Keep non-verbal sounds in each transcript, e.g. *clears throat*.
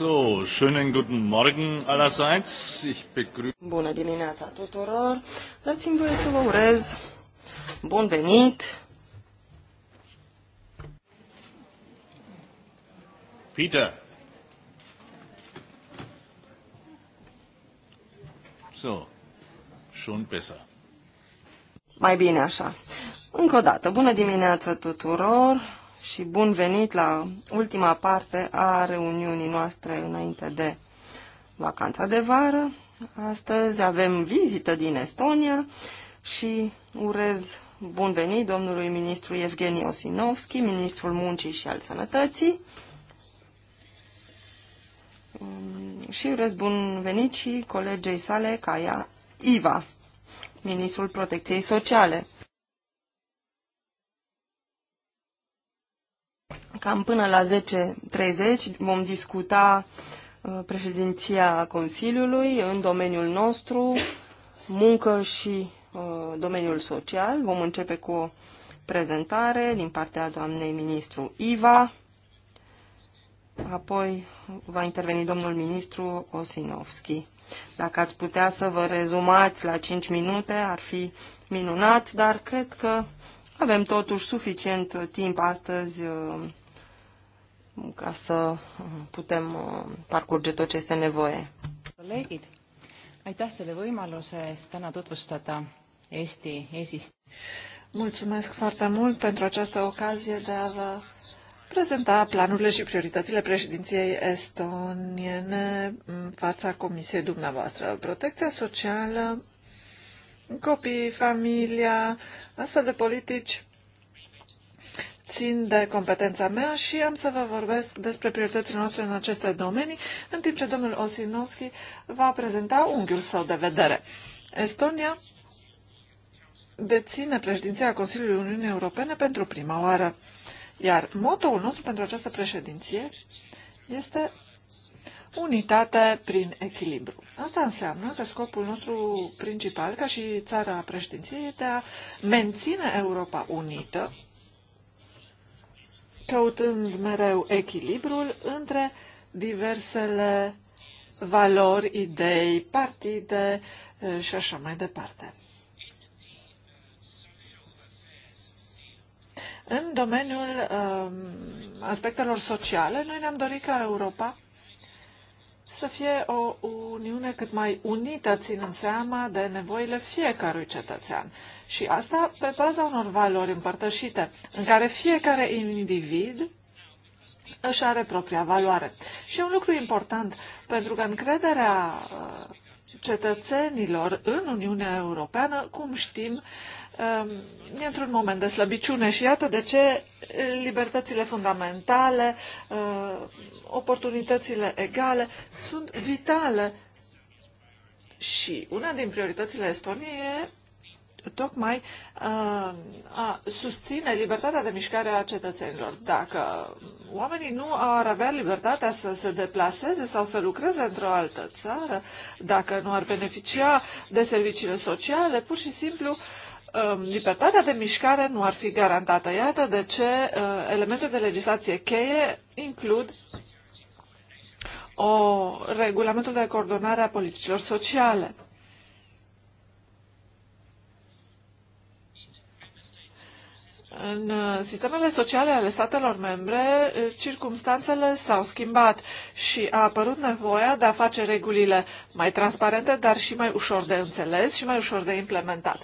So, schönen guten Morgen allerseits. Ich begrüße... Bună dimineața tuturor. Dați-mi voie să vă urez bun venit. Peter. So, schon besser. Mai bine așa. Încă o dată, bună dimineața tuturor și bun venit la ultima parte a reuniunii noastre înainte de vacanța de vară. Astăzi avem vizită din Estonia și urez bun venit domnului ministru Evgeni Osinovski, ministrul muncii și al sănătății. Mm, și urez bun venit și colegei sale, Caia Iva, ministrul protecției sociale. Cam până la 10.30 vom discuta uh, președinția Consiliului în domeniul nostru, muncă și uh, domeniul social. Vom începe cu o prezentare din partea doamnei ministru Iva, apoi va interveni domnul ministru Osinovski. Dacă ați putea să vă rezumați la 5 minute, ar fi minunat, dar cred că avem totuși suficient uh, timp astăzi uh, ca să uh, putem parcurge tot ce este nevoie. Colegid, aitäh selle võimaluse eest täna tutvustada Eesti eesist. Mulțumesc foarte mult pentru această ocazie de a vă prezenta planurile și prioritățile președinției estoniene în fața comisiei dumneavoastră. Protecția socială copii, familia, astfel de politici țin de competența mea și am să vă vorbesc despre prioritățile noastre în aceste domenii, în timp ce domnul Osinovski va prezenta unghiul său de vedere. Estonia deține președinția Consiliului Uniunii Europene pentru prima oară, iar motoul nostru pentru această președinție este unitate prin echilibru. Asta înseamnă că scopul nostru principal, ca și țara președinției, este a menține Europa unită, căutând mereu echilibrul între diversele valori, idei, partide și așa mai departe. În domeniul um, aspectelor sociale, noi ne-am dorit ca Europa să fie o Uniune cât mai unită, ținând seama de nevoile fiecărui cetățean. Și asta pe baza unor valori împărtășite, în care fiecare individ își are propria valoare. Și e un lucru important, pentru că încrederea uh, cetățenilor în Uniunea Europeană, cum știm, Ehm, e într-un moment de slăbiciune și iată de ce eh, libertățile fundamentale, eh, oportunitățile egale sunt vitale. Și una din prioritățile Estoniei e tocmai eh, a susține libertatea de mișcare a cetățenilor. Dacă oamenii nu ar avea libertatea să se deplaseze sau să lucreze într-o altă țară, dacă nu ar beneficia de serviciile sociale, pur și simplu uh, Um, libertatea de mișcare nu ar fi garantată. Iată de ce uh, elemente de legislație cheie includ o regulamentul de coordonare a politicilor sociale. În uh, sistemele sociale ale statelor membre, uh, circumstanțele s-au schimbat și a apărut nevoia de a face regulile mai transparente, dar și mai ușor de înțeles și mai ușor de implementat.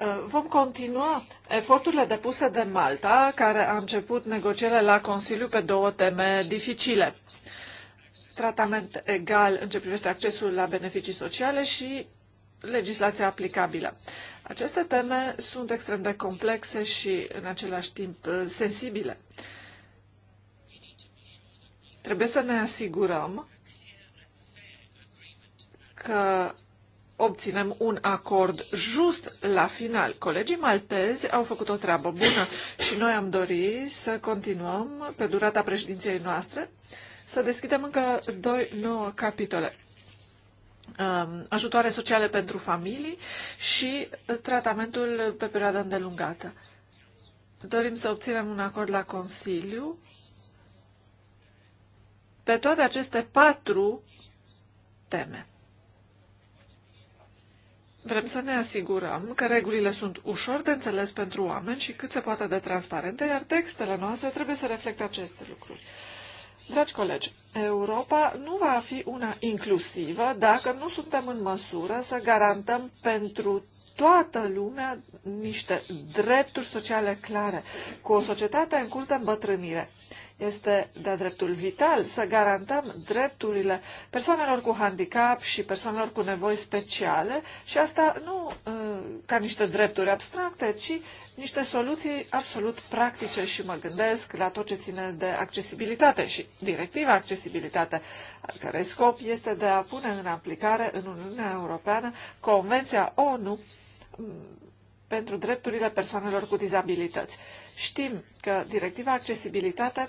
Uh, vom continua eforturile depuse de Malta, care a început negocierile la Consiliu pe două teme dificile. Tratament egal în ce privește accesul la beneficii sociale și legislația aplicabilă. Aceste teme sunt extrem de complexe și, în același timp, uh, sensibile. Trebuie să ne asigurăm că obținem un acord just la final. Colegii maltezi au făcut o treabă bună și noi am dorit să continuăm pe durata președinției noastre să deschidem încă doi nouă capitole. Um, ajutoare sociale pentru familii și tratamentul pe perioadă îndelungată. Dorim să obținem un acord la Consiliu pe toate aceste patru teme. Vrem să ne asigurăm că regulile sunt ușor de înțeles pentru oameni și cât se poate de transparente, iar textele noastre trebuie să reflecte aceste lucruri. Dragi colegi, Europa nu va fi una inclusivă dacă nu suntem în măsură să garantăm pentru toată lumea niște drepturi sociale clare, cu o societate în curs de îmbătrânire este de dreptul vital să garantăm drepturile persoanelor cu handicap și persoanelor cu nevoi speciale și asta nu ă, ca niște drepturi abstracte, ci niște soluții absolut practice și mă gândesc la tot ce ține de accesibilitate și directiva accesibilitate, al care scop este de a pune în aplicare în Uniunea Europeană Convenția ONU pentru drepturile persoanelor cu dizabilități. Știm că directiva accesibilitate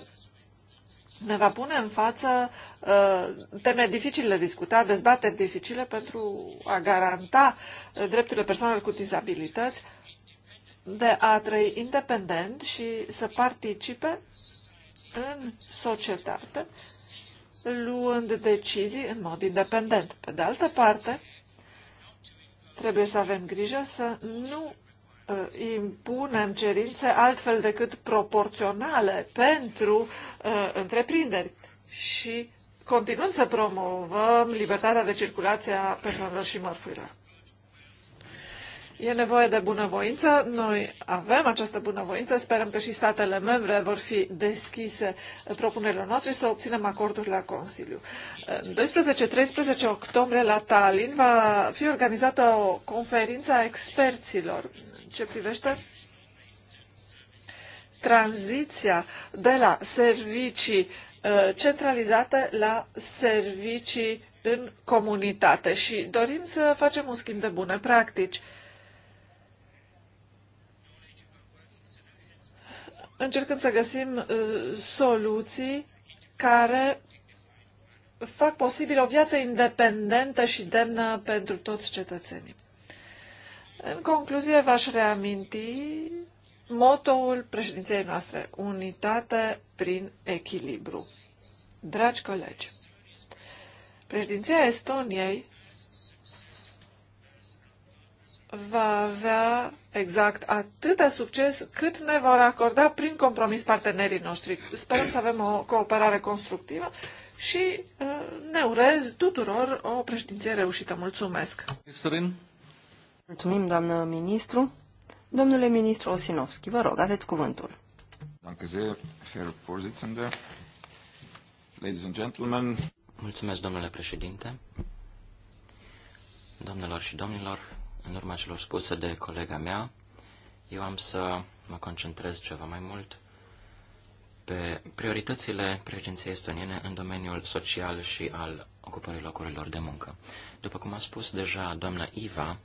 ne va pune în față uh, teme dificile de discutat, dezbateri dificile pentru a garanta uh, drepturile persoanelor cu dizabilități de a trăi independent și să participe în societate, luând decizii în mod independent. Pe de altă parte, trebuie să avem grijă să nu Uh, impunem cerințe altfel decât proporționale pentru uh, întreprinderi și continuăm să promovăm libertatea de circulație a persoanelor și mărfurilor. E nevoie de bunăvoință. Noi avem această bunăvoință. Sperăm că și statele membre vor fi deschise propunerilor noastre și să obținem acorduri la Consiliu. 12-13 octombrie la Tallinn va fi organizată o conferință a experților ce privește tranziția de la servicii uh, centralizate la servicii în comunitate și dorim să facem un schimb de bune practici. încercând să găsim uh, soluții care fac posibil o viață independentă și demnă pentru toți cetățenii. În concluzie, v-aș reaminti motoul președinției noastre, unitate prin echilibru. Dragi colegi, președinția Estoniei va avea exact atâta succes cât ne vor acorda prin compromis partenerii noștri. Sperăm să avem o cooperare constructivă și uh, ne urez tuturor o președinție reușită. Mulțumesc! Mulțumim, doamnă ministru. Domnule ministru Osinovski, vă rog, aveți cuvântul. Mulțumesc, domnule președinte. Doamnelor și domnilor, în urma celor spuse de colega mea, eu am să mă concentrez ceva mai mult pe prioritățile președinției estoniene în domeniul social și al ocupării locurilor de muncă. După cum a spus deja doamna Iva,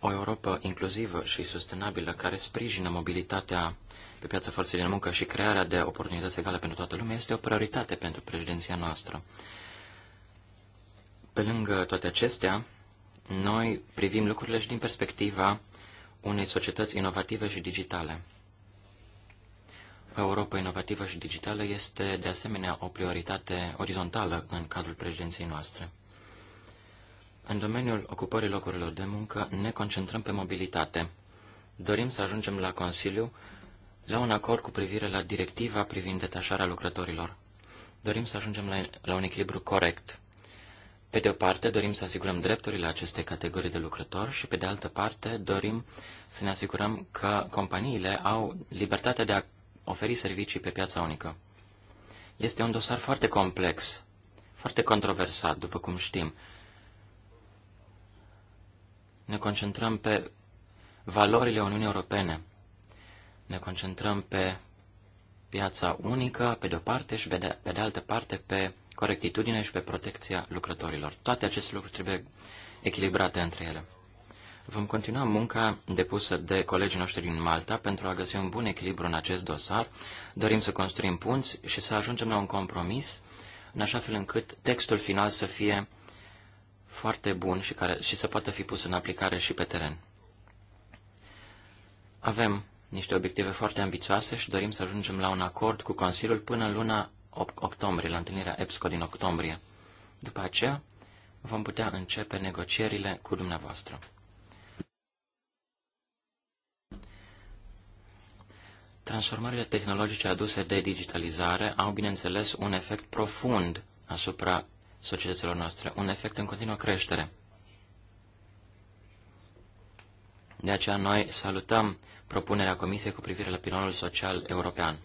o Europa inclusivă și sustenabilă care sprijină mobilitatea pe piața forței de muncă și crearea de oportunități egale pentru toată lumea este o prioritate pentru președinția noastră. Pe lângă toate acestea, noi privim lucrurile și din perspectiva unei societăți inovative și digitale. Europa inovativă și digitală este, de asemenea, o prioritate orizontală în cadrul președinției noastre. În domeniul ocupării locurilor de muncă ne concentrăm pe mobilitate. Dorim să ajungem la Consiliu la un acord cu privire la directiva privind detașarea lucrătorilor. Dorim să ajungem la, la un echilibru corect pe de o parte, dorim să asigurăm drepturile acestei categorii de lucrători și, pe de altă parte, dorim să ne asigurăm că companiile au libertatea de a oferi servicii pe piața unică. Este un dosar foarte complex, foarte controversat, după cum știm. Ne concentrăm pe valorile Uniunii Europene. Ne concentrăm pe piața unică, pe de-o parte, și pe de, pe de altă parte pe corectitudine și pe protecția lucrătorilor. Toate aceste lucruri trebuie echilibrate între ele. Vom continua munca depusă de colegii noștri din Malta pentru a găsi un bun echilibru în acest dosar. Dorim să construim punți și să ajungem la un compromis, în așa fel încât textul final să fie foarte bun și, care, și să poată fi pus în aplicare și pe teren. Avem niște obiective foarte ambițioase și dorim să ajungem la un acord cu Consiliul până luna octombrie, la întâlnirea EPSCO din octombrie. După aceea, vom putea începe negocierile cu dumneavoastră. Transformările tehnologice aduse de digitalizare au, bineînțeles, un efect profund asupra societăților noastre, un efect în continuă creștere. De aceea noi salutăm propunerea Comisiei cu privire la pilonul social european.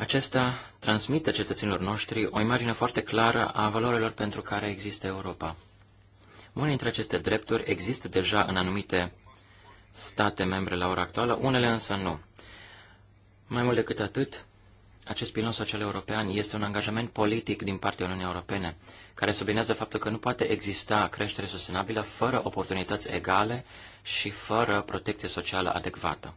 Acesta transmite cetățenilor noștri o imagine foarte clară a valorilor pentru care există Europa. Unele dintre aceste drepturi există deja în anumite state membre la ora actuală, unele însă nu. Mai mult decât atât, acest pilon social european este un angajament politic din partea Uniunii Europene, care sublinează faptul că nu poate exista creștere sustenabilă fără oportunități egale și fără protecție socială adecvată.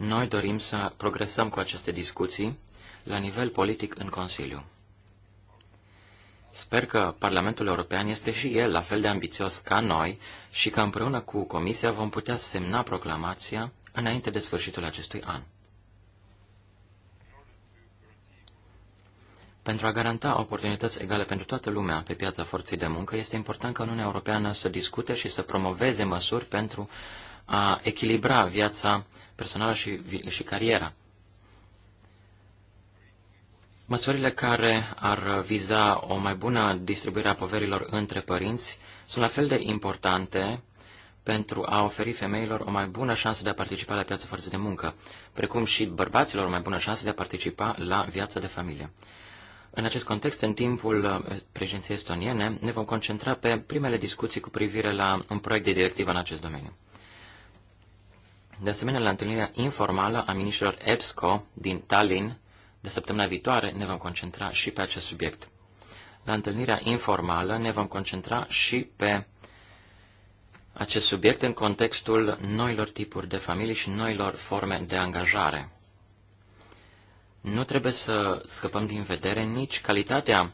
Noi dorim să progresăm cu aceste discuții la nivel politic în Consiliu. Sper că Parlamentul European este și el la fel de ambițios ca noi și că împreună cu Comisia vom putea semna proclamația înainte de sfârșitul acestui an. Pentru a garanta oportunități egale pentru toată lumea pe piața forței de muncă, este important ca Uniunea Europeană să discute și să promoveze măsuri pentru a echilibra viața personală și, și cariera. Măsurile care ar viza o mai bună distribuire a poverilor între părinți sunt la fel de importante pentru a oferi femeilor o mai bună șansă de a participa la piața forței de muncă, precum și bărbaților o mai bună șansă de a participa la viața de familie. În acest context, în timpul președinției estoniene, ne vom concentra pe primele discuții cu privire la un proiect de directivă în acest domeniu. De asemenea, la întâlnirea informală a ministrilor EBSCO din Tallinn de săptămâna viitoare ne vom concentra și pe acest subiect. La întâlnirea informală ne vom concentra și pe acest subiect în contextul noilor tipuri de familii și noilor forme de angajare. Nu trebuie să scăpăm din vedere nici calitatea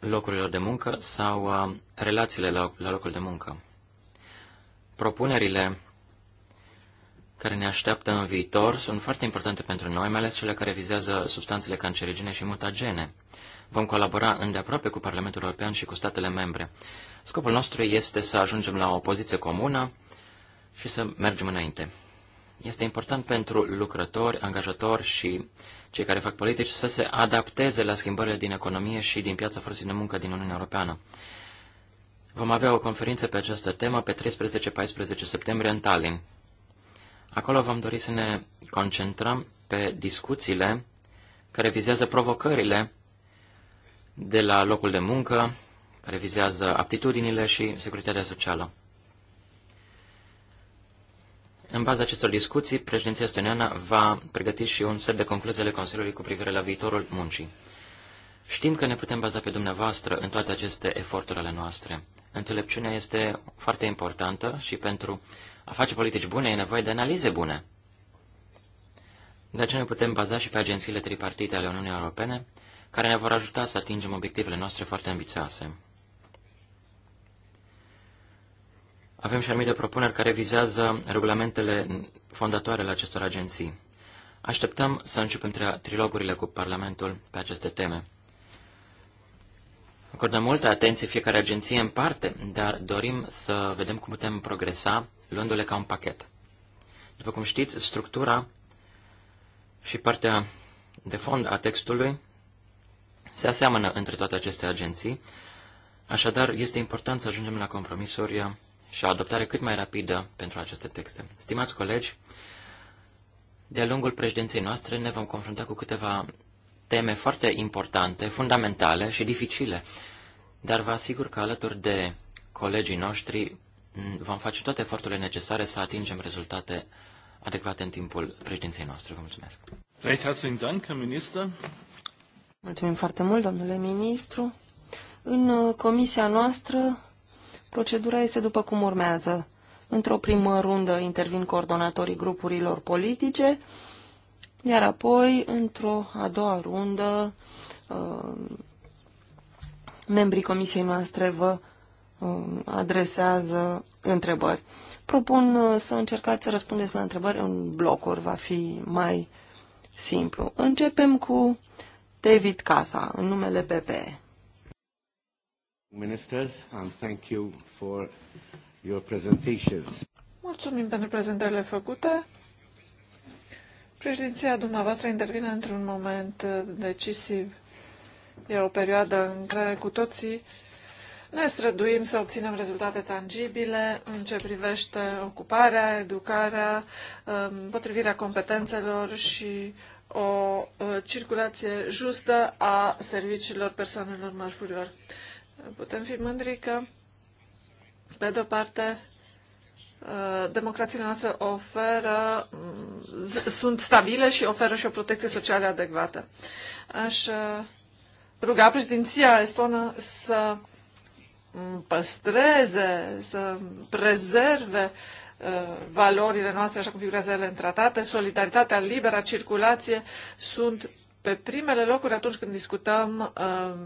locurilor de muncă sau uh, relațiile la, la locul de muncă. Propunerile care ne așteaptă în viitor sunt foarte importante pentru noi, mai ales cele care vizează substanțele cancerigene și mutagene. Vom colabora îndeaproape cu Parlamentul European și cu statele membre. Scopul nostru este să ajungem la o poziție comună și să mergem înainte. Este important pentru lucrători, angajatori și cei care fac politici să se adapteze la schimbările din economie și din piața forței de muncă din Uniunea Europeană. Vom avea o conferință pe această temă pe 13-14 septembrie în Tallinn. Acolo vom dori să ne concentrăm pe discuțiile care vizează provocările de la locul de muncă, care vizează aptitudinile și securitatea socială. În baza acestor discuții, președinția estoniană va pregăti și un set de concluzii ale Consiliului cu privire la viitorul muncii. Știm că ne putem baza pe dumneavoastră în toate aceste eforturile noastre. Înțelepciunea este foarte importantă și pentru a face politici bune e nevoie de analize bune. De aceea ne putem baza și pe agențiile tripartite ale Uniunii Europene, care ne vor ajuta să atingem obiectivele noastre foarte ambițioase. Avem și anumite propuneri care vizează regulamentele fondatoare ale acestor agenții. Așteptăm să începem trilogurile cu Parlamentul pe aceste teme. Acordăm multă atenție fiecare agenție în parte, dar dorim să vedem cum putem progresa luându-le ca un pachet. După cum știți, structura și partea de fond a textului se aseamănă între toate aceste agenții, așadar este important să ajungem la compromisuri și adoptare cât mai rapidă pentru aceste texte. Stimați colegi, de-a lungul președinției noastre ne vom confrunta cu câteva teme foarte importante, fundamentale și dificile, dar vă asigur că alături de colegii noștri vom face toate eforturile necesare să atingem rezultate adecvate în timpul președinției noastre. Vă mulțumesc. Recht herzlichen Dank, Herr Minister. Mulțumim foarte mult, domnule ministru. În uh, comisia noastră, procedura este după cum urmează. Într-o primă rundă intervin coordonatorii grupurilor politice, iar apoi, într-o a doua rundă, uh, membrii comisiei noastre vă Um, adresează întrebări. Propun uh, să încercați să răspundeți la întrebări în blocuri, va fi mai simplu. Începem cu David Casa, în numele PPE. Ministers, and thank you for your presentations. Mulțumim pentru prezentările făcute. Președinția dumneavoastră intervine într-un moment decisiv. E o perioadă în care cu toții ne străduim să obținem rezultate tangibile în ce privește ocuparea, educarea, um, potrivirea competențelor și o uh, circulație justă a serviciilor persoanelor marfurilor. Putem fi mândri că, pe de-o parte, uh, democrațiile noastre oferă, um, sunt stabile și oferă și o protecție socială adecvată. Aș uh, ruga președinția estonă să păstreze, să prezerve uh, valorile noastre așa cum figurează ele în tratate, solidaritatea, libera circulație sunt pe primele locuri atunci când discutăm um,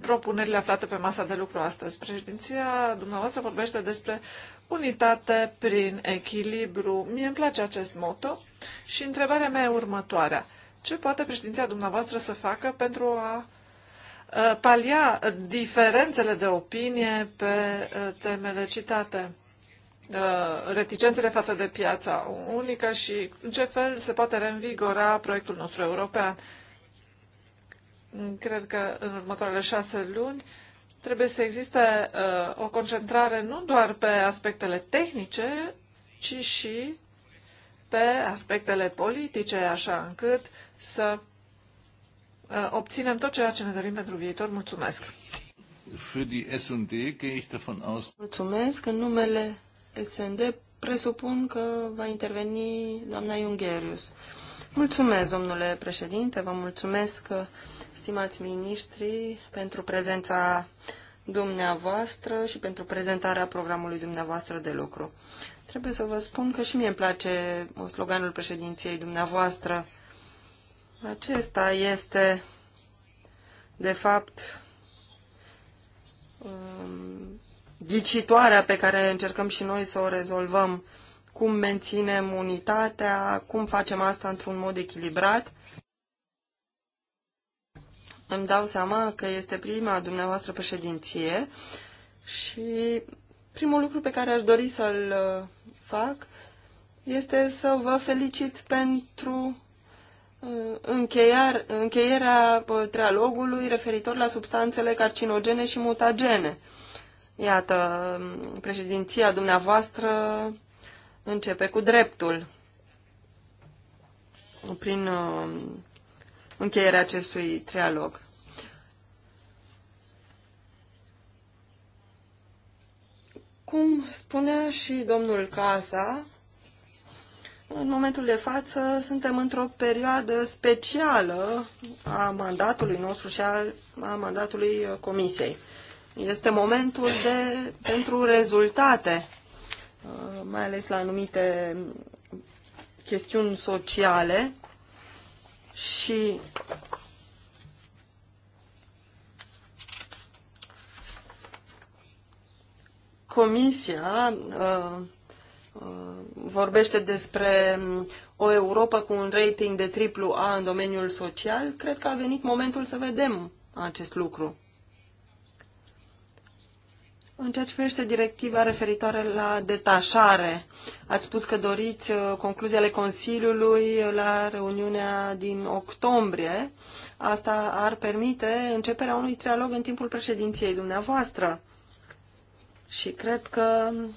propunerile aflate pe masa de lucru astăzi. Președinția dumneavoastră vorbește despre unitate prin echilibru. Mie îmi place acest moto și întrebarea mea e următoarea. Ce poate președinția dumneavoastră să facă pentru a Uh, palia uh, diferențele de opinie pe uh, temele citate, reticențele față de piața unică și în ce fel se poate reînvigora proiectul nostru european. Cred că în următoarele șase luni trebuie să existe o concentrare nu doar pe aspectele tehnice, ci și pe aspectele politice, așa încât să Eh, obținem tot ceea ce ne dorim pentru viitor. Mulțumesc! Für die S&D gehe ich davon aus. Mulțumesc. În numele SND presupun că va interveni doamna Iungherius. Mulțumesc, domnule președinte, vă mulțumesc, stimați miniștri, pentru prezența dumneavoastră și pentru prezentarea programului dumneavoastră de lucru. Trebuie să vă spun că și mie îmi place uh, sloganul președinției dumneavoastră, acesta este, de fapt, um, ghicitoarea pe care încercăm și noi să o rezolvăm. Cum menținem unitatea, cum facem asta într-un mod echilibrat. Îmi dau seama că este prima dumneavoastră președinție și primul lucru pe care aș dori să-l uh, fac este să vă felicit pentru încheiar, încheierea trialogului referitor la substanțele carcinogene și mutagene. Iată, președinția dumneavoastră începe cu dreptul prin uh, încheierea acestui trialog. Cum spunea și domnul Casa, în momentul de față suntem într-o perioadă specială a mandatului nostru și a, a mandatului Comisiei. Este momentul de, pentru rezultate, uh, mai ales la anumite chestiuni sociale și Comisia uh, Uh, vorbește despre um, o Europa cu un rating de triplu A în domeniul social, cred că a venit momentul să vedem acest lucru. În ceea ce privește directiva referitoare la detașare, ați spus că doriți uh, concluziile ale Consiliului la reuniunea din octombrie. Asta ar permite începerea unui trialog în timpul președinției dumneavoastră. Și cred că um,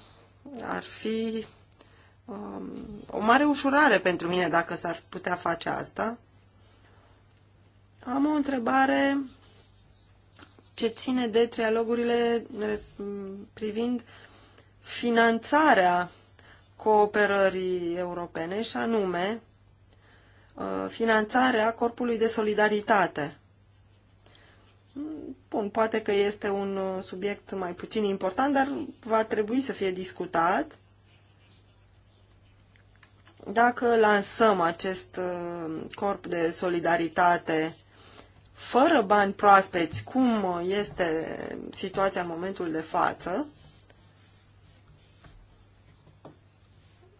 ar fi um, o mare ușurare pentru mine dacă s-ar putea face asta. Am o întrebare ce ține de trialogurile privind finanțarea cooperării europene și anume uh, finanțarea Corpului de Solidaritate. Bun, poate că este un uh, subiect mai puțin important, dar va trebui să fie discutat dacă lansăm acest uh, corp de solidaritate fără bani proaspeți, cum uh, este situația în momentul de față,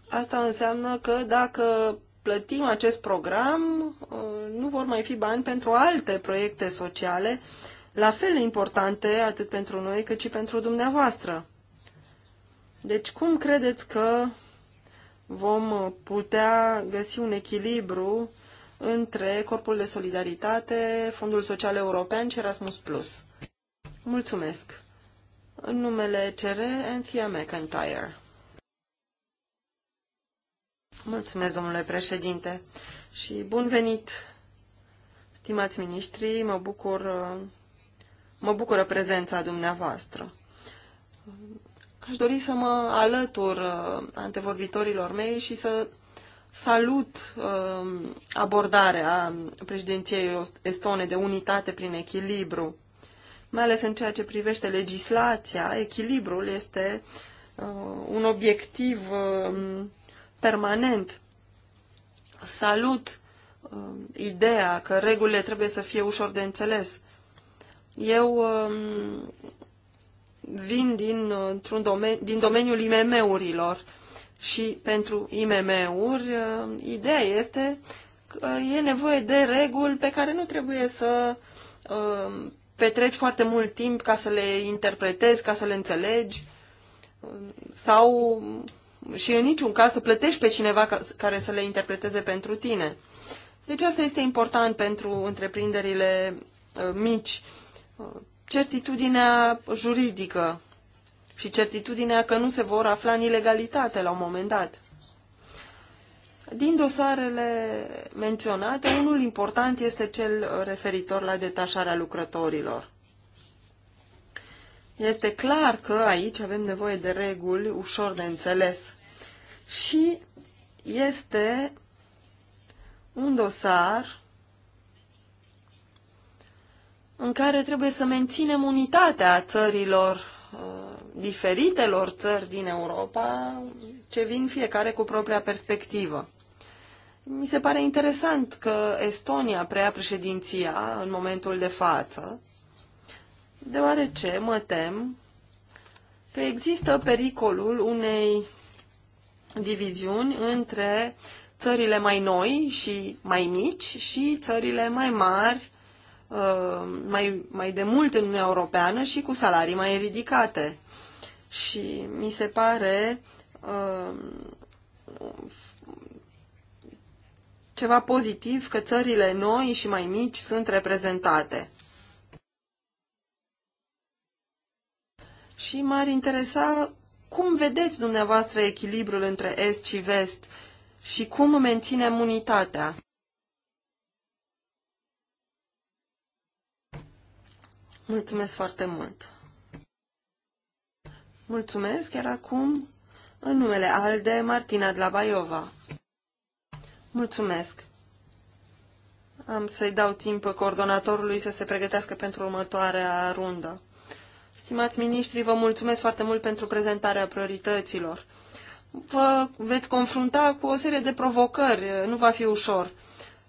asta înseamnă că dacă plătim acest program, uh, nu vor mai fi bani pentru alte proiecte sociale, la fel de importante atât pentru noi cât și pentru dumneavoastră. Deci cum credeți că vom putea găsi un echilibru între Corpul de Solidaritate, Fondul Social European și Erasmus Plus? Mulțumesc! În numele CR, Anthea McIntyre. Mulțumesc, domnule președinte, și bun venit, stimați miniștri, mă bucur, mă bucură prezența dumneavoastră. Aș dori să mă alătur uh, antevorbitorilor mei și să salut uh, abordarea președinției estone de unitate prin echilibru. Mai ales în ceea ce privește legislația, echilibrul este uh, un obiectiv um, permanent. Salut uh, ideea că regulile trebuie să fie ușor de înțeles. Eu um, vin din, uh, un domen- din domeniul IMM-urilor și pentru IMM-uri uh, ideea este că e nevoie de reguli pe care nu trebuie să uh, petreci foarte mult timp ca să le interpretezi, ca să le înțelegi um, sau și în niciun caz să plătești pe cineva care să le interpreteze pentru tine. Deci asta este important pentru întreprinderile uh, mici. Uh, certitudinea juridică și certitudinea că nu se vor afla în ilegalitate la un moment dat. Din dosarele menționate, unul important este cel referitor la detașarea lucrătorilor. Este clar că aici avem nevoie de reguli ușor de înțeles. Și este un dosar în care trebuie să menținem unitatea țărilor, uh, diferitelor țări din Europa, ce vin fiecare cu propria perspectivă. Mi se pare interesant că Estonia preia președinția în momentul de față deoarece mă tem că există pericolul unei diviziuni între țările mai noi și mai mici și țările mai mari, uh, mai, mai de mult în Uniunea Europeană și cu salarii mai ridicate. Și mi se pare uh, ceva pozitiv că țările noi și mai mici sunt reprezentate. și m-ar interesa cum vedeți dumneavoastră echilibrul între est și vest și cum menținem unitatea. Mulțumesc foarte mult! Mulțumesc chiar acum în numele ALDE Martina de la Baiova. Mulțumesc! Am să-i dau timp coordonatorului să se pregătească pentru următoarea rundă. Stimați miniștri, vă mulțumesc foarte mult pentru prezentarea priorităților. Vă veți confrunta cu o serie de provocări, nu va fi ușor,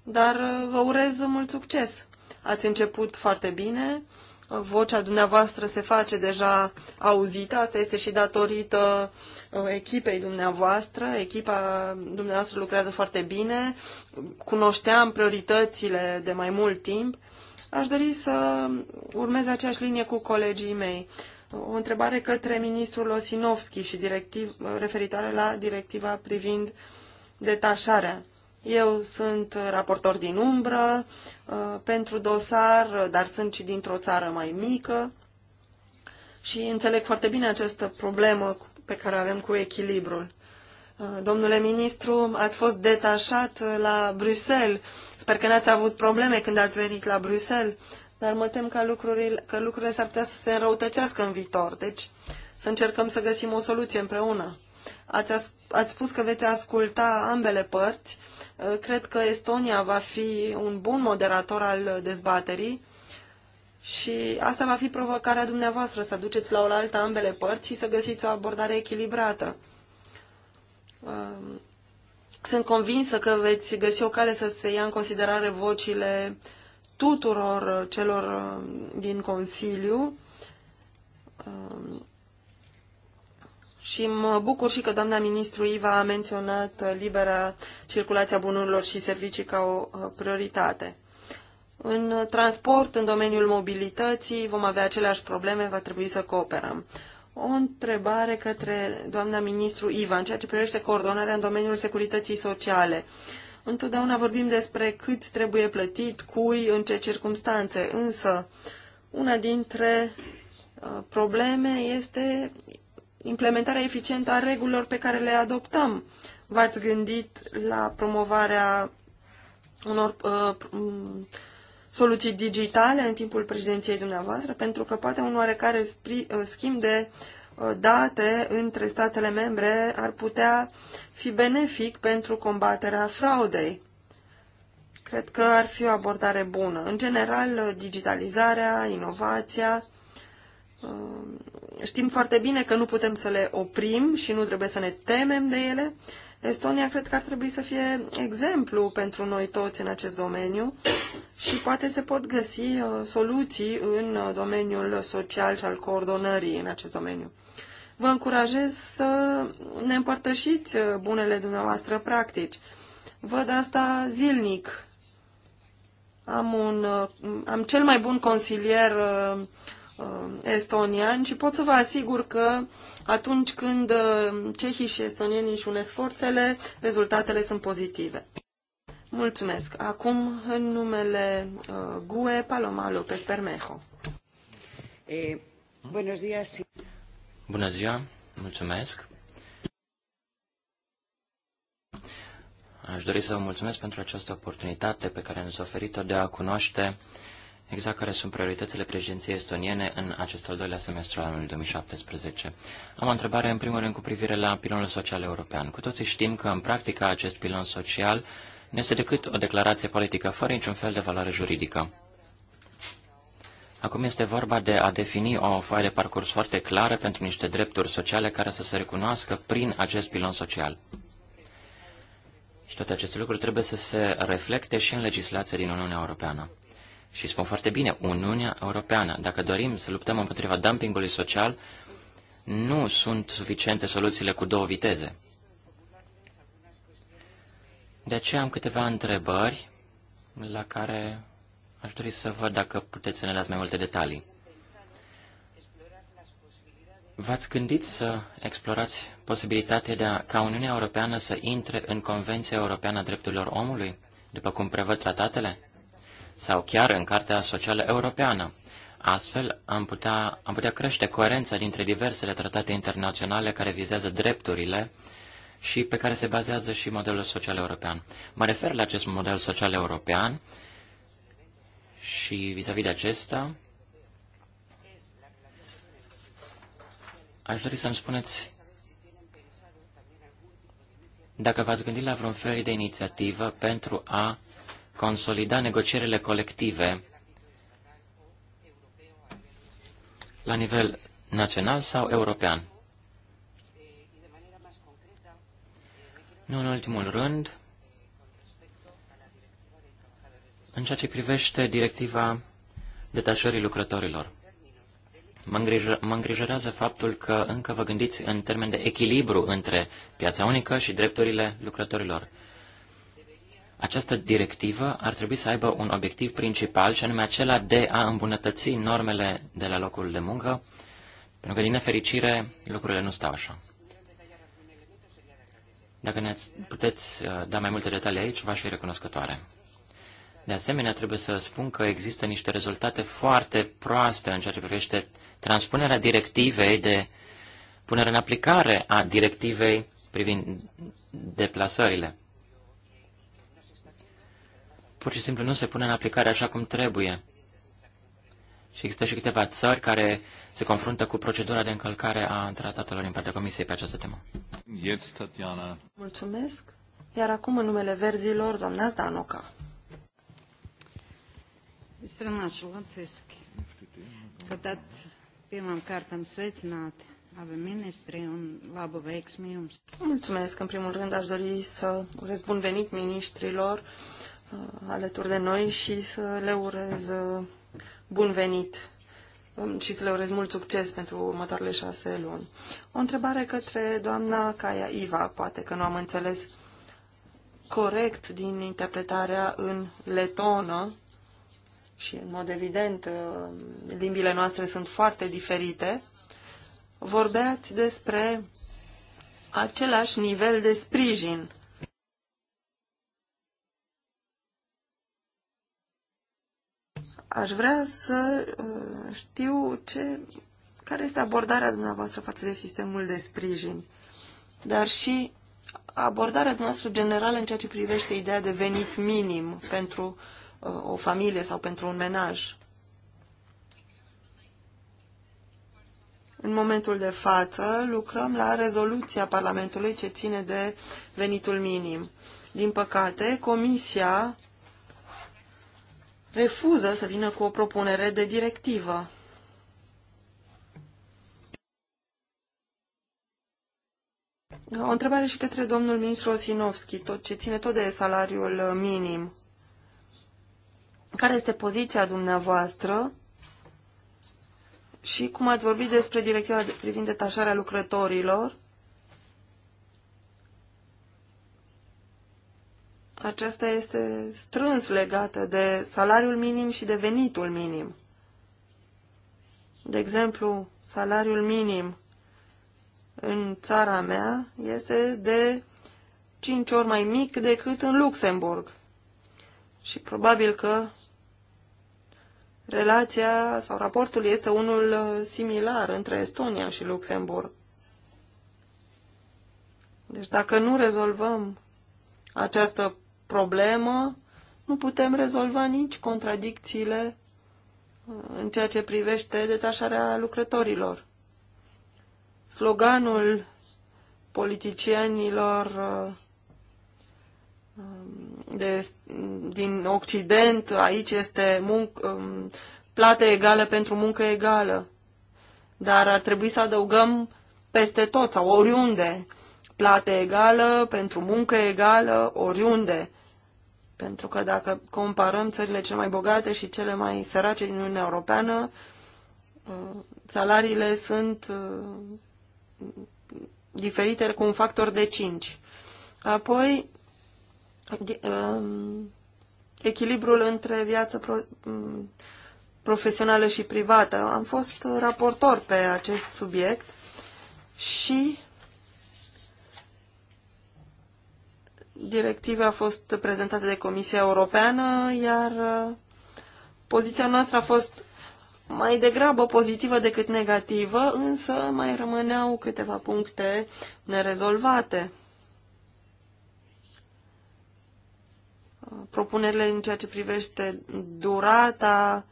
dar uh, vă urez mult succes. Ați început foarte bine, vocea dumneavoastră se face deja auzită, asta este și datorită uh, echipei dumneavoastră. Echipa dumneavoastră lucrează foarte bine, cunoșteam prioritățile de mai mult timp Aș dori să urmez aceeași linie cu colegii mei. O întrebare către ministrul Osinovski și directiv, referitoare la directiva privind detașarea. Eu sunt raportor din umbră uh, pentru dosar, dar sunt și dintr-o țară mai mică și înțeleg foarte bine această problemă pe care o avem cu echilibrul. Uh, domnule ministru, ați fost detașat la Bruxelles Sper că n-ați avut probleme când ați venit la Bruxelles, dar mă tem că lucrurile, că lucrurile s-ar putea să se înrăutățească în viitor. Deci să încercăm să găsim o soluție împreună. Ați, ați spus că veți asculta ambele părți. Uh, cred că Estonia va fi un bun moderator al dezbaterii și asta va fi provocarea dumneavoastră, să duceți la oaltă ambele părți și să găsiți o abordare echilibrată. Uh, sunt convinsă că veți găsi o cale să se ia în considerare vocile tuturor celor uh, din Consiliu um, și mă bucur și că doamna ministru Iva a menționat libera circulația bunurilor și servicii ca o uh, prioritate. În transport, în domeniul mobilității, vom avea aceleași probleme, va trebui să cooperăm o întrebare către doamna ministru Ivan, ceea ce privește coordonarea în domeniul securității sociale. Întotdeauna vorbim despre cât trebuie plătit, cui, în ce circunstanțe, însă una dintre uh, probleme este implementarea eficientă a regulilor pe care le adoptăm. V-ați gândit la promovarea unor uh, soluții digitale în timpul președinției dumneavoastră, pentru că poate un oarecare uh, schimb de uh, date între statele membre ar putea fi benefic pentru combaterea fraudei. Cred că ar fi o abordare bună. În general, uh, digitalizarea, inovația, știm foarte bine că nu putem să le oprim și nu trebuie să ne temem de ele, Estonia cred că ar trebui să fie exemplu pentru noi toți în acest domeniu și poate se pot găsi uh, soluții în uh, domeniul social și al coordonării în acest domeniu. Vă încurajez să ne împărtășiți uh, bunele dumneavoastră practici. Văd asta zilnic. Am, un, am cel mai bun consilier estonian și pot să vă asigur că atunci când uh, cehii și estonienii își unesc forțele, rezultatele sunt pozitive. Mulțumesc. Acum, în numele uh, GUE, Paloma López Bermejo. Eh, Bună ziua, mulțumesc. Aș dori să vă mulțumesc pentru această oportunitate pe care ne-ați oferit-o de a cunoaște uh, exact care sunt prioritățile președinției estoniene în acest al doilea semestru al anului 2017. Am o întrebare, în primul rând, cu privire la pilonul social european. Cu toții știm că, în practică, acest pilon social nu este decât o declarație politică, fără niciun fel de valoare juridică. Acum este vorba de a defini o foaie de parcurs foarte clară pentru niște drepturi sociale care să se recunoască prin acest pilon social. Și toate aceste lucruri trebuie să se reflecte și în legislația din Uniunea Europeană. Și spun foarte bine, Uniunea Europeană, dacă dorim să luptăm împotriva dumpingului social, nu sunt suficiente soluțiile cu două viteze. De aceea am câteva întrebări la care aș dori să văd dacă puteți să ne dați mai multe detalii. V-ați gândit să explorați posibilitatea de a, ca Uniunea Europeană să intre în Convenția Europeană a Drepturilor Omului, după cum prevăd tratatele? sau chiar în Cartea Socială Europeană. Astfel, am putea, am putea crește coerența dintre diversele tratate internaționale care vizează drepturile și pe care se bazează și modelul social european. Mă refer la acest model social european și vis-a-vis -vis de acesta aș dori să-mi spuneți dacă v-ați gândit la vreun fel de inițiativă pentru a consolida negocierile colective la nivel național sau european. Nu în ultimul rând, în ceea ce privește directiva detașării lucrătorilor. Mă îngrijorează faptul că încă vă gândiți în termen de echilibru între piața unică și drepturile lucrătorilor. Această directivă ar trebui să aibă un obiectiv principal și anume acela de a îmbunătăți normele de la locul de muncă, pentru că, din nefericire, lucrurile nu stau așa. Dacă ne puteți uh, da mai multe detalii aici, v-aș fi recunoscătoare. De asemenea, trebuie să spun că există niște rezultate foarte proaste în ceea ce privește transpunerea directivei de punere în aplicare a directivei privind deplasările pur și simplu nu se pune în aplicare așa cum trebuie. Și există și câteva țări care se confruntă cu procedura de încălcare a tratatelor din partea Comisiei pe această temă. Tatiana. Mulțumesc. Iar acum, în numele verzilor, doamna Zdanoca. un Mulțumesc. În primul rând aș dori să urez bun venit ministrilor Uh, alături de noi și să le urez uh, bun venit um, și să le urez mult succes pentru următoarele șase luni. O întrebare către doamna Caia Iva, poate că nu am înțeles corect din interpretarea în letonă și, în mod evident, uh, limbile noastre sunt foarte diferite. Vorbeați despre același nivel de sprijin aș vrea să uh, știu ce, care este abordarea dumneavoastră față de sistemul de sprijin, dar și abordarea dumneavoastră generală în ceea ce privește ideea de venit minim pentru uh, o familie sau pentru un menaj. În momentul de față lucrăm la rezoluția Parlamentului ce ține de venitul minim. Din păcate, Comisia refuză să vină cu o propunere de directivă. O întrebare și către domnul ministru Osinovski, tot ce ține tot de salariul minim. Care este poziția dumneavoastră și cum ați vorbit despre directiva privind detașarea lucrătorilor? aceasta este strâns legată de salariul minim și de venitul minim. De exemplu, salariul minim în țara mea este de 5 ori mai mic decât în Luxemburg. Și probabil că relația sau raportul este unul uh, similar între Estonia și Luxemburg. Deci dacă nu rezolvăm această problemă, nu putem rezolva nici contradicțiile uh, în ceea ce privește detașarea lucrătorilor. Sloganul politicienilor uh, um, de, din Occident aici este munc, um, plată egală pentru muncă egală. Dar ar trebui să adăugăm peste tot sau oriunde plată egală pentru muncă egală oriunde pentru că dacă comparăm țările cele mai bogate și cele mai sărace din Uniunea Europeană, uh, salariile sunt uh, diferite cu un factor de 5. Apoi, um, echilibrul între viață pro um, profesională și privată. Am fost raportor pe acest subiect și directive a fost prezentată de Comisia Europeană, iar uh, poziția noastră a fost mai degrabă pozitivă decât negativă, însă mai rămâneau câteva puncte nerezolvate. Propunerile în ceea ce privește durata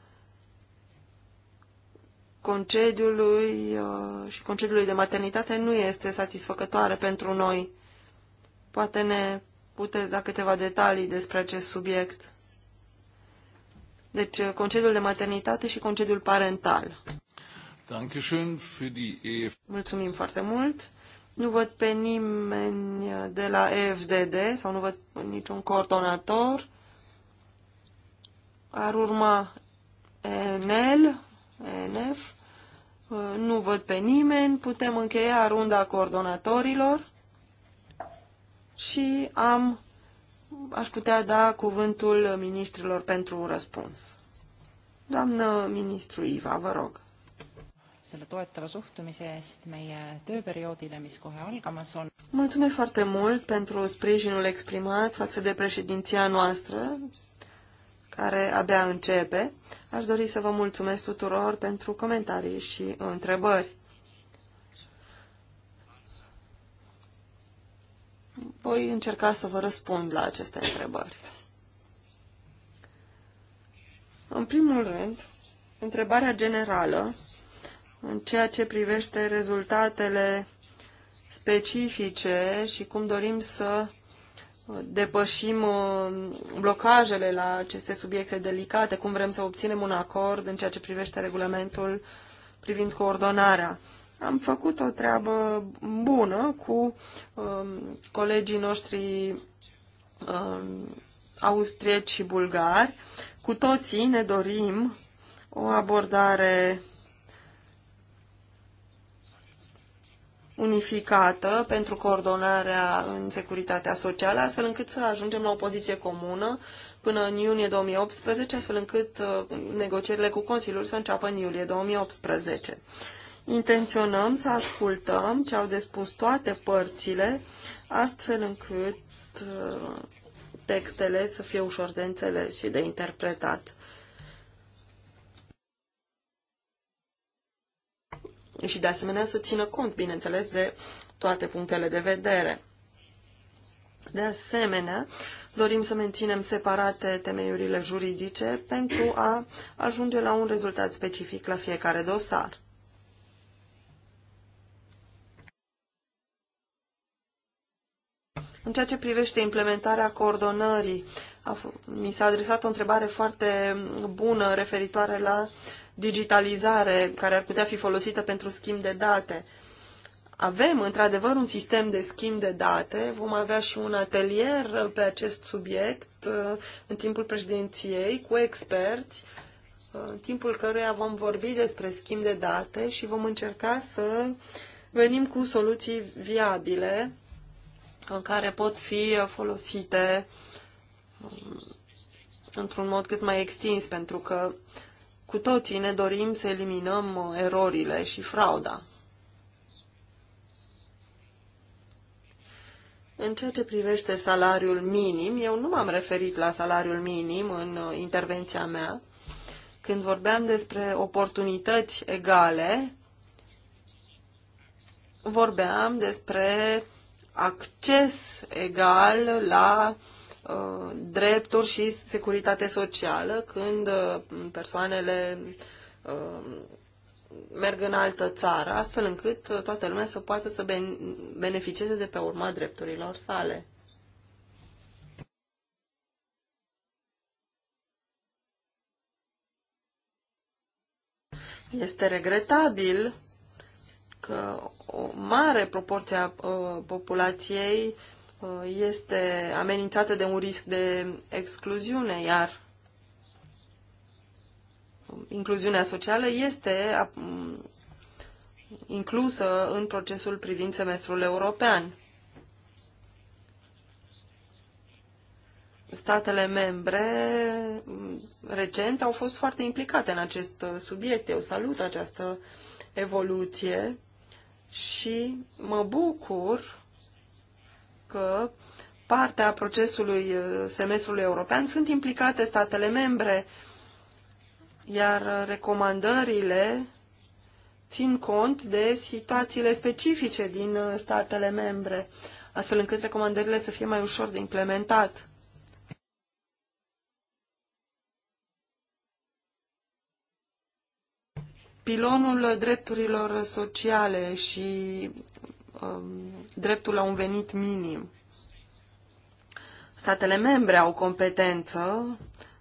concediului uh, și concediului de maternitate nu este satisfăcătoare pentru noi. Poate ne puteți da câteva detalii despre acest subiect. Deci, uh, concediul de maternitate și concediul parental. Mulțumim foarte mult. Nu văd pe nimeni uh, de la EFDD sau nu văd niciun coordonator. Ar urma ENL, ENF. Uh, nu văd pe nimeni. Putem încheia runda coordonatorilor și am, aș putea da cuvântul ministrilor pentru răspuns. Doamnă ministru Iva, vă rog. selle toetava suhtumise eest meie tööperioodile, mis kohe algamas on. mulțumesc foarte mult pentru sprijinul exprimat față de președinția noastră, care abia începe. Aș dori să vă mulțumesc tuturor pentru comentarii și întrebări. voi încerca să vă răspund la aceste întrebări. În primul rând, întrebarea generală în ceea ce privește rezultatele specifice și cum dorim să depășim uh, blocajele la aceste subiecte delicate, cum vrem să obținem un acord în ceea ce privește regulamentul privind coordonarea am făcut o treabă bună cu um, colegii noștri um, austrieci și bulgari. Cu toții ne dorim o abordare unificată pentru coordonarea în securitatea socială, astfel încât să ajungem la o poziție comună până în iunie 2018, astfel încât uh, negocierile cu Consiliul să înceapă în iulie 2018. Intenționăm să ascultăm ce au de spus toate părțile, astfel încât uh, textele să fie ușor de înțeles și de interpretat. Și de asemenea să țină cont, bineînțeles, de toate punctele de vedere. De asemenea, dorim să menținem separate temeiurile juridice pentru a ajunge la un rezultat specific la fiecare dosar. În ceea ce privește implementarea coordonării, a, mi s-a adresat o întrebare foarte bună referitoare la digitalizare care ar putea fi folosită pentru schimb de date. Avem, într-adevăr, un sistem de schimb de date. Vom avea și un atelier pe acest subiect uh, în timpul președinției cu experți, uh, în timpul căruia vom vorbi despre schimb de date și vom încerca să venim cu soluții viabile în care pot fi folosite um, într-un mod cât mai extins, pentru că cu toții ne dorim să eliminăm uh, erorile și frauda. În ceea ce privește salariul minim, eu nu m-am referit la salariul minim în uh, intervenția mea. Când vorbeam despre oportunități egale, vorbeam despre acces egal la uh, drepturi și securitate socială când uh, persoanele uh, merg în altă țară, astfel încât toată lumea să poată să beneficieze de pe urma drepturilor sale. Este regretabil că o mare proporție a uh, populației uh, este amenințată de un risc de excluziune, iar incluziunea socială este uh, inclusă în procesul privind semestrul european. Statele membre mm, recent au fost foarte implicate în acest subiect. Eu salut această evoluție și mă bucur că partea procesului uh, semestrului european sunt implicate statele membre, iar uh, recomandările țin cont de situațiile specifice din uh, statele membre, astfel încât recomandările să fie mai ușor de implementat. Pilonul drepturilor sociale și um, dreptul la un venit minim. Statele membre au competență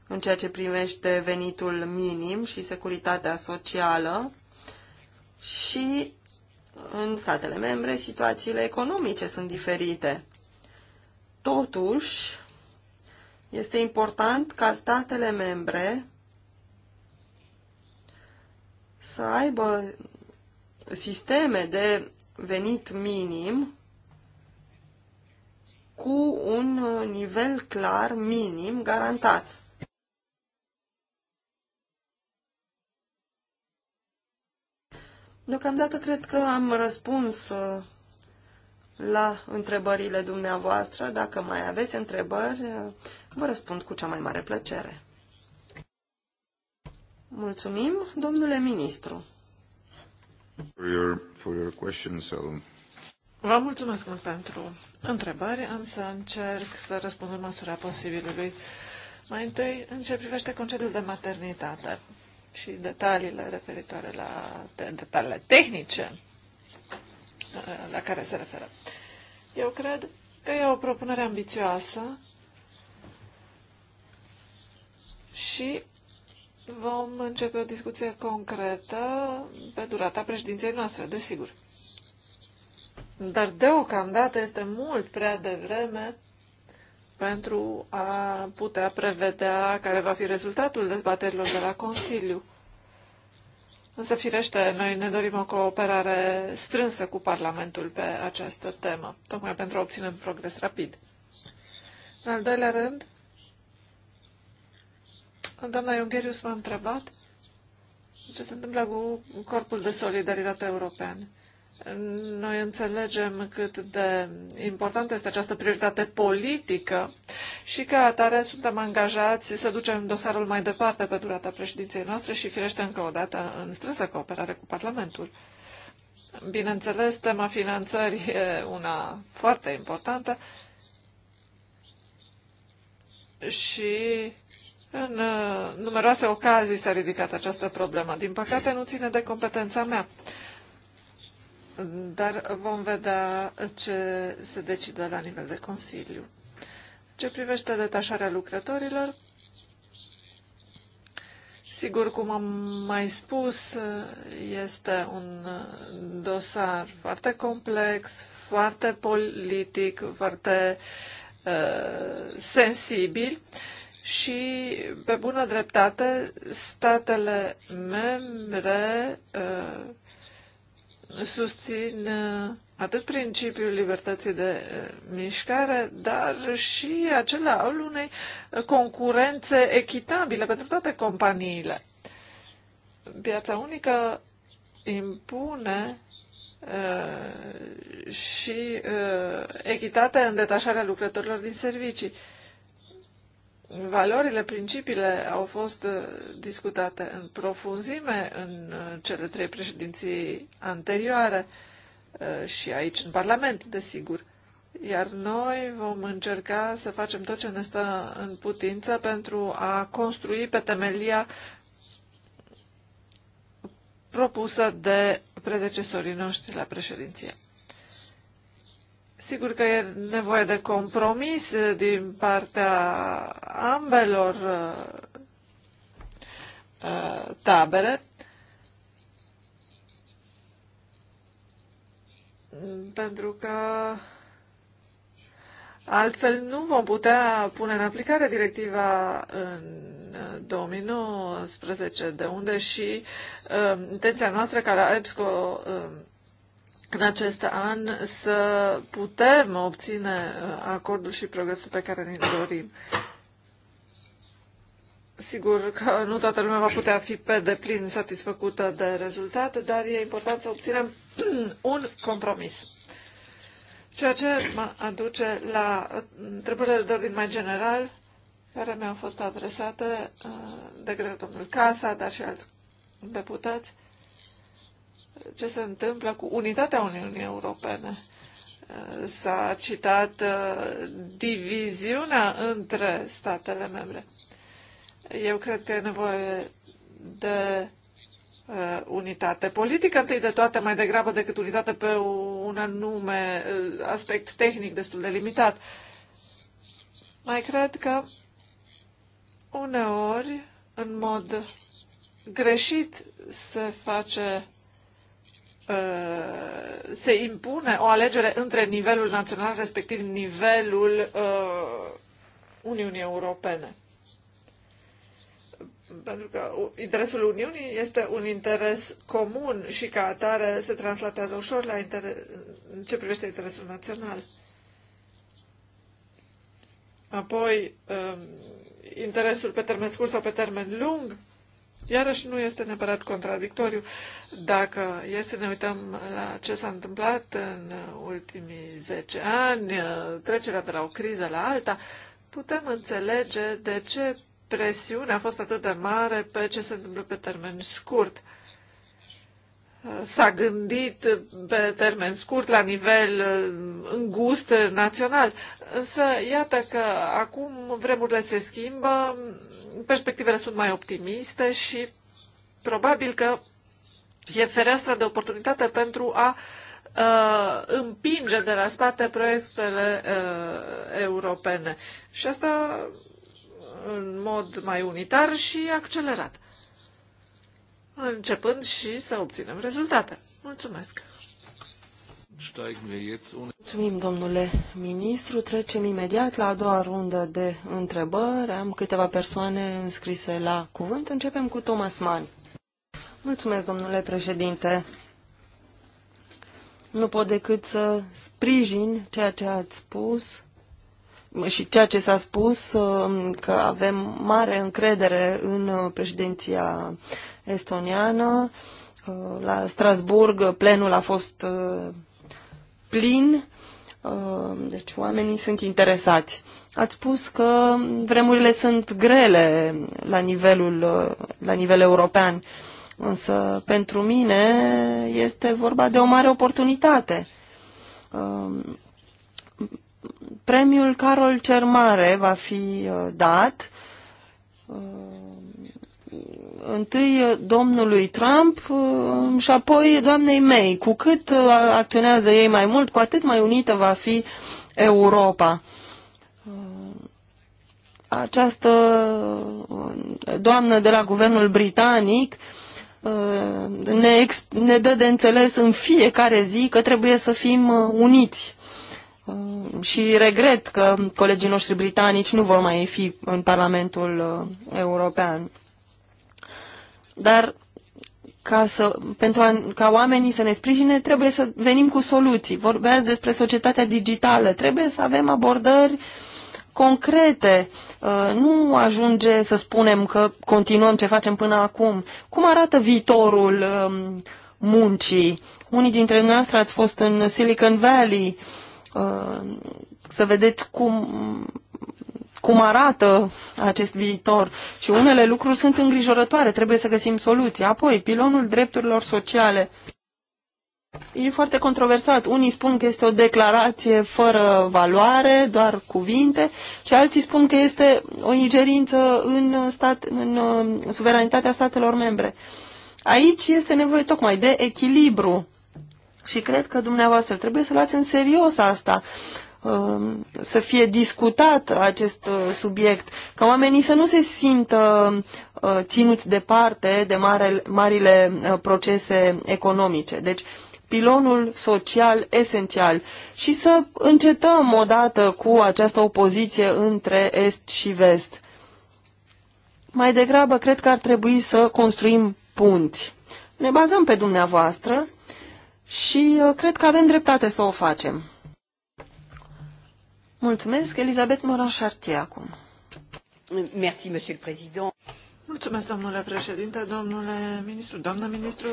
în ceea ce privește venitul minim și securitatea socială și în statele membre situațiile economice sunt diferite. Totuși, este important ca statele membre să aibă sisteme de venit minim cu un nivel clar minim garantat. Deocamdată cred că am răspuns uh, la întrebările dumneavoastră. Dacă mai aveți întrebări, uh, vă răspund cu cea mai mare plăcere. Mulțumim, domnule ministru. For your, for your Vă mulțumesc mult pentru întrebări. Am să încerc să răspund în măsura posibilului. Mai întâi, în ce privește concediul de maternitate și detaliile referitoare la de, detaliile tehnice uh, la care se referă. Eu cred că e o propunere ambițioasă și Vom începe o discuție concretă pe durata președinției noastre, desigur. Dar deocamdată este mult prea devreme pentru a putea prevedea care va fi rezultatul dezbaterilor de la Consiliu. Însă, firește, noi ne dorim o cooperare strânsă cu Parlamentul pe această temă, tocmai pentru a obține progres rapid. În al doilea rând, Doamna Iungherius m-a întrebat ce se întâmplă cu Corpul de Solidaritate European. Noi înțelegem cât de importantă este această prioritate politică și ca atare suntem angajați să ducem dosarul mai departe pe durata președinției noastre și firește încă o dată în strânsă cooperare cu Parlamentul. Bineînțeles, tema finanțării e una foarte importantă și în uh, numeroase ocazii s-a ridicat această problemă. Din păcate, nu ține de competența mea. Dar vom vedea ce se decide la nivel de Consiliu. Ce privește detașarea lucrătorilor, sigur, cum am mai spus, este un dosar foarte complex, foarte politic, foarte uh, sensibil și, pe bună dreptate, statele membre uh, susțin uh, atât principiul libertății de uh, mișcare, dar și acela al unei concurențe echitabile pentru toate companiile. Piața unică impune și echitatea echitate în detașarea lucrătorilor din servicii. Valorile, principiile au fost uh, discutate în profunzime în uh, cele trei președinții anterioare uh, și aici în Parlament, desigur. Iar noi vom încerca să facem tot ce ne stă în putință pentru a construi pe temelia propusă de predecesorii noștri la președinție. Sigur că e nevoie de compromis eh, din partea ambelor eh, eh, tabere. Pentru că altfel nu vom putea pune în aplicare directiva în 2019, de unde și uh, intenția noastră ca la EBSCO uh, în acest an să putem obține uh, acordul și progresul pe care ne dorim. Sigur că nu toată lumea va putea fi pe deplin satisfăcută de rezultate, dar e important să obținem *clears throat* un compromis. Ceea ce mă aduce la întrebările de ordin mai general, care mi-au fost adresate uh, de către domnul Casa, dar și alți deputați ce se întâmplă cu unitatea Uniunii Europene. S-a citat uh, diviziunea între statele membre. Eu cred că e nevoie de uh, unitate politică, întâi de toate, mai degrabă decât unitate pe un anume uh, aspect tehnic destul de limitat. Mai cred că uneori, în mod greșit, se face Uh, se impune o alegere între nivelul național, respectiv nivelul uh, Uniunii Europene. Pentru că interesul Uniunii este un interes comun și ca atare se translatează ușor la inter- în ce privește interesul național. Apoi, uh, interesul pe termen scurt sau pe termen lung Iarăși nu este neapărat contradictoriu dacă e să ne uităm la ce s-a întâmplat în ultimii 10 ani, trecerea de la o criză la alta, putem înțelege de ce presiunea a fost atât de mare pe ce se întâmplă pe termen scurt s-a gândit pe termen scurt, la nivel uh, îngust, național. Însă, iată că acum vremurile se schimbă, perspectivele sunt mai optimiste și probabil că e fereastra de oportunitate pentru a uh, împinge de la spate proiectele uh, europene. Și asta în mod mai unitar și accelerat începând și să obținem rezultate. Mulțumesc! Mulțumim, domnule ministru. Trecem imediat la a doua rundă de întrebări. Am câteva persoane înscrise la cuvânt. Începem cu Thomas Mann. Mulțumesc, domnule președinte. Nu pot decât să sprijin ceea ce ați spus și ceea ce s-a spus, um, că avem mare încredere în uh, președinția estoniană. Uh, la Strasburg plenul a fost uh, plin, uh, deci oamenii sunt interesați. Ați spus că vremurile sunt grele la nivelul, la nivel european, însă pentru mine este vorba de o mare oportunitate. Premiul Carol Cermare va fi dat întâi uh, domnului Trump uh, și apoi doamnei May. Cu cât uh, acționează ei mai mult, cu atât mai unită va fi Europa. Această doamnă de la guvernul britanic ne, ne dă de înțeles în fiecare zi că trebuie să fim uniți. Și regret că colegii noștri britanici nu vor mai fi în Parlamentul European. Dar ca să, pentru a, ca oamenii să ne sprijine, trebuie să venim cu soluții. Vorbeați despre societatea digitală. Trebuie să avem abordări concrete. Uh, nu ajunge să spunem că continuăm ce facem până acum. Cum arată viitorul um, muncii? Unii dintre noastre ați fost în Silicon Valley uh, să vedeți cum cum arată acest viitor și unele lucruri sunt îngrijorătoare, trebuie să găsim soluții. Apoi, pilonul drepturilor sociale. E foarte controversat. Unii spun că este o declarație fără valoare, doar cuvinte, și alții spun că este o ingerință în, stat, în uh, suveranitatea statelor membre. Aici este nevoie tocmai de echilibru. Și cred că dumneavoastră trebuie să luați în serios asta. Um, să fie discutat acest uh, subiect, ca oamenii să nu se simtă uh, ținuți departe de mare, marile uh, procese economice. Deci, pilonul social esențial și să încetăm odată cu această opoziție între Est și Vest. Mai degrabă, cred că ar trebui să construim punți. Ne bazăm pe dumneavoastră și cred că avem dreptate să o facem. Mulțumesc, Elizabeth Moran-Chartier acum. Merci, Monsieur le Président. Mulțumesc, domnule președinte, domnule ministru, doamnă ministru.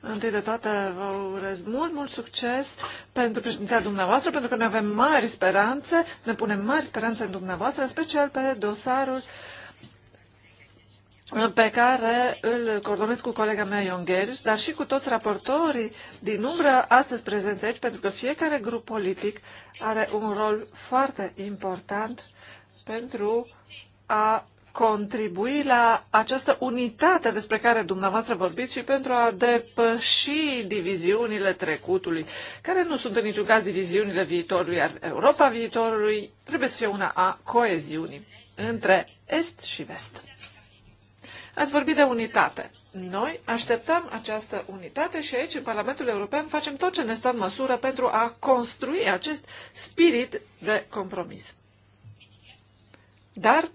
Întâi de toate vă urez mult, mult succes pentru președinția dumneavoastră, pentru că noi avem mari speranțe, ne punem mari speranțe în dumneavoastră, în special pe dosarul uh, pe care îl coordonez cu colega mea Iongherius, dar și cu toți raportorii din umbră astăzi prezenți aici, pentru că fiecare grup politic are un rol foarte important pentru a contribui la această unitate despre care dumneavoastră vorbiți și pentru a depăși diviziunile trecutului, care nu sunt în niciun caz diviziunile viitorului, iar Europa viitorului trebuie să fie una a coeziunii între Est și Vest. Ați vorbit de unitate. Noi așteptăm această unitate și aici, în Parlamentul European, facem tot ce ne stă în măsură pentru a construi acest spirit de compromis. Dar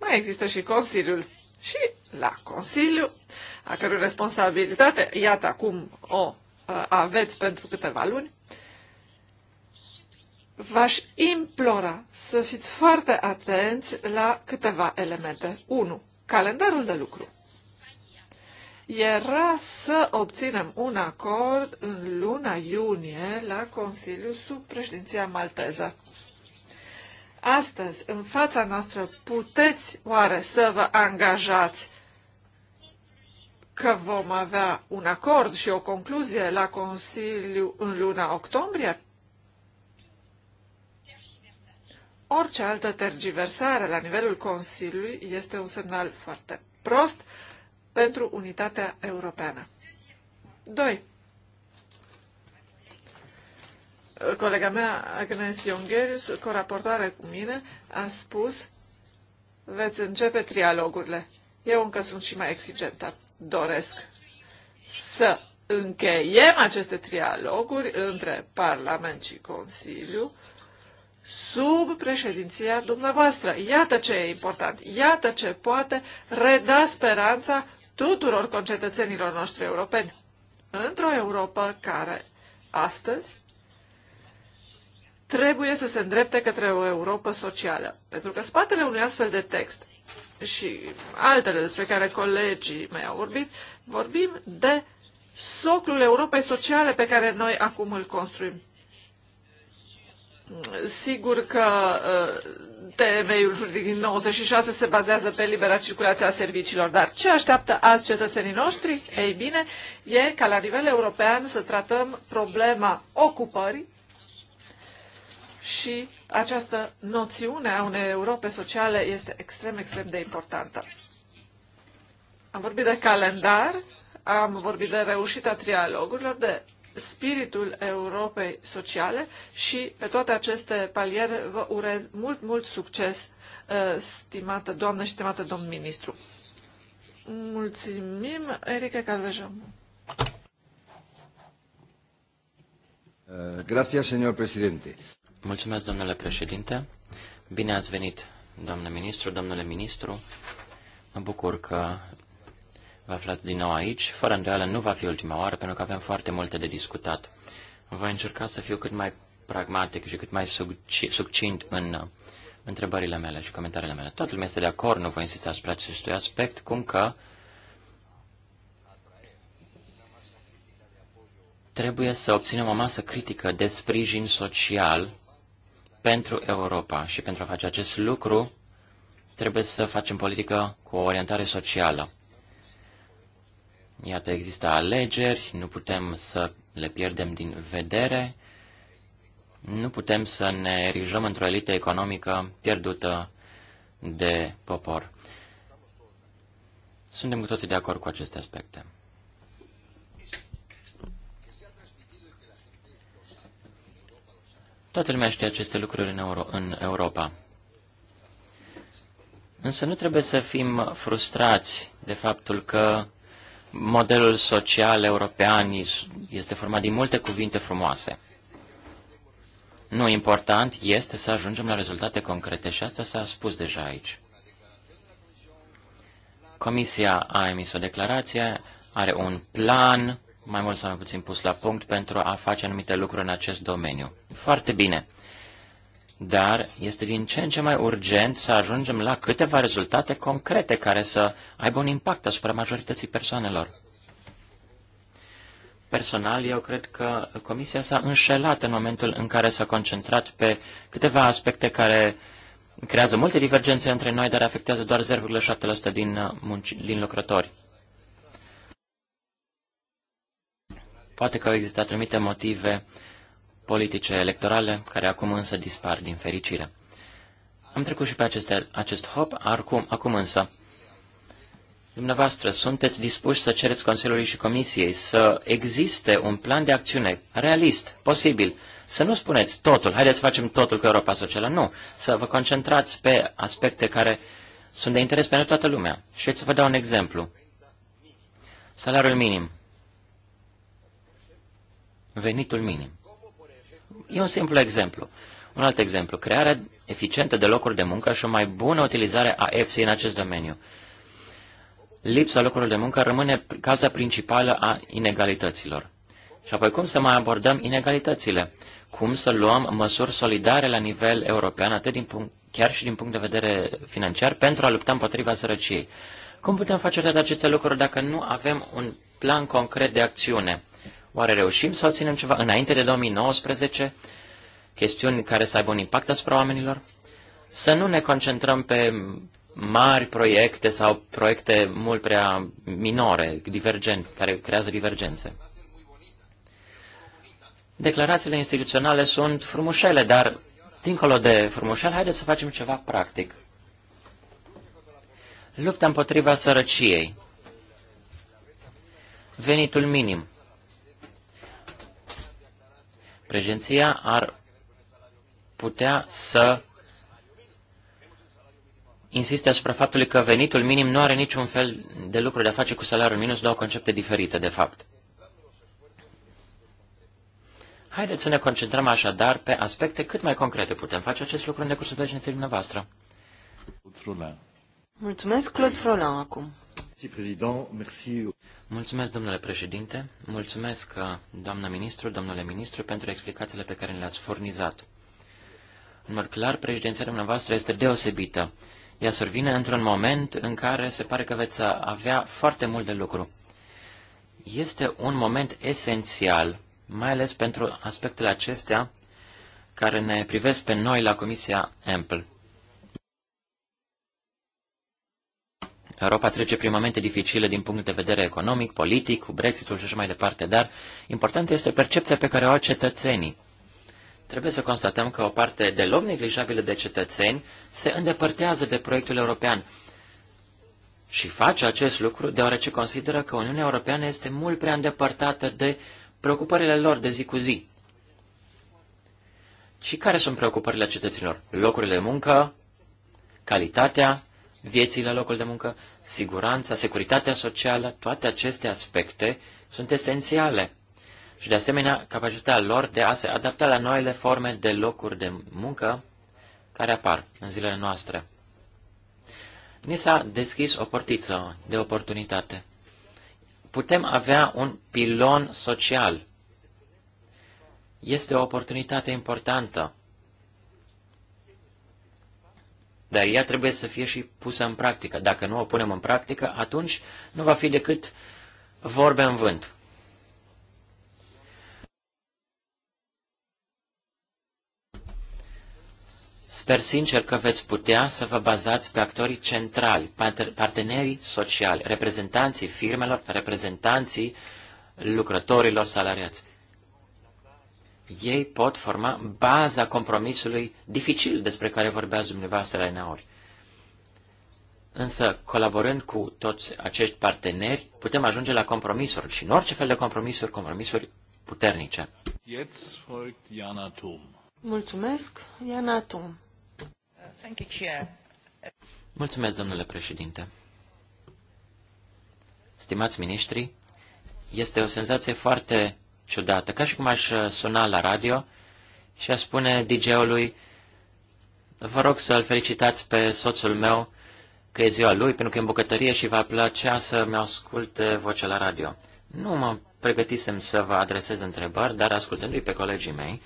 mai există și Consiliul. Și la Consiliu, a cărui responsabilitate, iată acum o uh, aveți pentru câteva luni, v-aș implora să fiți foarte atenți la câteva elemente. 1 calendarul de lucru era să obținem un acord în luna iunie la Consiliu sub președinția malteză. Astăzi, în fața noastră, puteți oare să vă angajați că vom avea un acord și o concluzie la Consiliu în luna octombrie? Orice altă tergiversare la nivelul Consiliului este un semnal foarte prost pentru unitatea europeană. 2. Colega mea, Agnes Iongherius, coraportoare cu mine, a spus veți începe trialogurile. Eu încă sunt și mai exigentă. Doresc să încheiem aceste trialoguri între Parlament și Consiliu sub președinția dumneavoastră. Iată ce e important, iată ce poate reda speranța tuturor concetățenilor noștri europeni. Într-o Europa care astăzi trebuie să se îndrepte către o Europa socială. Pentru că spatele unui astfel de text și altele despre care colegii mei au vorbit, vorbim de soclul Europei sociale pe care noi acum îl construim. Sigur că uh, temeiul juridic din 96 se bazează pe libera circulație a serviciilor, dar ce așteaptă azi cetățenii noștri? Ei bine, e ca la nivel european să tratăm problema ocupării și această noțiune a unei Europe sociale este extrem, extrem de importantă. Am vorbit de calendar, am vorbit de reușita trialogurilor, de spiritul Europei sociale și pe toate aceste paliere vă urez mult, mult succes, uh, stimată doamnă și stimată domn ministru. Mulțumim, Erika Calvejo. Uh, gracias, señor presidente. Mulțumesc, domnule președinte. Bine ați venit, doamnă ministru, domnule ministru. Mă bucur că vă aflați din nou aici. Fără îndoială nu va fi ultima oară, pentru că avem foarte multe de discutat. Voi încerca să fiu cât mai pragmatic și cât mai succint în uh, întrebările mele și comentariile mele. Toată lumea este de acord, nu voi insista asupra acestui aspect, cum că trebuie să obținem o masă critică de sprijin social pentru Europa și pentru a face acest lucru trebuie să facem politică cu o orientare socială. Iată, există alegeri, nu putem să le pierdem din vedere, nu putem să ne erijăm într-o elită economică pierdută de popor. Suntem cu toții de acord cu aceste aspecte. Toată lumea știe aceste lucruri în, Euro- în Europa. Însă nu trebuie să fim frustrați de faptul că Modelul social european este format din multe cuvinte frumoase. Nu important este să ajungem la rezultate concrete și asta s-a spus deja aici. Comisia a emis o declarație, are un plan, mai mult sau mai puțin pus la punct, pentru a face anumite lucruri în acest domeniu. Foarte bine dar este din ce în ce mai urgent să ajungem la câteva rezultate concrete care să aibă un impact asupra majorității persoanelor. Personal, eu cred că Comisia s-a înșelat în momentul în care s-a concentrat pe câteva aspecte care creează multe divergențe între noi, dar afectează doar 0,7% din, uh, munci, din lucrători. Poate că au existat anumite motive politice electorale, care acum însă dispar din fericire. Am trecut și pe aceste, acest hop, acum, acum însă. Dumneavoastră, sunteți dispuși să cereți Consiliului și Comisiei să existe un plan de acțiune realist, posibil, să nu spuneți totul, haideți să facem totul cu Europa Socială, nu, să vă concentrați pe aspecte care sunt de interes pentru toată lumea. Și să vă dau un exemplu. Salariul minim. Venitul minim. E un simplu exemplu. Un alt exemplu, crearea eficientă de locuri de muncă și o mai bună utilizare a EFSI în acest domeniu. Lipsa locurilor de muncă rămâne cauza principală a inegalităților. Și apoi cum să mai abordăm inegalitățile? Cum să luăm măsuri solidare la nivel european, atât din punct, chiar și din punct de vedere financiar, pentru a lupta împotriva sărăciei? Cum putem face toate aceste lucruri dacă nu avem un plan concret de acțiune? Oare reușim să obținem ceva înainte de 2019? Chestiuni care să aibă un impact asupra oamenilor? Să nu ne concentrăm pe mari proiecte sau proiecte mult prea minore, divergente, care creează divergențe. Declarațiile instituționale sunt frumușele, dar dincolo de frumușel, haideți să facem ceva practic. Lupta împotriva sărăciei. Venitul minim. Președinția ar putea să insiste asupra faptului că venitul minim nu are niciun fel de lucru de a face cu salariul minus două concepte diferite, de fapt. Haideți să ne concentrăm așadar pe aspecte cât mai concrete. Putem face acest lucru în decursul președinției dumneavoastră. Mulțumesc, Claude Frolan, acum. Mulțumesc, domnule președinte. Mulțumesc, uh, doamna ministru, domnule ministru, pentru explicațiile pe care le-ați furnizat. În mod clar, președinția dumneavoastră este deosebită. Ea survine într-un moment în care se pare că veți avea foarte mult de lucru. Este un moment esențial, mai ales pentru aspectele acestea care ne privesc pe noi la Comisia Ample. Europa trece prin momente dificile din punct de vedere economic, politic, cu Brexitul și așa mai departe, dar importantă este percepția pe care o au cetățenii. Trebuie să constatăm că o parte deloc neglijabilă de cetățeni se îndepărtează de proiectul european și face acest lucru deoarece consideră că Uniunea Europeană este mult prea îndepărtată de preocupările lor de zi cu zi. Și care sunt preocupările cetățenilor? Locurile de muncă, calitatea, vieții la locul de muncă, siguranța, securitatea socială, toate aceste aspecte sunt esențiale. Și de asemenea, capacitatea lor de a se adapta la noile forme de locuri de muncă care apar în zilele noastre. Ni s-a deschis o portiță de oportunitate. Putem avea un pilon social. Este o oportunitate importantă dar ea trebuie să fie și pusă în practică. Dacă nu o punem în practică, atunci nu va fi decât vorbe în vânt. Sper sincer că veți putea să vă bazați pe actorii centrali, partenerii sociali, reprezentanții firmelor, reprezentanții lucrătorilor salariați ei pot forma baza compromisului dificil despre care vorbeați dumneavoastră la Enaori. Însă, colaborând cu toți acești parteneri, putem ajunge la compromisuri și în orice fel de compromisuri, compromisuri puternice. Mulțumesc, Iana Tum. Thank you, Chair. Mulțumesc, domnule președinte. Stimați miniștri, este o senzație foarte ciudată, ca și cum aș uh, suna la radio și a spune DJ-ului, vă rog să-l felicitați pe soțul meu că e ziua lui, pentru că e în bucătărie și va plăcea să-mi asculte vocea la radio. Nu mă pregătisem să vă adresez întrebări, dar ascultându-i pe colegii mei,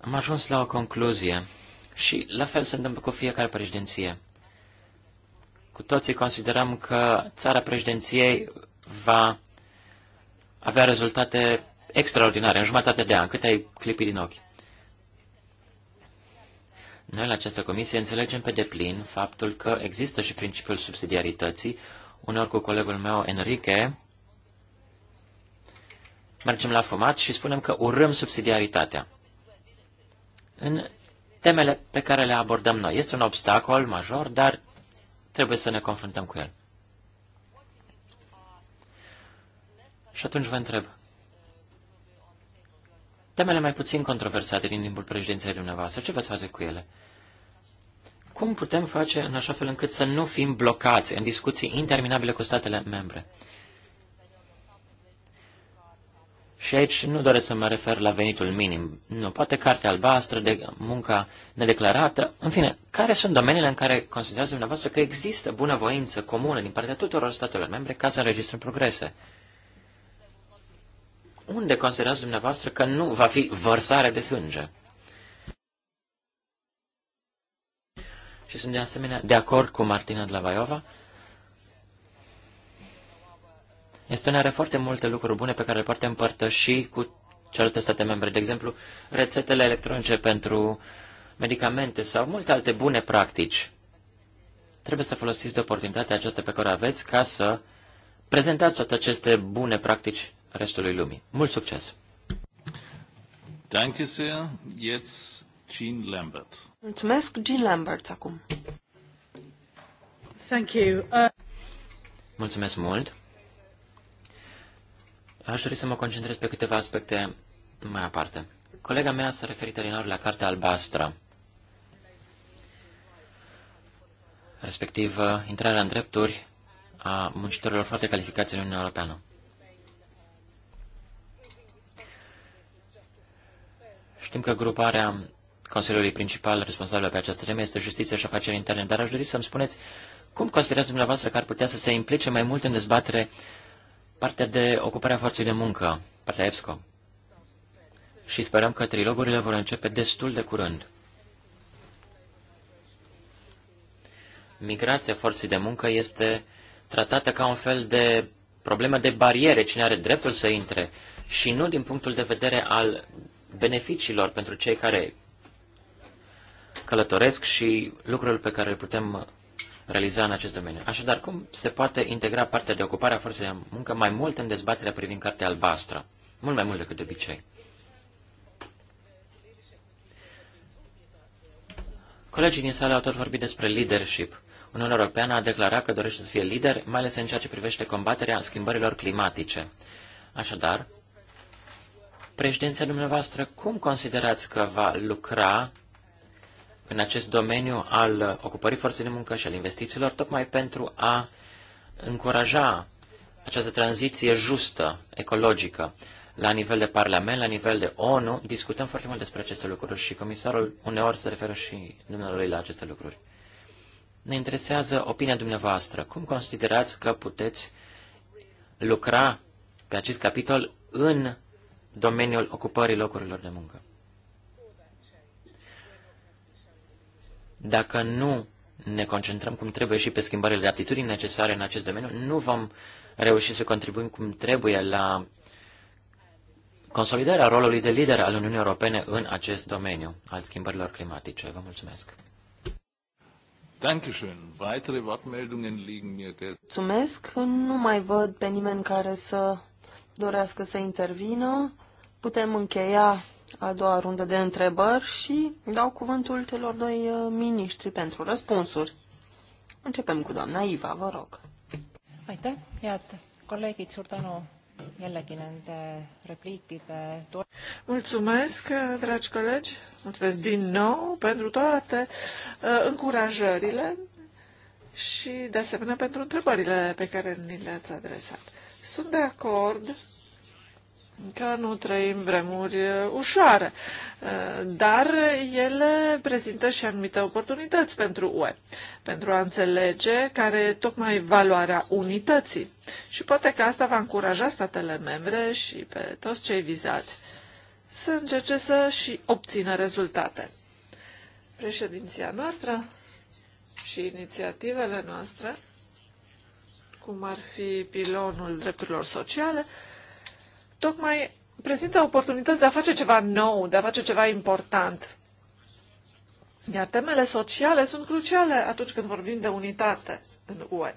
am ajuns la o concluzie și la fel se întâmplă cu fiecare președinție. Cu toții considerăm că țara președinției va avea rezultate extraordinare în jumătate de an, cât ai clipi din ochi. Noi, la această comisie, înțelegem pe deplin faptul că există și principiul subsidiarității. Uneori cu colegul meu, Enrique, mergem la fumat și spunem că urâm subsidiaritatea. În temele pe care le abordăm noi. Este un obstacol major, dar trebuie să ne confruntăm cu el. Și atunci vă întreb, temele mai puțin controversate din timpul președinței dumneavoastră, ce veți face cu ele? Cum putem face în așa fel încât să nu fim blocați în discuții interminabile cu statele membre? Și aici nu doresc să mă refer la venitul minim. Nu, poate cartea albastră, de munca nedeclarată. În fine, care sunt domeniile în care considerați dumneavoastră că există bună voință comună din partea tuturor statelor membre ca să înregistrăm progrese? unde considerați dumneavoastră că nu va fi vărsare de sânge? Și sunt de asemenea de acord cu Martina Dlavaiova. Estonia are foarte multe lucruri bune pe care le poate împărtăși cu celelalte state membre. De exemplu, rețetele electronice pentru medicamente sau multe alte bune practici. Trebuie să folosiți de oportunitatea aceasta pe care o aveți ca să prezentați toate aceste bune practici restului lumii. Mult succes! Danke sehr. Jetzt Jean Lambert. Mulțumesc, Jean Lambert, acum. Thank you. Uh... Mulțumesc mult. Aș dori să mă concentrez pe câteva aspecte mai aparte. Colega mea s-a referit alinor la Cartea Albastră, respectiv uh, intrarea în drepturi a muncitorilor foarte calificați în Uniunea Europeană. Știm că gruparea Consiliului principal responsabil pe această temă este Justiția și Afaceri Interne, dar aș dori să-mi spuneți cum considerați dumneavoastră că ar putea să se implice mai mult în dezbatere partea de ocuparea forței de muncă, partea EPSCO. Și sperăm că trilogurile vor începe destul de curând. Migrația forței de muncă este tratată ca un fel de problemă de bariere, cine are dreptul să intre, și nu din punctul de vedere al beneficiilor pentru cei care călătoresc și lucrurile pe care le putem realiza în acest domeniu. Așadar, cum se poate integra partea de ocupare a forței de muncă mai mult în dezbaterea privind cartea albastră? Mult mai mult decât de obicei. Colegii din sală au tot vorbit despre leadership. Uniunea Europeană a declarat că dorește să fie lider, mai ales în ceea ce privește combaterea schimbărilor climatice. Așadar, Președinția dumneavoastră, cum considerați că va lucra în acest domeniu al ocupării forței de muncă și al investițiilor, tocmai pentru a încuraja această tranziție justă, ecologică. La nivel de Parlament, la nivel de ONU, discutăm foarte mult despre aceste lucruri și comisarul uneori se referă și dumneavoastră la aceste lucruri. Ne interesează opinia dumneavoastră. Cum considerați că puteți lucra pe acest capitol în domeniul ocupării locurilor de muncă. Dacă nu ne concentrăm cum trebuie și pe schimbările de aptitudini necesare în acest domeniu, nu vom reuși să contribuim cum trebuie la consolidarea rolului de lider al Uniunii Europene în acest domeniu al schimbărilor climatice. Vă mulțumesc! Mulțumesc! Nu mai văd pe nimeni care să dorească să intervină putem încheia a doua rundă de întrebări și dau cuvântul celor doi uh, miniștri pentru răspunsuri. Începem cu doamna Iva, vă rog. Aite, iată, colegii, suur tänu jällegi nende Mulțumesc, uh, dragi colegi, mulțumesc din nou pentru toate uh, încurajările și, de asemenea, pentru întrebările pe care ni le-ați adresat. Sunt de acord că nu trăim vremuri ușoare, dar ele prezintă și anumite oportunități pentru UE, pentru a înțelege care e tocmai valoarea unității. Și poate că asta va încuraja statele membre și pe toți cei vizați să încerce să și obțină rezultate. Președinția noastră și inițiativele noastre, cum ar fi pilonul drepturilor sociale, tocmai prezintă oportunități de a face ceva nou, de a face ceva important. Iar temele sociale sunt cruciale atunci când vorbim de unitate în UE.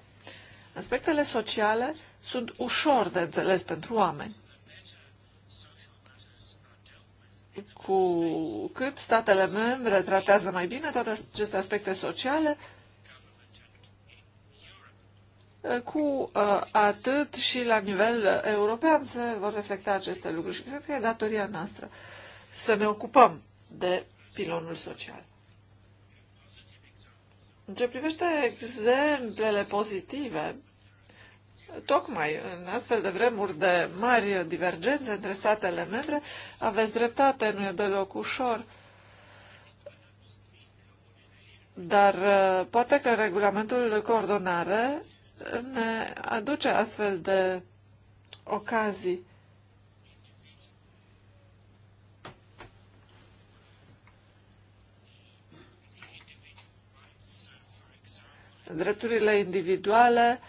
Aspectele sociale sunt ușor de înțeles pentru oameni. Cu cât statele membre tratează mai bine toate aceste aspecte sociale, Eh, cu eh, atât și la nivel eh, european se vor reflecta aceste lucruri. Și cred că e datoria noastră să ne ocupăm de pilonul social. În ce privește exemplele pozitive, tocmai în astfel de vremuri de mari divergențe între statele membre, aveți dreptate, nu e deloc ușor. Dar poate că regulamentul de coordonare ne aduce astfel de ocazii. Drepturile individuale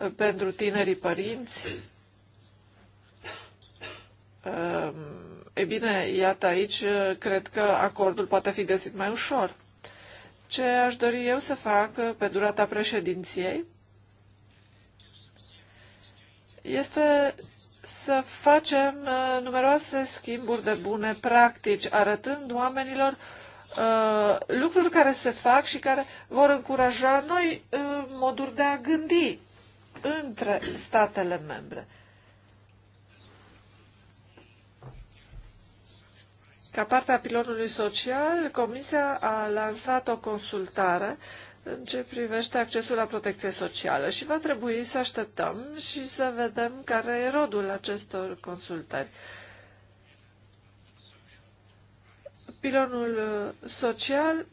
uh, pentru tinerii părinți. Um, e bine, iată aici, uh, cred că acordul poate fi găsit mai ușor. Ce aș dori eu să fac pe durata președinției este să facem uh, numeroase schimburi de bune practici, arătând oamenilor uh, lucruri care se fac și care vor încuraja noi uh, moduri de a gândi între statele membre. Ca parte a pilonului social, Comisia a lansat o consultare în ce privește accesul la protecție socială și va trebui să așteptăm și să vedem care e rodul acestor consultări. Pilonul social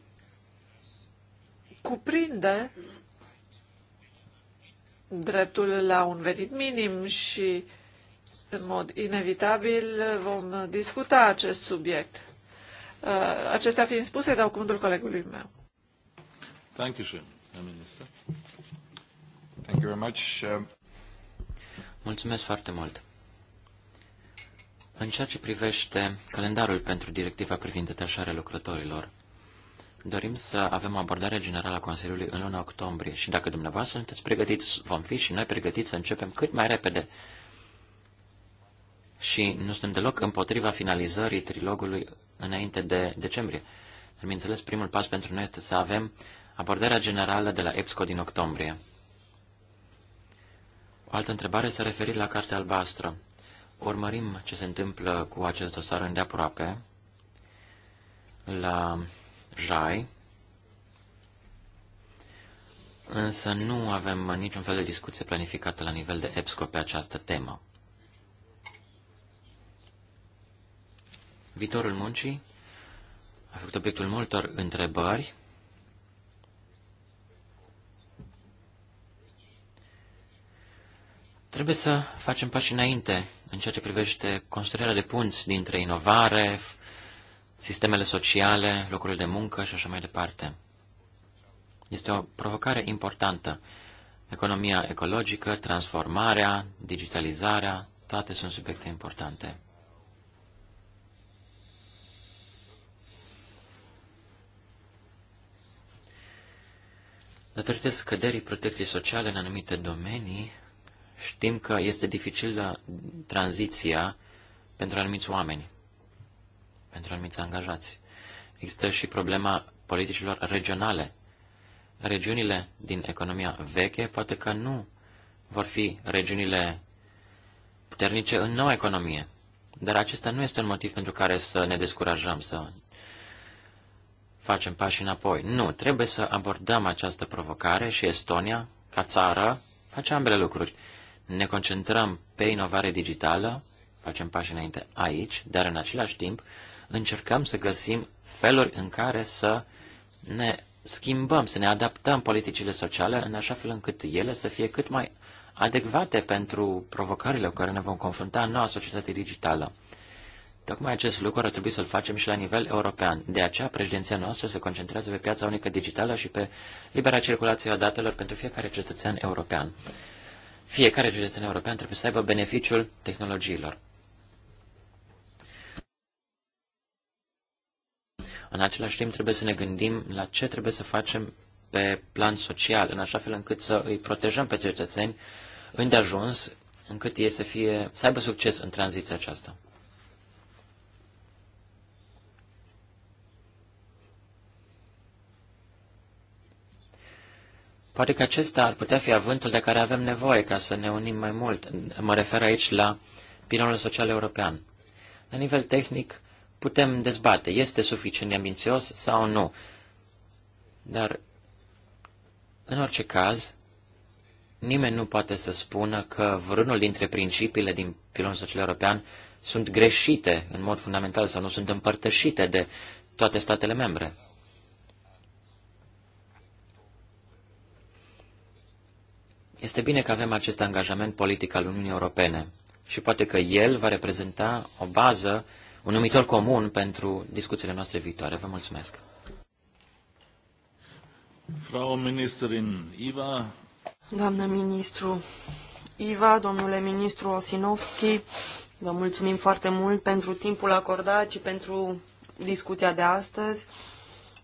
cuprinde dreptul la un venit minim și în mod inevitabil vom discuta acest subiect. Uh, acestea fiind spuse, dau cuvântul colegului meu. Thank you, Minister. Thank you very much. Uh, Mulțumesc foarte mult. În ceea ce privește calendarul pentru directiva privind detașarea lucrătorilor, dorim să avem o abordare generală a Consiliului în luna octombrie și dacă dumneavoastră sunteți pregătiți, vom fi și noi pregătiți să începem cât mai repede și nu suntem deloc împotriva finalizării trilogului înainte de decembrie. Dar, bineînțeles, primul pas pentru noi este să avem abordarea generală de la EPSCO din octombrie. O altă întrebare se referit la Cartea Albastră. Urmărim ce se întâmplă cu acest dosar îndeaproape la JAI, însă nu avem niciun fel de discuție planificată la nivel de EPSCO pe această temă. Viitorul muncii a făcut obiectul multor întrebări. Trebuie să facem pași înainte în ceea ce privește construirea de punți dintre inovare, sistemele sociale, locurile de muncă și așa mai departe. Este o provocare importantă. Economia ecologică, transformarea, digitalizarea, toate sunt subiecte importante. Datorită scăderii protecției sociale în anumite domenii, știm că este dificilă uh, tranziția pentru anumiți oameni, pentru anumiți angajați. Există și problema politicilor regionale. Regiunile din economia veche poate că nu vor fi regiunile puternice în noua economie, dar acesta nu este un motiv pentru care să ne descurajăm, să facem pași înapoi. Nu, trebuie să abordăm această provocare și Estonia, ca țară, face ambele lucruri. Ne concentrăm pe inovare digitală, facem pași înainte aici, dar în același timp încercăm să găsim feluri în care să ne schimbăm, să ne adaptăm politicile sociale în așa fel încât ele să fie cât mai adecvate pentru provocările cu care ne vom confrunta în noua societate digitală. Tocmai acest lucru ar trebui să-l facem și la nivel european. De aceea, președinția noastră se concentrează pe piața unică digitală și pe libera circulație a datelor pentru fiecare cetățean european. Fiecare cetățean european trebuie să aibă beneficiul tehnologiilor. În același timp, trebuie să ne gândim la ce trebuie să facem pe plan social, în așa fel încât să îi protejăm pe cetățeni îndeajuns, încât ei să, fie, să aibă succes în tranziția aceasta. Poate că acesta ar putea fi avântul de care avem nevoie ca să ne unim mai mult. Mă refer aici la pilonul social european. La nivel tehnic, putem dezbate, este suficient de ambițios sau nu. Dar, în orice caz, nimeni nu poate să spună că vreunul dintre principiile din pilonul social european sunt greșite în mod fundamental sau nu sunt împărtășite de toate statele membre. Este bine că avem acest angajament politic al Uniunii Europene și poate că el va reprezenta o bază, un numitor comun pentru discuțiile noastre viitoare. Vă mulțumesc. Frau Ministerin Iva. Doamnă ministru Iva, domnule ministru Osinovski, vă mulțumim foarte mult pentru timpul acordat și pentru discuția de astăzi.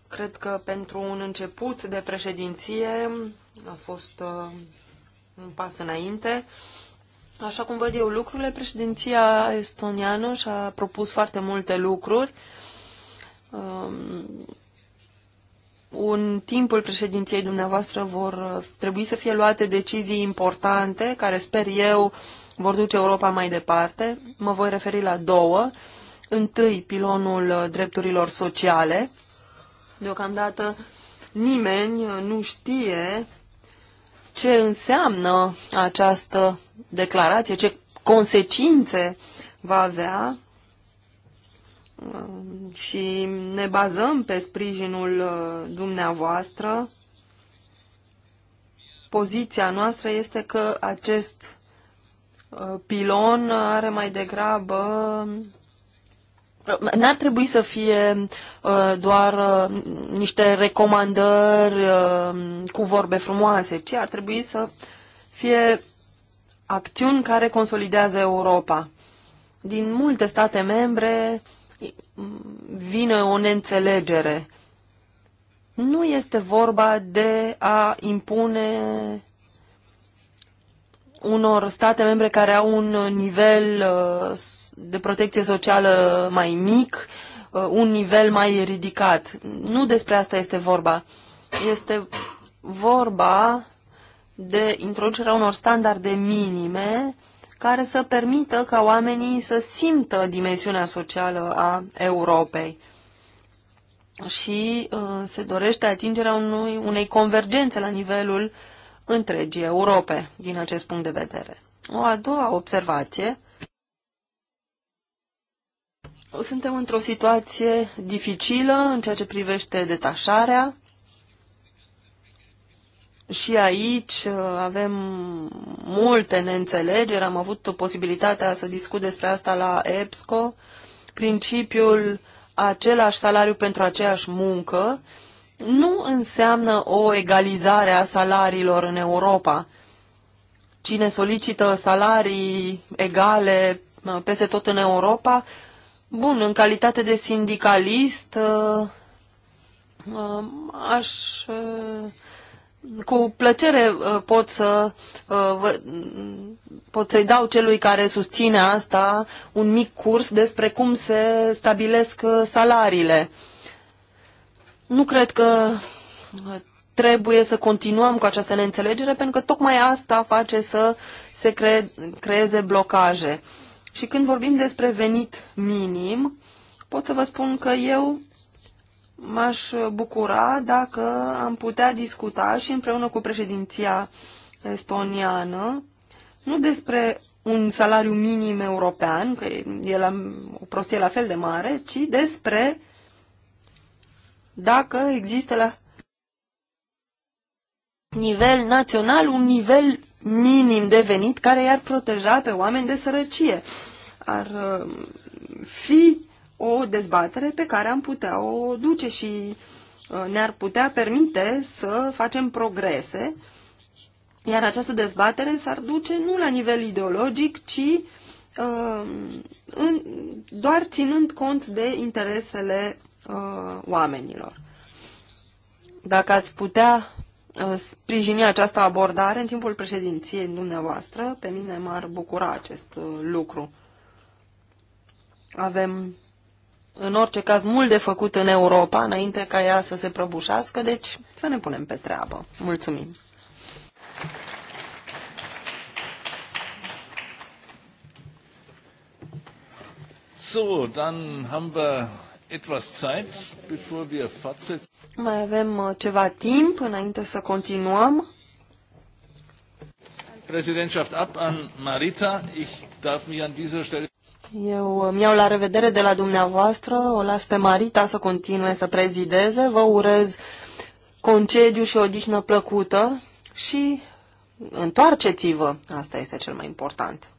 Cred că pentru un început de președinție a fost uh, un pas înainte. Așa cum văd eu lucrurile, președinția estoniană și-a propus foarte multe lucruri. Um, în timpul președinției dumneavoastră vor trebui să fie luate decizii importante, care sper eu vor duce Europa mai departe. Mă voi referi la două. Întâi, pilonul drepturilor sociale. Deocamdată nimeni nu știe ce înseamnă această declarație, ce consecințe va avea și ne bazăm pe sprijinul uh, dumneavoastră. Poziția noastră este că acest uh, pilon are mai degrabă n-ar trebui să fie uh, doar uh, niște recomandări uh, cu vorbe frumoase, ci ar trebui să fie acțiuni care consolidează Europa. Din multe state membre vine o neînțelegere. Nu este vorba de a impune unor state membre care au un nivel uh, de protecție socială mai mic, uh, un nivel mai ridicat. Nu despre asta este vorba. Este vorba de introducerea unor standarde minime care să permită ca oamenii să simtă dimensiunea socială a Europei. Și uh, se dorește atingerea unui, unei convergențe la nivelul întregii Europe, din acest punct de vedere. O a doua observație suntem într-o situație dificilă în ceea ce privește detașarea. Și aici uh, avem multe neînțelegeri. Am avut posibilitatea să discut despre asta la EBSCO. Principiul același salariu pentru aceeași muncă nu înseamnă o egalizare a salariilor în Europa. Cine solicită salarii egale uh, peste tot în Europa Bun, în calitate de sindicalist, uh, uh, aș, uh, cu plăcere pot să pot să-i dau celui care susține asta un mic curs despre cum se stabilesc salariile. Nu cred că trebuie să continuăm cu această neînțelegere pentru că tocmai asta face să se creeze blocaje. Și când vorbim despre venit minim, pot să vă spun că eu m-aș bucura dacă am putea discuta și împreună cu președinția estoniană, nu despre un salariu minim european, că e la, o prostie la fel de mare, ci despre dacă există la nivel național un nivel minim de venit care i-ar proteja pe oameni de sărăcie. Ar uh, fi o dezbatere pe care am putea o duce și uh, ne-ar putea permite să facem progrese, iar această dezbatere s-ar duce nu la nivel ideologic, ci uh, în, doar ținând cont de interesele uh, oamenilor. Dacă ați putea Uh, sprijini această abordare în timpul președinției dumneavoastră. Pe mine m-ar bucura acest uh, lucru. Avem, în orice caz, mult de făcut în Europa înainte ca ea să se prăbușească, deci să ne punem pe treabă. Mulțumim! So, dann haben wir mai avem uh, ceva timp înainte să continuăm. Präsidentschaft ab an Marita. Ich darf mich an dieser Stelle eu uh, îmi au la revedere de la dumneavoastră, o las pe Marita să continue să prezideze, vă urez concediu și odihnă plăcută și întoarceți-vă, asta este cel mai important.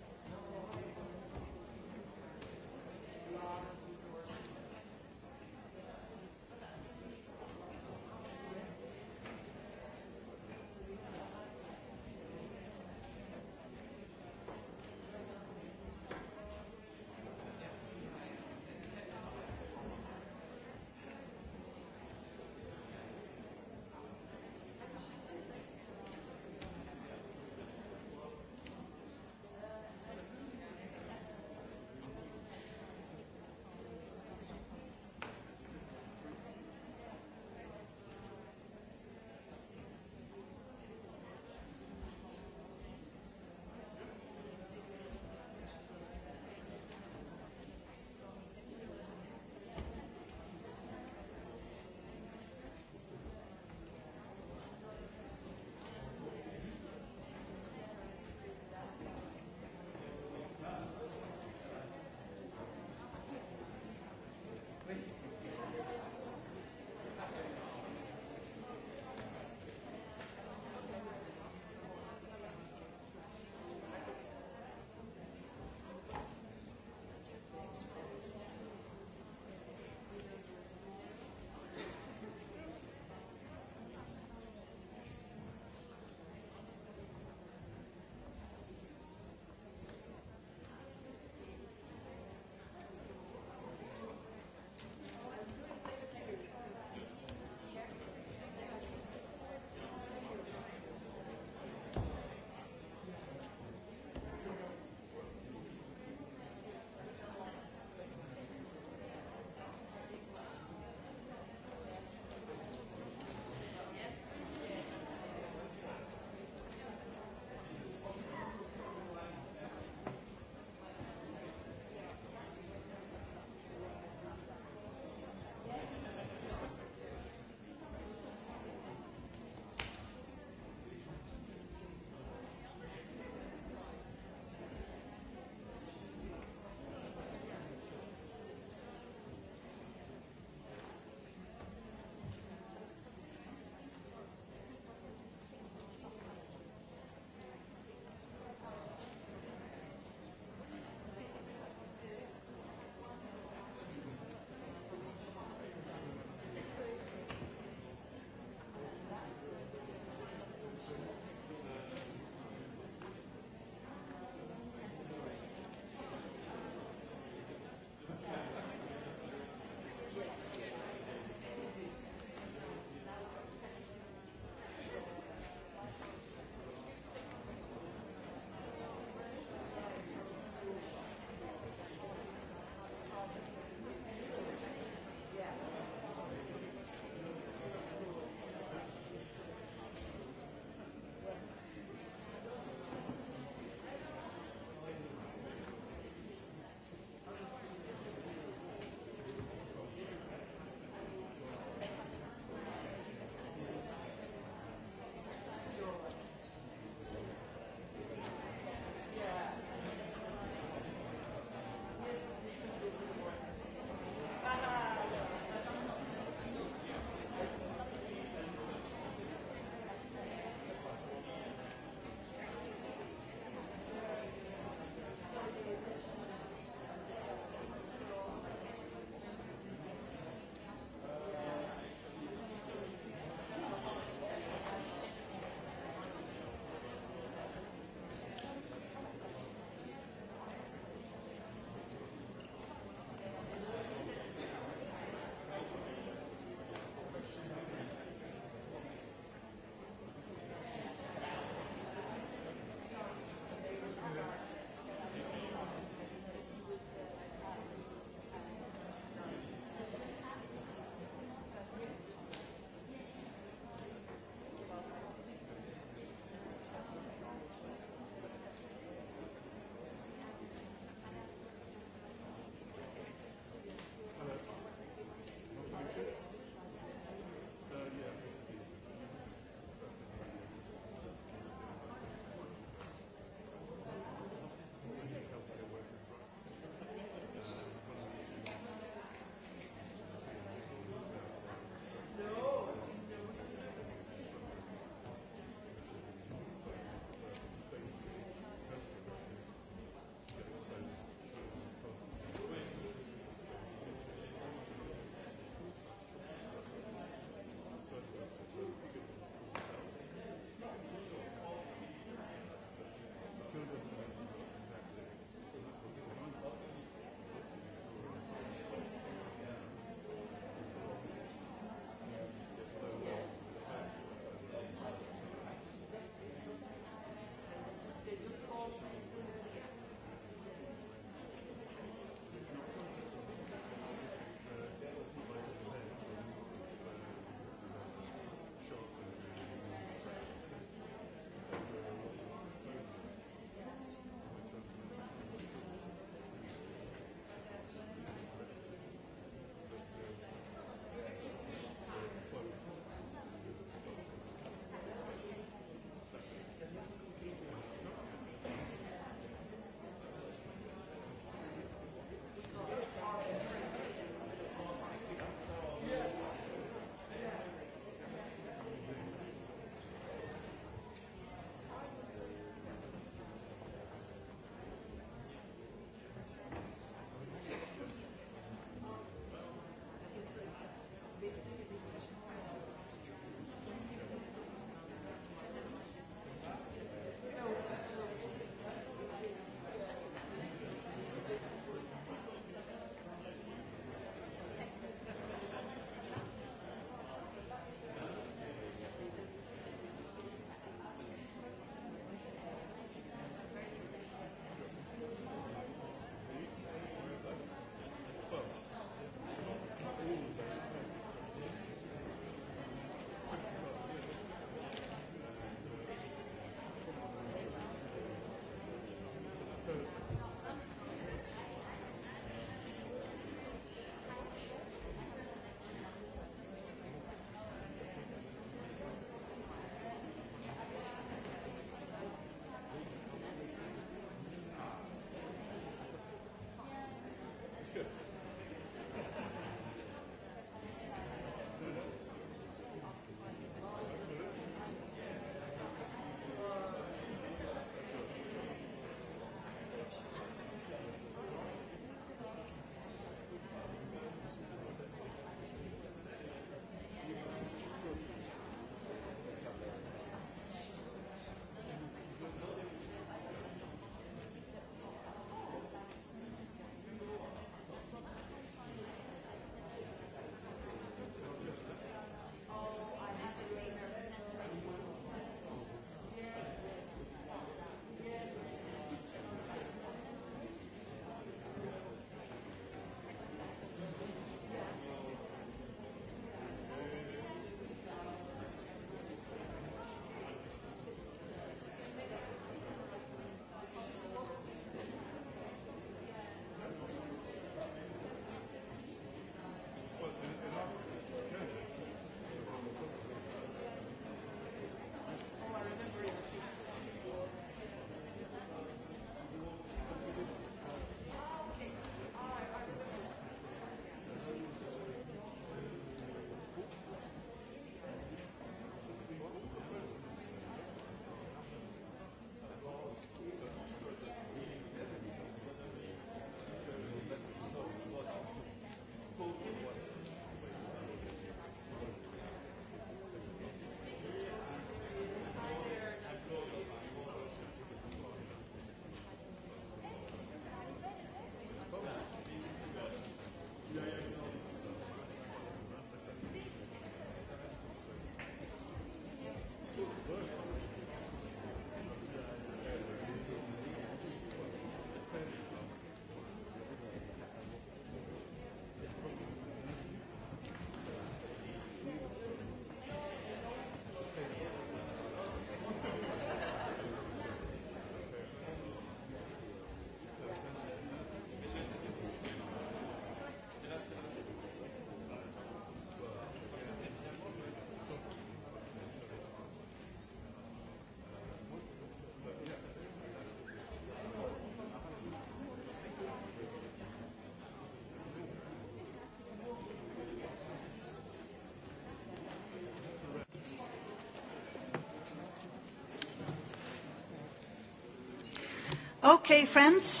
Okay, friends,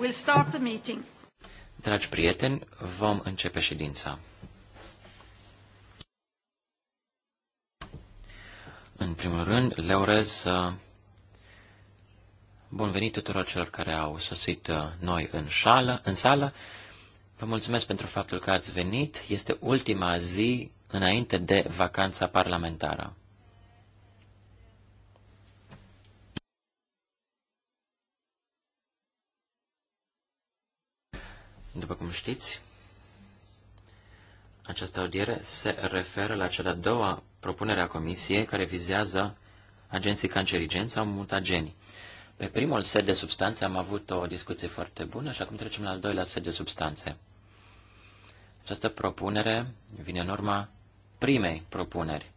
we'll start the meeting. Dragi prieteni, vom începe ședința. În primul rând, le urez uh, bun venit tuturor celor care au sosit uh, noi în, șală, în sală. Vă mulțumesc pentru faptul că ați venit. Este ultima zi înainte de vacanța parlamentară. După cum știți, această audiere se referă la cea de-a doua propunere a Comisiei care vizează agenții cancerigeni sau mutageni. Pe primul set de substanțe am avut o discuție foarte bună și acum trecem la al doilea set de substanțe. Această propunere vine în urma primei propuneri.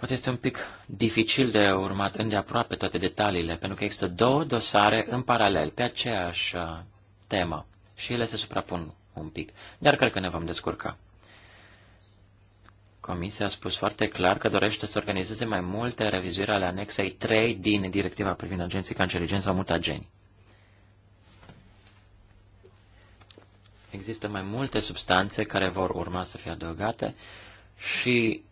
Poate este un pic dificil de urmat îndeaproape toate detaliile, pentru că există două dosare în paralel pe aceeași uh, temă și ele se suprapun un pic, dar cred că ne vom descurca. Comisia a spus foarte clar că dorește să organizeze mai multe revizuiri ale anexei 3 din directiva privind agenții cancerigeni sau mutageni. Există mai multe substanțe care vor urma să fie adăugate și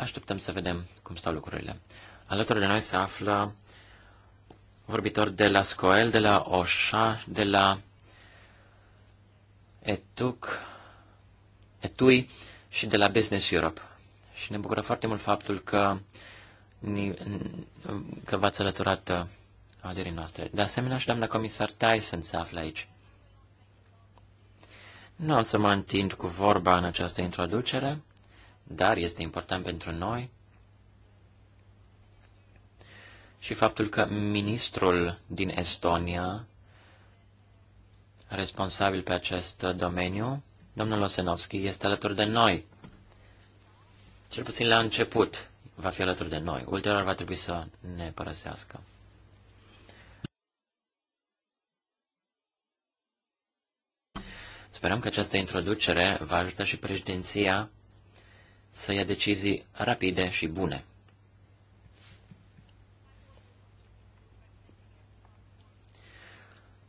Așteptăm să vedem cum stau lucrurile. Alături de noi se află vorbitor de la Scoel, de la Oșa, de la Etuc, Etui și de la Business Europe. Și ne bucură foarte mult faptul că, că v-ați alăturat uh, audierii noastre. De asemenea și doamna comisar Tyson se află aici. Nu am să mă întind cu vorba în această introducere dar este important pentru noi și faptul că ministrul din Estonia, responsabil pe acest domeniu, domnul Osenovski, este alături de noi. Cel puțin la început va fi alături de noi. Ulterior va trebui să ne părăsească. Sperăm că această introducere va ajuta și președinția să ia decizii rapide și bune.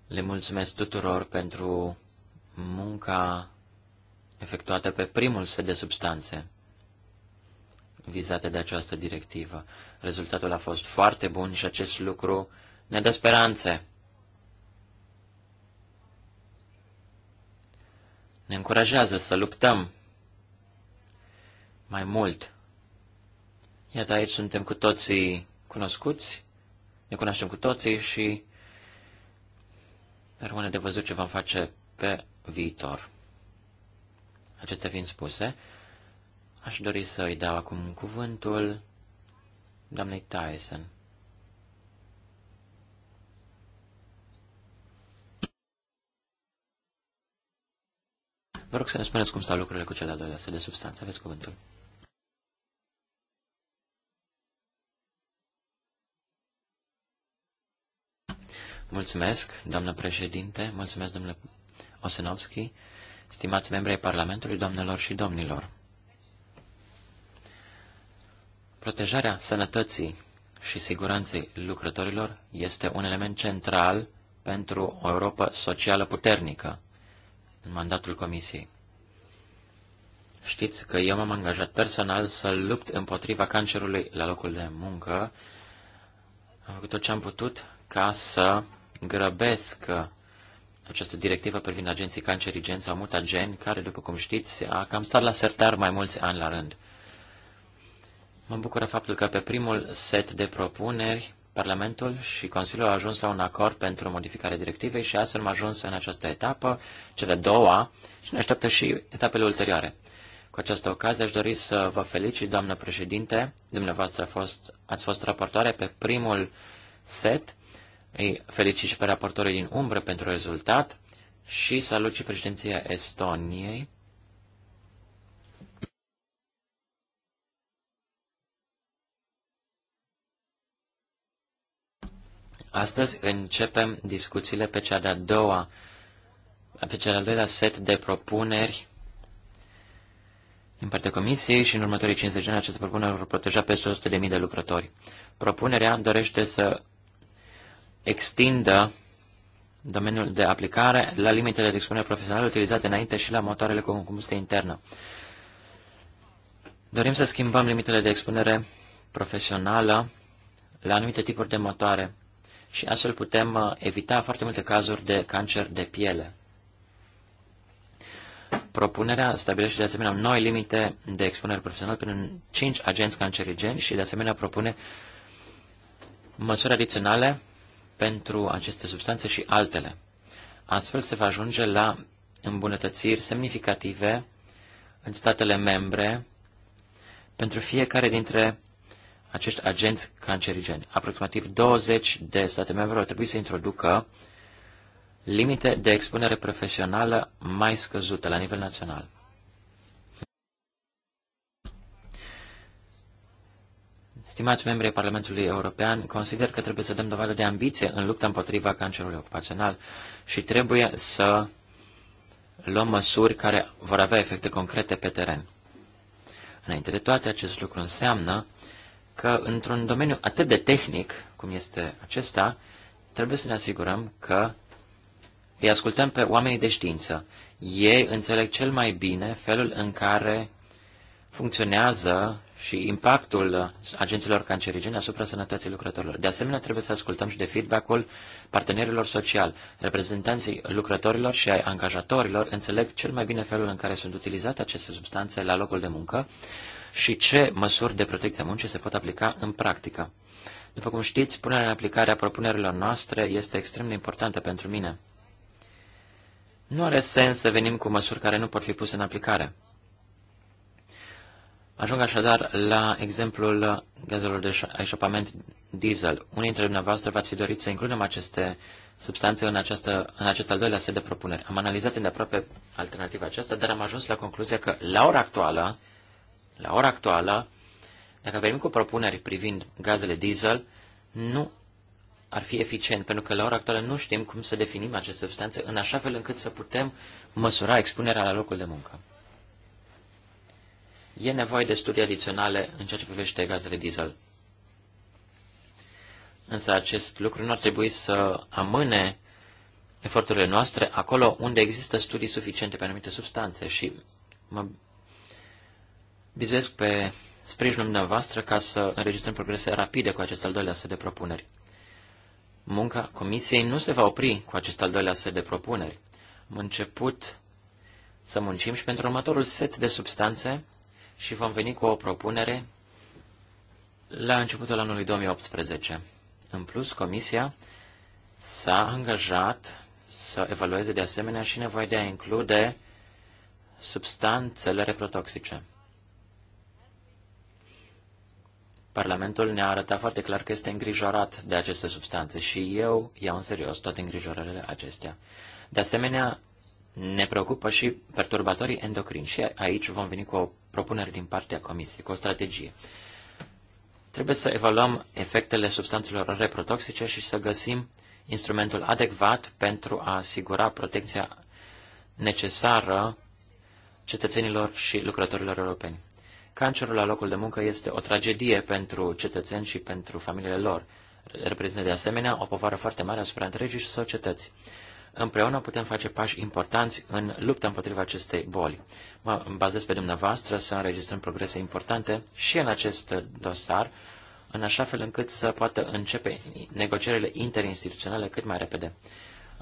Le mulțumesc tuturor pentru munca efectuată pe primul set de substanțe vizate de această directivă. Rezultatul a fost foarte bun și acest lucru ne dă speranțe. Ne încurajează să luptăm mai mult. Iată, aici suntem cu toții cunoscuți, ne cunoaștem cu toții și rămâne de văzut ce vom face pe viitor. Acestea fiind spuse, aș dori să îi dau acum cuvântul doamnei Tyson. Vă rog să ne spuneți cum stau lucrurile cu cel de-al doilea set de substanțe. Aveți cuvântul. Mulțumesc, doamnă președinte, mulțumesc, domnule Osenovski, stimați membri ai Parlamentului, doamnelor și domnilor. Protejarea sănătății și siguranței lucrătorilor este un element central pentru o Europa socială puternică în mandatul Comisiei. Știți că eu m-am angajat personal să lupt împotriva cancerului la locul de muncă. Am făcut tot ce am putut ca să grăbesc uh, această directivă privind agenții cancerigeni sau mutageni, care, după cum știți, a cam stat la sertar mai mulți ani la rând. Mă bucură faptul că pe primul set de propuneri, Parlamentul și Consiliul au ajuns la un acord pentru modificarea directivei și astfel am ajuns în această etapă, cea de doua, și ne așteaptă și etapele ulterioare. Cu această ocazie aș dori să vă felicit, doamnă președinte, dumneavoastră a fost, ați fost raportoare pe primul set îi felicit și pe raportorii din umbră pentru rezultat și salut și președinția Estoniei. Astăzi începem discuțiile pe cea de-a doua, pe cea de a doilea set de propuneri din partea Comisiei și în următorii 50 de ani aceste propuneri vor proteja peste 100.000 de lucrători. Propunerea dorește să extindă domeniul de aplicare la limitele de expunere profesională utilizate înainte și la motoarele cu combustie internă. Dorim să schimbăm limitele de expunere profesională la anumite tipuri de motoare și astfel putem uh, evita foarte multe cazuri de cancer de piele. Propunerea stabilește de asemenea noi limite de expunere profesională prin 5 agenți cancerigeni și de asemenea propune măsuri adiționale pentru aceste substanțe și altele. Astfel se va ajunge la îmbunătățiri semnificative în statele membre pentru fiecare dintre acești agenți cancerigeni. Aproximativ 20 de state membre au trebuit să introducă limite de expunere profesională mai scăzute la nivel național. Stimați membri ai Parlamentului European, consider că trebuie să dăm dovadă de ambiție în lupta împotriva cancerului ocupațional și trebuie să luăm măsuri care vor avea efecte concrete pe teren. Înainte de toate, acest lucru înseamnă că într-un domeniu atât de tehnic cum este acesta, trebuie să ne asigurăm că îi ascultăm pe oamenii de știință. Ei înțeleg cel mai bine felul în care funcționează și impactul agenților cancerigene asupra sănătății lucrătorilor. De asemenea, trebuie să ascultăm și de feedback-ul partenerilor sociali. Reprezentanții lucrătorilor și ai angajatorilor înțeleg cel mai bine felul în care sunt utilizate aceste substanțe la locul de muncă și ce măsuri de protecție a muncii se pot aplica în practică. După cum știți, punerea în aplicare a propunerilor noastre este extrem de importantă pentru mine. Nu are sens să venim cu măsuri care nu pot fi puse în aplicare. Ajung așadar la exemplul gazelor de eșapament diesel. Unii dintre dumneavoastră v-ați fi dorit să includem aceste substanțe în, această, în acest al doilea set de propuneri. Am analizat îndeaproape alternativa aceasta, dar am ajuns la concluzia că la ora actuală, la ora actuală, dacă venim cu propuneri privind gazele diesel, nu ar fi eficient, pentru că la ora actuală nu știm cum să definim aceste substanțe în așa fel încât să putem măsura expunerea la locul de muncă e nevoie de studii adiționale în ceea ce privește gazele diesel. Însă acest lucru nu ar trebui să amâne eforturile noastre acolo unde există studii suficiente pe anumite substanțe și mă bizuiesc pe sprijinul dumneavoastră ca să înregistrăm progrese rapide cu acest al doilea set de propuneri. Munca comisiei nu se va opri cu acest al doilea set de propuneri. Am început să muncim și pentru următorul set de substanțe și vom veni cu o propunere la începutul anului 2018. În plus, Comisia s-a angajat să evalueze de asemenea și nevoia de a include substanțele reprotoxice. Parlamentul ne-a arătat foarte clar că este îngrijorat de aceste substanțe și eu iau în serios toate îngrijorările acestea. De asemenea, ne preocupă și perturbatorii endocrini și aici vom veni cu o propunere din partea Comisiei, cu o strategie. Trebuie să evaluăm efectele substanțelor reprotoxice și să găsim instrumentul adecvat pentru a asigura protecția necesară cetățenilor și lucrătorilor europeni. Cancerul la locul de muncă este o tragedie pentru cetățeni și pentru familiile lor. Reprezintă de asemenea o povară foarte mare asupra întregii societăți. Împreună putem face pași importanți în lupta împotriva acestei boli. Mă bazez pe dumneavoastră să înregistrăm progrese importante și în acest dosar, în așa fel încât să poată începe negocierile interinstituționale cât mai repede.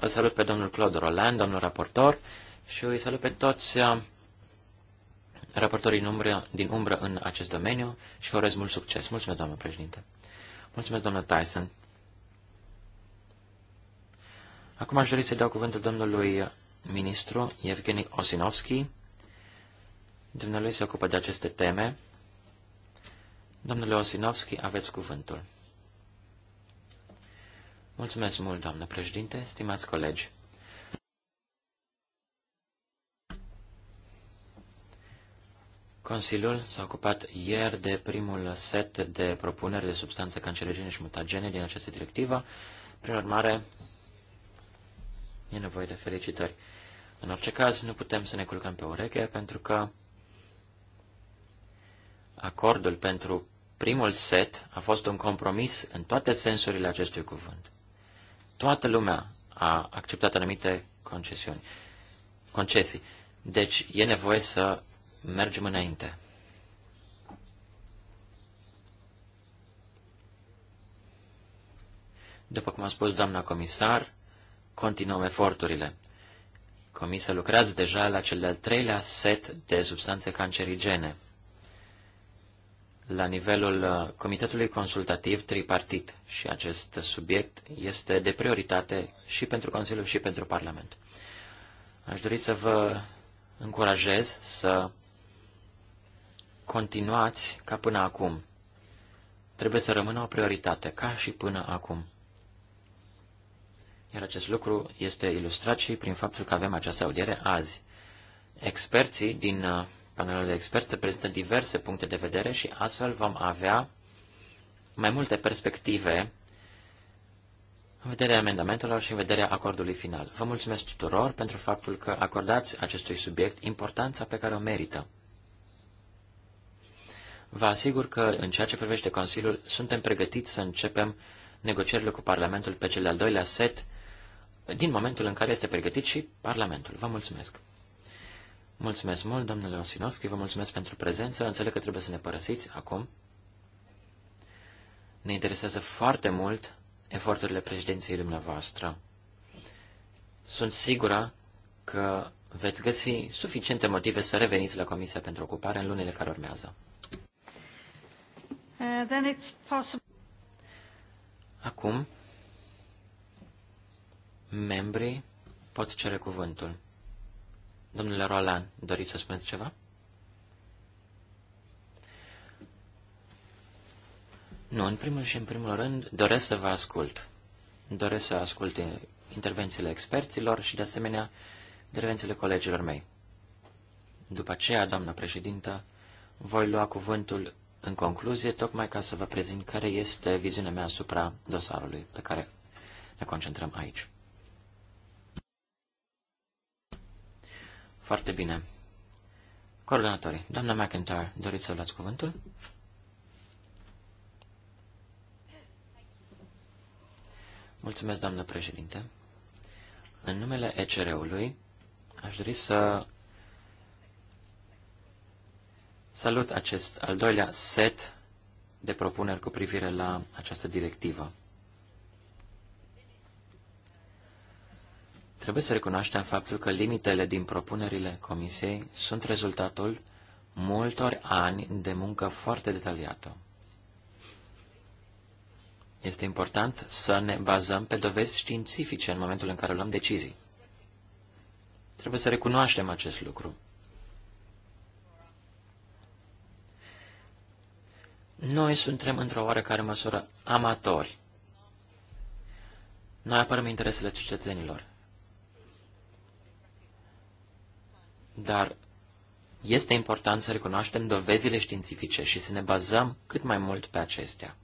Îl salut pe domnul Claude Roland, domnul raportor, și îi salut pe toți uh, raportorii din umbră, din umbră în acest domeniu și vă urez mult succes. Mulțumesc, domnul președinte. Mulțumesc, domnul Tyson. Acum aș dori să dau cuvântul domnului ministru Evgeni Osinovski. Domnului se ocupă de aceste teme. Domnule Osinovski, aveți cuvântul. Mulțumesc mult, doamnă președinte, stimați colegi. Consiliul s-a ocupat ieri de primul set de propuneri de substanțe cancerogene și mutagene din această directivă. Prin urmare, e nevoie de felicitări. În orice caz, nu putem să ne culcăm pe ureche, pentru că acordul pentru primul set a fost un compromis în toate sensurile acestui cuvânt. Toată lumea a acceptat anumite concesiuni, concesii. Deci e nevoie să mergem înainte. După cum a spus doamna comisar, continuăm eforturile. Comisia lucrează deja la cel de-al treilea set de substanțe cancerigene, la nivelul uh, Comitetului Consultativ Tripartit și acest subiect este de prioritate și pentru Consiliu și pentru Parlament. Aș dori să vă încurajez să continuați ca până acum. Trebuie să rămână o prioritate, ca și până acum. Iar acest lucru este ilustrat și prin faptul că avem această audiere azi. Experții din uh, panelul de experți prezintă diverse puncte de vedere și astfel vom avea mai multe perspective în vederea amendamentelor și în vederea acordului final. Vă mulțumesc tuturor pentru faptul că acordați acestui subiect importanța pe care o merită. Vă asigur că, în ceea ce privește Consiliul, suntem pregătiți să începem negocierile cu Parlamentul pe cel de-al doilea set din momentul în care este pregătit și Parlamentul. Vă mulțumesc! Mulțumesc mult, domnule Osinovski, vă mulțumesc pentru prezență. Înțeleg că trebuie să ne părăsiți acum. Ne interesează foarte mult eforturile președinției dumneavoastră. Sunt sigură că veți găsi suficiente motive să reveniți la Comisia pentru Ocupare în lunile care urmează. Uh, Acum, membrii pot cere cuvântul. Domnule Roland, doriți să spuneți ceva? Nu, în primul și în primul rând doresc să vă ascult. Doresc să ascult intervențiile experților și, de asemenea, intervențiile colegilor mei. După aceea, doamnă președintă, voi lua cuvântul în concluzie, tocmai ca să vă prezint care este viziunea mea asupra dosarului pe care ne concentrăm aici. Foarte bine. Coordonatorii, doamna McIntyre, doriți să luați cuvântul? Mulțumesc, doamnă președinte. În numele ECR-ului, aș dori să salut acest al doilea set de propuneri cu privire la această directivă. Trebuie să recunoaștem faptul că limitele din propunerile Comisiei sunt rezultatul multor ani de muncă foarte detaliată. Este important să ne bazăm pe dovezi științifice în momentul în care luăm decizii. Trebuie să recunoaștem acest lucru. Noi suntem într-o oarecare măsură amatori. Noi apărăm interesele cetățenilor. Dar este important să recunoaștem dovezile științifice și să ne bazăm cât mai mult pe acestea.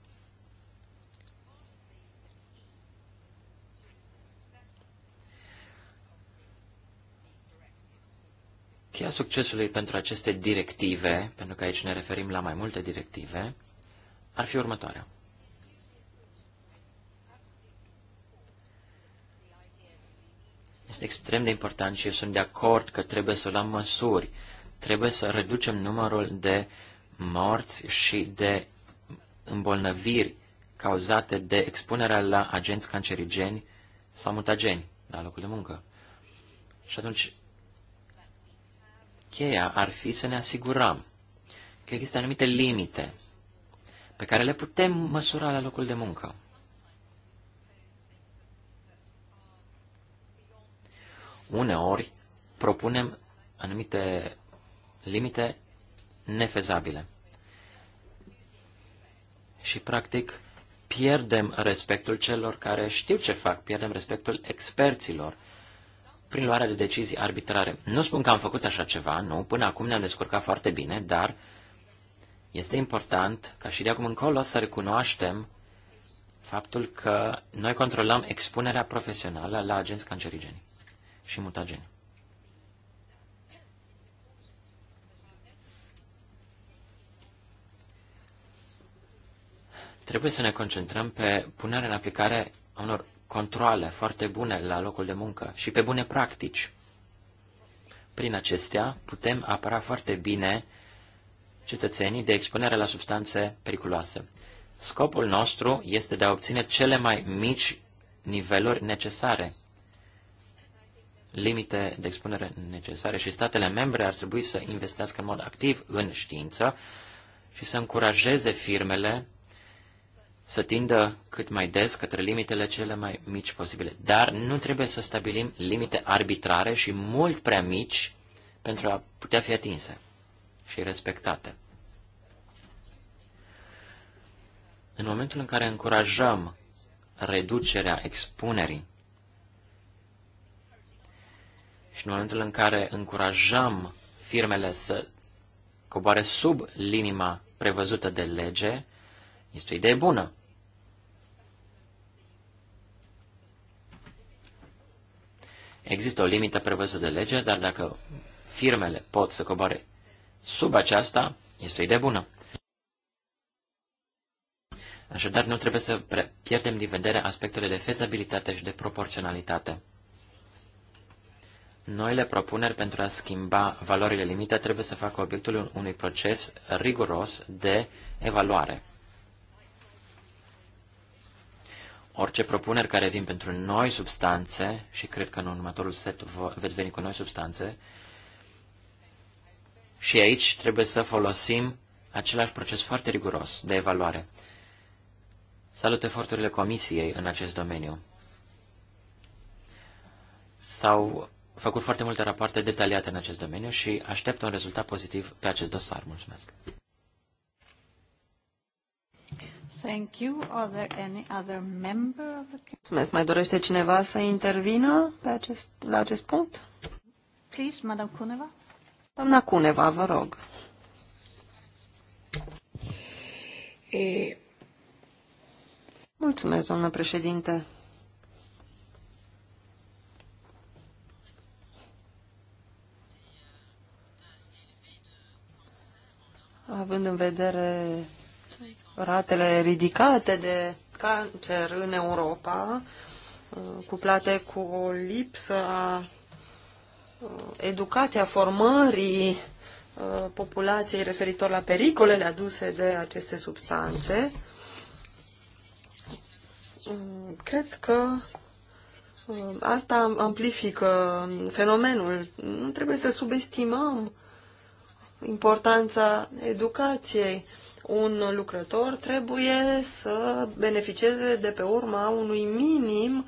Cheia succesului pentru aceste directive, pentru că aici ne referim la mai multe directive, ar fi următoarea. Este extrem de important și eu sunt de acord că trebuie să luăm măsuri. Trebuie să reducem numărul de morți și de îmbolnăviri cauzate de expunerea la agenți cancerigeni sau mutageni la locul de muncă. Și atunci, cheia ar fi să ne asigurăm că există anumite limite pe care le putem măsura la locul de muncă. uneori propunem anumite limite nefezabile. Și, practic, pierdem respectul celor care știu ce fac, pierdem respectul experților prin luarea de decizii arbitrare. Nu spun că am făcut așa ceva, nu, până acum ne-am descurcat foarte bine, dar este important ca și de acum încolo să recunoaștem faptul că noi controlăm expunerea profesională la agenți cancerigeni și mutageni. Trebuie să ne concentrăm pe punerea în aplicare a unor controle foarte bune la locul de muncă și pe bune practici. Prin acestea putem apăra foarte bine cetățenii de expunere la substanțe periculoase. Scopul nostru este de a obține cele mai mici niveluri necesare limite de expunere necesare și statele membre ar trebui să investească în mod activ în știință și să încurajeze firmele să tindă cât mai des către limitele cele mai mici posibile. Dar nu trebuie să stabilim limite arbitrare și mult prea mici pentru a putea fi atinse și respectate. În momentul în care încurajăm reducerea expunerii și în momentul în care încurajăm firmele să coboare sub linima prevăzută de lege, este o idee bună. Există o limită prevăzută de lege, dar dacă firmele pot să coboare sub aceasta, este o idee bună. Așadar, nu trebuie să pierdem din vedere aspectele de fezabilitate și de proporționalitate. Noile propuneri pentru a schimba valorile limite trebuie să facă obiectul unui proces riguros de evaluare. Orice propuneri care vin pentru noi substanțe, și cred că în următorul set veți veni cu noi substanțe, și aici trebuie să folosim același proces foarte riguros de evaluare. Salut eforturile Comisiei în acest domeniu. sau făcut foarte multe rapoarte detaliate în acest domeniu și aștept un rezultat pozitiv pe acest dosar. Mulțumesc! Thank you. Are there any other member of the... Mulțumesc. Mai dorește cineva să intervină pe acest, la acest punct? Please, Madam Cuneva. Doamna Cuneva, vă rog. E... Eh. Mulțumesc, doamnă președinte. având în vedere ratele ridicate de cancer în Europa, uh, cuplate cu o lipsă a uh, educației, a formării uh, populației referitor la pericolele aduse de aceste substanțe, cred că asta amplifică fenomenul. Nu trebuie să subestimăm importanța educației. Un lucrător trebuie să beneficieze de pe urma unui minim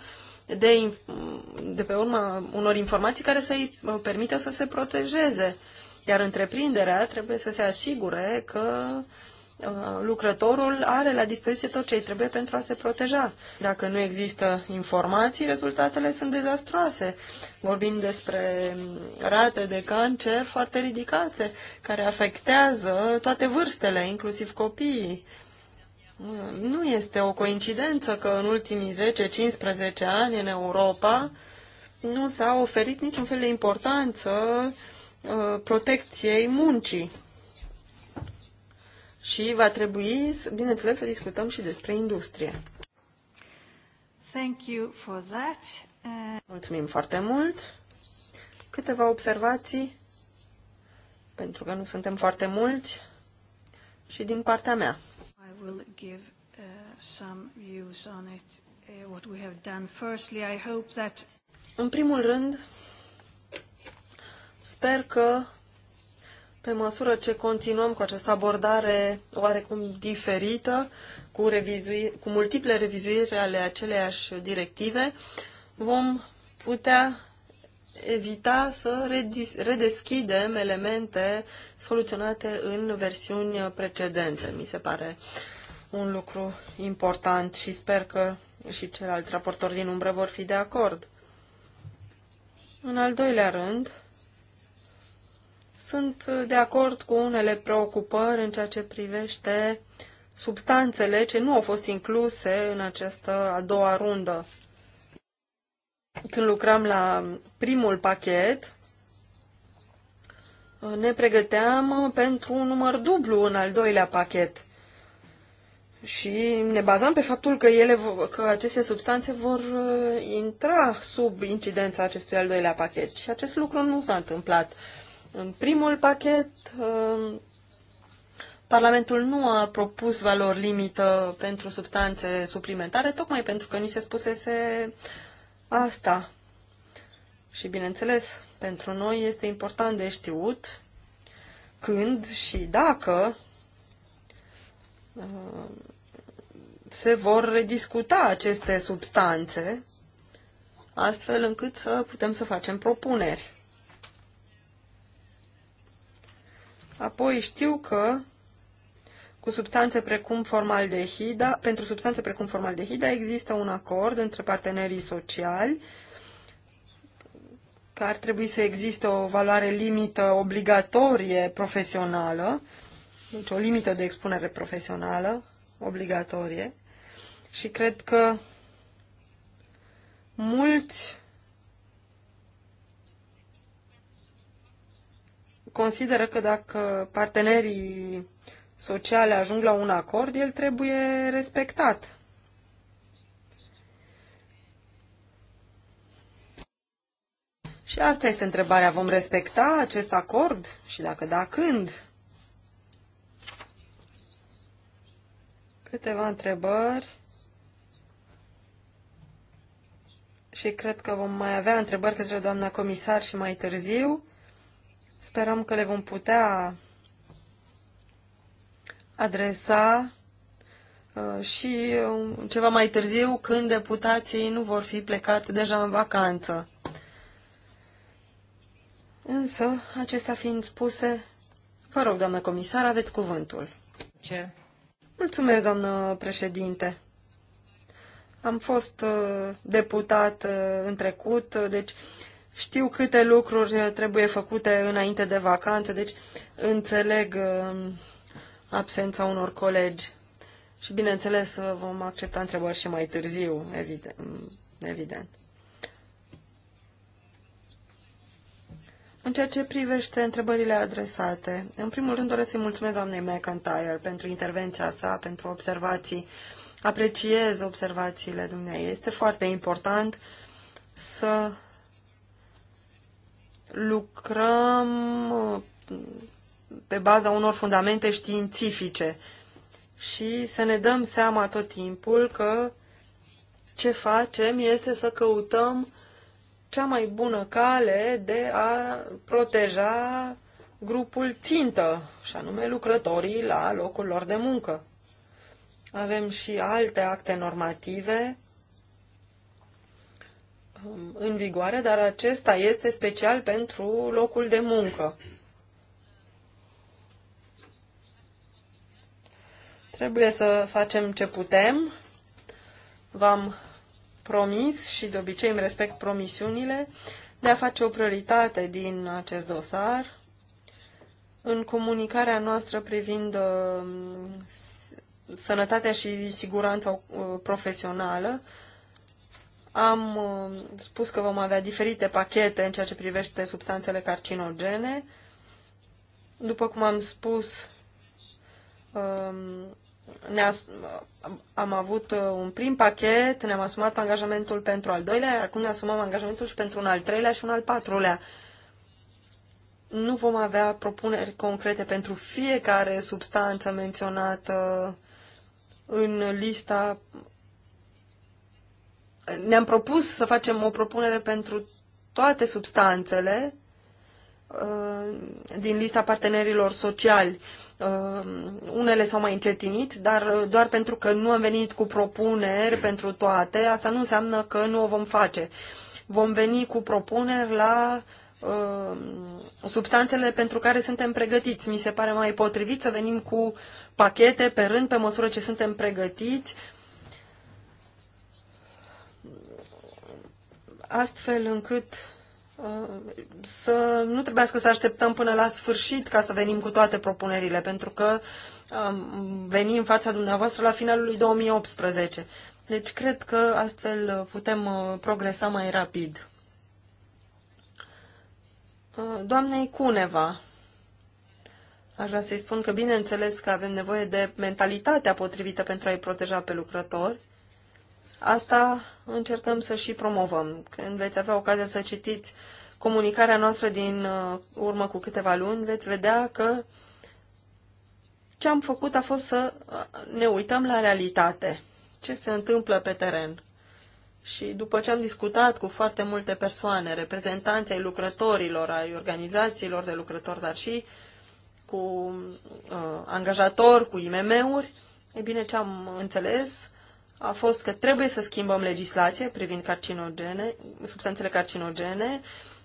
de, de pe urma unor informații care să-i uh, permită să se protejeze. Iar întreprinderea trebuie să se asigure că uh, Uh, lucrătorul are la dispoziție tot ce îi trebuie pentru a se proteja. Dacă nu există informații, rezultatele sunt dezastroase. Vorbim despre um, rate de cancer foarte ridicate, care afectează toate vârstele, inclusiv copiii. Uh, nu este o coincidență că în ultimii 10-15 ani în Europa nu s-a oferit niciun fel de importanță uh, protecției muncii și va trebui, bineînțeles, să discutăm și despre industrie. Thank you for that. Uh, Mulțumim foarte mult. Câteva observații, pentru că nu suntem foarte mulți, și din partea mea. I will give uh, some views on it, uh, what we have done. Firstly, I hope that... În primul rând, sper că pe măsură ce continuăm cu această abordare oarecum diferită, cu, revizui, cu multiple revizuiri ale aceleiași directive, vom putea evita să redeschidem elemente soluționate în versiuni precedente. Mi se pare un lucru important și sper că și ceilalți raportori din umbră vor fi de acord. În al doilea rând, sunt de acord cu unele preocupări în ceea ce privește substanțele ce nu au fost incluse în această a doua rundă. Când lucram la primul pachet, ne pregăteam pentru un număr dublu în al doilea pachet. Și ne bazam pe faptul că, ele, că aceste substanțe vor uh, intra sub incidența acestui al doilea pachet. Și acest lucru nu s-a întâmplat. În primul pachet, uh, Parlamentul nu a propus valori limită pentru substanțe suplimentare, tocmai pentru că ni se spusese asta. Și, bineînțeles, pentru noi este important de știut când și dacă uh, se vor rediscuta aceste substanțe, astfel încât să putem să facem propuneri. Apoi știu că cu substanțe precum formaldehida, pentru substanțe precum formaldehida există un acord între partenerii sociali că ar trebui să existe o valoare limită obligatorie profesională, deci o limită de expunere profesională obligatorie și cred că mulți consideră că dacă partenerii sociale ajung la un acord, el trebuie respectat. Și asta este întrebarea. Vom respecta acest acord? Și dacă da, când? Câteva întrebări. Și cred că vom mai avea întrebări către doamna comisar și mai târziu. Sperăm că le vom putea adresa uh, și uh, ceva mai târziu când deputații nu vor fi plecat deja în vacanță. Însă, acestea fiind spuse, vă rog, doamnă comisar, aveți cuvântul. Ce? Mulțumesc, doamnă președinte. Am fost uh, deputat în trecut, deci știu câte lucruri uh, trebuie făcute înainte de vacanță, deci înțeleg um, absența unor colegi. Și bineînțeles uh, vom accepta întrebări și mai târziu, evident. Um, evident. În ceea ce privește întrebările adresate, în primul rând doresc să-i mulțumesc doamnei McIntyre pentru intervenția sa, pentru observații. Apreciez observațiile dumneavoastră. Este foarte important să lucrăm uh, pe baza unor fundamente științifice și să ne dăm seama tot timpul că ce facem este să căutăm cea mai bună cale de a proteja grupul țintă, și anume lucrătorii la locul lor de muncă. Avem și alte acte normative Um, în vigoare, dar acesta este special pentru locul de muncă. Trebuie să facem ce putem. V-am promis și de obicei îmi respect promisiunile de a face o prioritate din acest dosar. În comunicarea noastră privind um, sănătatea și siguranța uh, profesională, am uh, spus că vom avea diferite pachete în ceea ce privește substanțele carcinogene. După cum am spus, um, am avut uh, un prim pachet, ne-am asumat angajamentul pentru al doilea, iar acum ne asumăm angajamentul și pentru un al treilea și un al patrulea. Nu vom avea propuneri concrete pentru fiecare substanță menționată în lista ne-am propus să facem o propunere pentru toate substanțele uh, din lista partenerilor sociali. Uh, unele s-au mai încetinit, dar doar pentru că nu am venit cu propuneri pentru toate, asta nu înseamnă că nu o vom face. Vom veni cu propuneri la uh, substanțele pentru care suntem pregătiți. Mi se pare mai potrivit să venim cu pachete pe rând, pe măsură ce suntem pregătiți, uh, astfel încât uh, să nu trebuiască să așteptăm până la sfârșit ca să venim cu toate propunerile, pentru că um, veni în fața dumneavoastră la finalul lui 2018. Deci cred că astfel putem uh, progresa mai rapid. Uh, doamnei Cuneva, aș vrea să-i spun că bineînțeles că avem nevoie de mentalitatea potrivită pentru a-i proteja pe lucrători, Asta încercăm să și promovăm. Când veți avea ocazia să citiți comunicarea noastră din uh, urmă cu câteva luni, veți vedea că ce am făcut a fost să uh, ne uităm la realitate, ce se întâmplă pe teren. Și după ce am discutat cu foarte multe persoane, reprezentanții ai lucrătorilor, ai organizațiilor de lucrători, dar și cu uh, angajatori, cu IMM-uri, e bine ce am înțeles a fost că trebuie să schimbăm legislația privind carcinogene, substanțele carcinogene,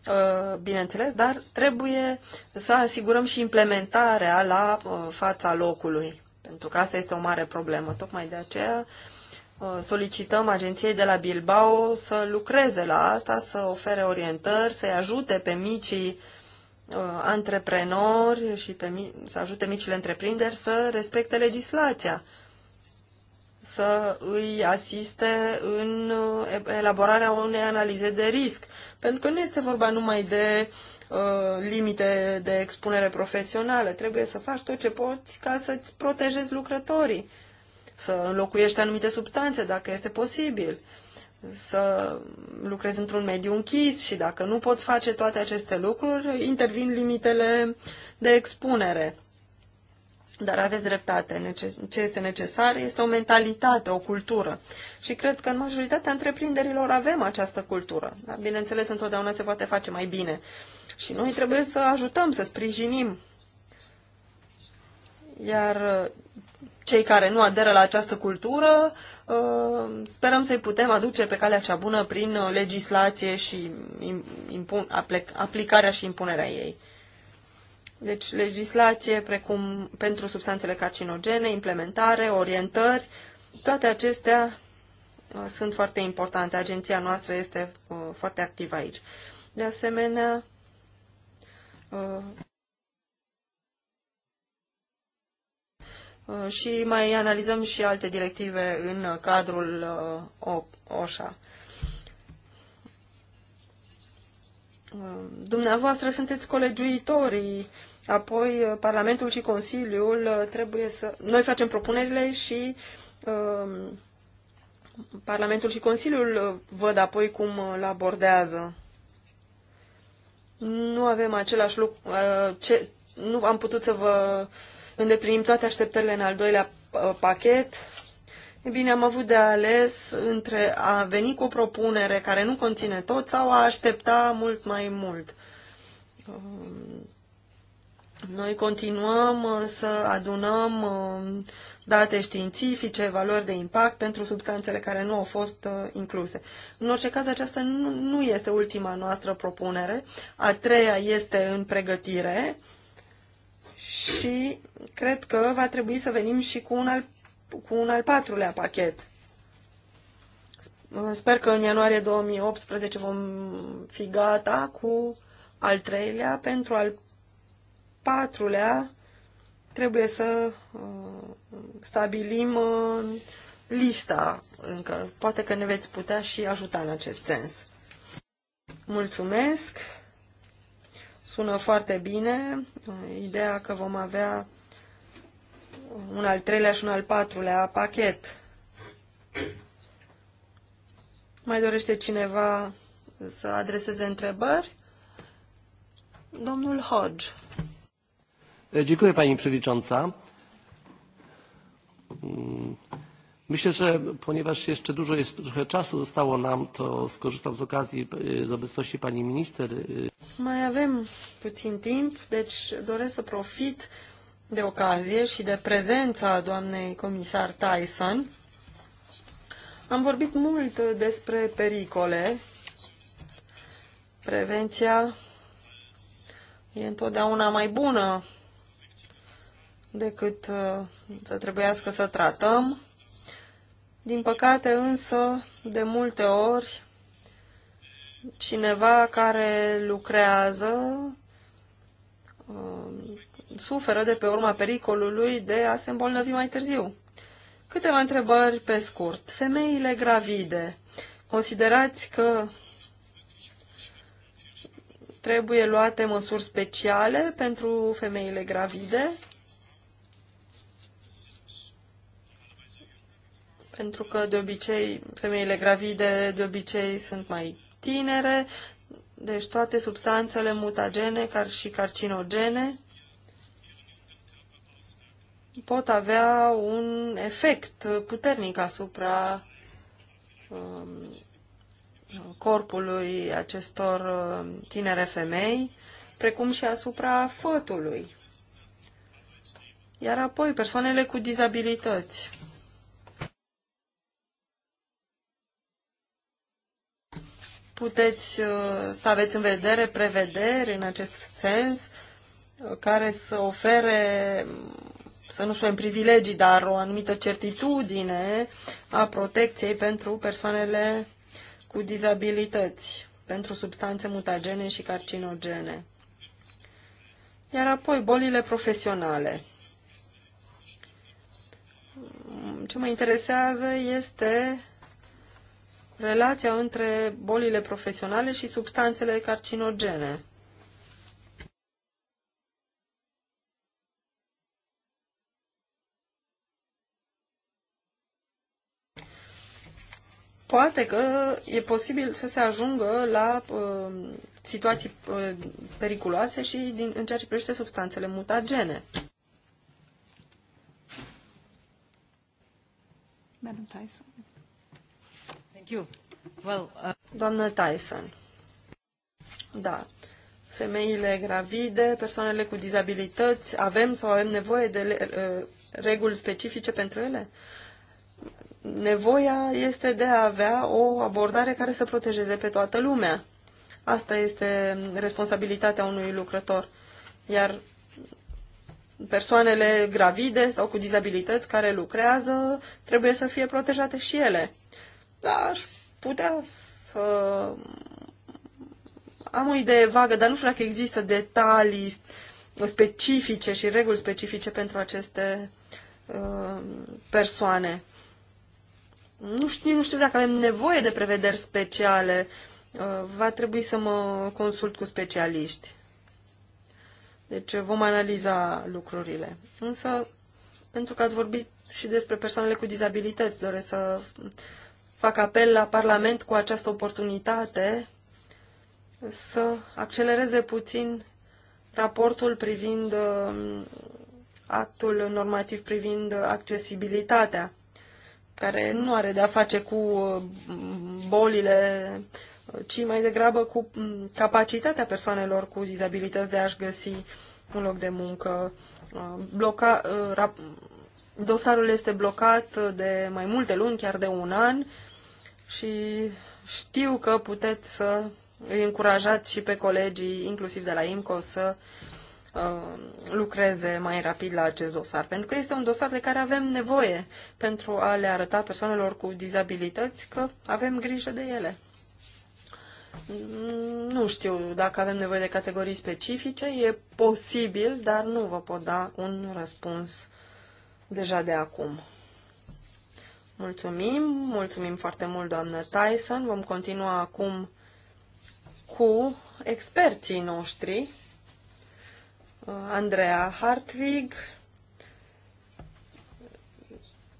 uh, bineînțeles, dar trebuie să asigurăm și implementarea la uh, fața locului, pentru că asta este o mare problemă. Tocmai de aceea uh, solicităm agenției de la Bilbao să lucreze la asta, să ofere orientări, să-i ajute pe micii antreprenori și pe, să ajute micile întreprinderi să respecte legislația să îi asiste în uh, elaborarea unei analize de risc, pentru că nu este vorba numai de uh, limite de expunere profesională. Trebuie să faci tot ce poți ca să-ți protejezi lucrătorii, să înlocuiești anumite substanțe dacă este posibil, să lucrezi într-un mediu închis și dacă nu poți face toate aceste lucruri, intervin limitele de expunere. Dar aveți dreptate. Ce este necesar este o mentalitate, o cultură. Și cred că în majoritatea întreprinderilor avem această cultură. Dar, bineînțeles, întotdeauna se poate face mai bine. Și noi trebuie să ajutăm, să sprijinim. Iar uh, cei care nu aderă la această cultură, uh, sperăm să-i putem aduce pe calea cea bună prin uh, legislație și aplicarea și impunerea ei. Deci legislație precum pentru substanțele carcinogene, implementare, orientări, toate acestea uh, sunt foarte importante. Agenția noastră este uh, foarte activă aici. De asemenea, uh, și mai analizăm și alte directive în cadrul OSHA. Dumneavoastră sunteți colegiuitorii Apoi, uh, Parlamentul și Consiliul uh, trebuie să... Noi facem propunerile și uh, Parlamentul și Consiliul uh, văd apoi cum îl abordează. Nu avem același lucru... Uh, ce... Nu am putut să vă îndeplinim toate așteptările în al doilea pachet. E bine, am avut de ales între a veni cu o propunere care nu conține tot sau a aștepta mult mai mult. Uh, noi continuăm uh, să adunăm uh, date științifice, valori de impact pentru substanțele care nu au fost uh, incluse. În orice caz, aceasta nu, este ultima noastră propunere. A treia este în pregătire și cred că va trebui să venim și cu un al, cu un al patrulea pachet. Sper că în ianuarie 2018 vom fi gata cu al treilea pentru al patrulea trebuie să uh, stabilim uh, lista încă. Poate că ne veți putea și ajuta în acest sens. Mulțumesc! Sună foarte bine uh, ideea că vom avea un al treilea și un al patrulea pachet. Mai dorește cineva să adreseze întrebări? Domnul Hodge. Dziękuję Pani Przewodnicząca. Mm, myślę, że ponieważ jeszcze dużo jest, trochę czasu zostało nam, to skorzystam z okazji z obecności Pani Minister. Mai avem puțin timp, deci doresc să profit de ocazie și de prezența doamnei comisar Tyson. Am vorbit mult despre pericole. Prevenția e întotdeauna mai bună decât uh, să trebuiască să tratăm. Din păcate însă, de multe ori, cineva care lucrează uh, suferă de pe urma pericolului de a se îmbolnăvi mai târziu. Câteva întrebări pe scurt. Femeile gravide, considerați că trebuie luate măsuri speciale pentru femeile gravide? pentru că de obicei femeile gravide de obicei sunt mai tinere, deci toate substanțele mutagene car și carcinogene pot avea un efect puternic asupra um, corpului acestor um, tinere femei, precum și asupra fătului. Iar apoi persoanele cu dizabilități puteți uh, să aveți în vedere prevederi în acest sens uh, care să ofere, să nu spunem privilegii, dar o anumită certitudine a protecției pentru persoanele cu dizabilități, pentru substanțe mutagene și carcinogene. Iar apoi bolile profesionale. Mm, ce mă interesează este relația între bolile profesionale și substanțele carcinogene. Poate că e posibil să se ajungă la uh, situații uh, periculoase și din, în ceea ce privește substanțele mutagene. Madam Tyson. Uh, Doamnă Tyson. Da. Femeile gravide, persoanele cu dizabilități, avem sau avem nevoie de uh, reguli specifice pentru ele? Nevoia este de a avea o abordare care să protejeze pe toată lumea. Asta este responsabilitatea unui lucrător. Iar persoanele gravide sau cu dizabilități care lucrează trebuie să fie protejate și ele. Da, aș putea să am o idee vagă, dar nu știu dacă există detalii specifice și reguli specifice pentru aceste uh, persoane. Nu știu, nu știu dacă avem nevoie de prevederi speciale. Uh, va trebui să mă consult cu specialiști. Deci uh, vom analiza lucrurile. Însă, pentru că ați vorbit și despre persoanele cu dizabilități, doresc să fac apel la Parlament cu această oportunitate să accelereze puțin raportul privind uh, actul normativ privind accesibilitatea, care nu are de-a face cu uh, bolile, ci mai degrabă cu mm, capacitatea persoanelor cu dizabilități de a-și găsi un loc de muncă. Uh, bloca, dosarul este blocat de mai multe luni, chiar de un an, și știu că puteți să îi încurajați și pe colegii, inclusiv de la IMCO, să uh, lucreze mai rapid la acest dosar, pentru că este un dosar de care avem nevoie pentru a le arăta persoanelor cu dizabilități că avem grijă de ele. Nu știu dacă avem nevoie de categorii specifice, e posibil, dar nu vă pot da un răspuns deja de acum. Mulțumim, mulțumim foarte mult, doamnă Tyson. Vom continua acum cu experții noștri, Andrea Hartwig,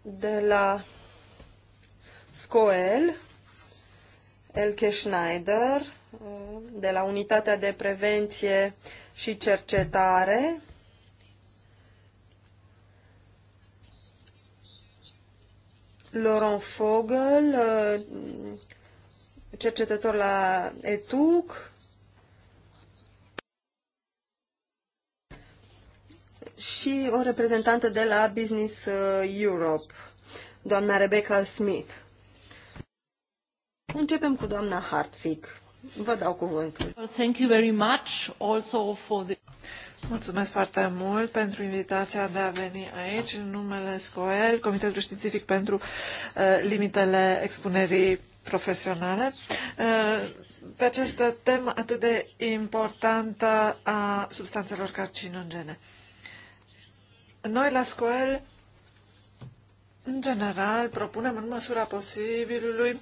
de la SCOEL, Elke Schneider, de la Unitatea de Prevenție și Cercetare Laurent Fogel, uh, cercetător la ETUC, și o reprezentantă de la Business uh, Europe, doamna Rebecca Smith. Începem cu doamna Hartwig. Vă dau cuvântul. Thank you very much also for the... Mulțumesc foarte mult pentru invitația de a veni aici în numele SCOEL, Comitetul Științific pentru uh, Limitele Expunerii Profesionale. Uh, pe această temă atât de importantă a substanțelor carcinogene. Noi la SCOEL, în general, propunem în măsura posibilului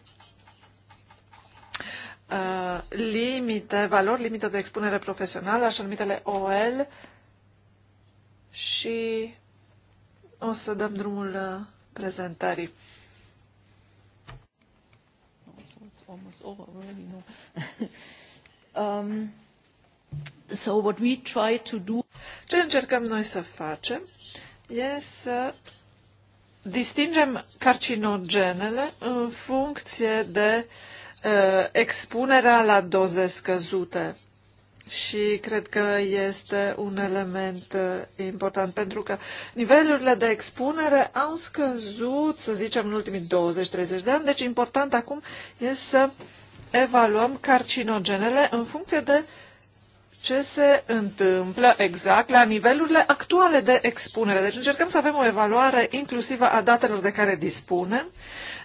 Uh, limite, valori limite de expunere profesională, așa numitele OL, și o să dăm drumul uh, prezentării. Um, so what we try to do... Ce încercăm noi să facem e să distingem carcinogenele în funcție de uh, Uh, expunerea la doze scăzute. Și cred că este un element uh, important, pentru că nivelurile de expunere au scăzut, să zicem, în ultimii 20-30 de ani, deci important acum este să evaluăm carcinogenele în funcție de ce se întâmplă exact la nivelurile actuale de expunere. Deci încercăm să avem o evaluare inclusivă a datelor de care dispunem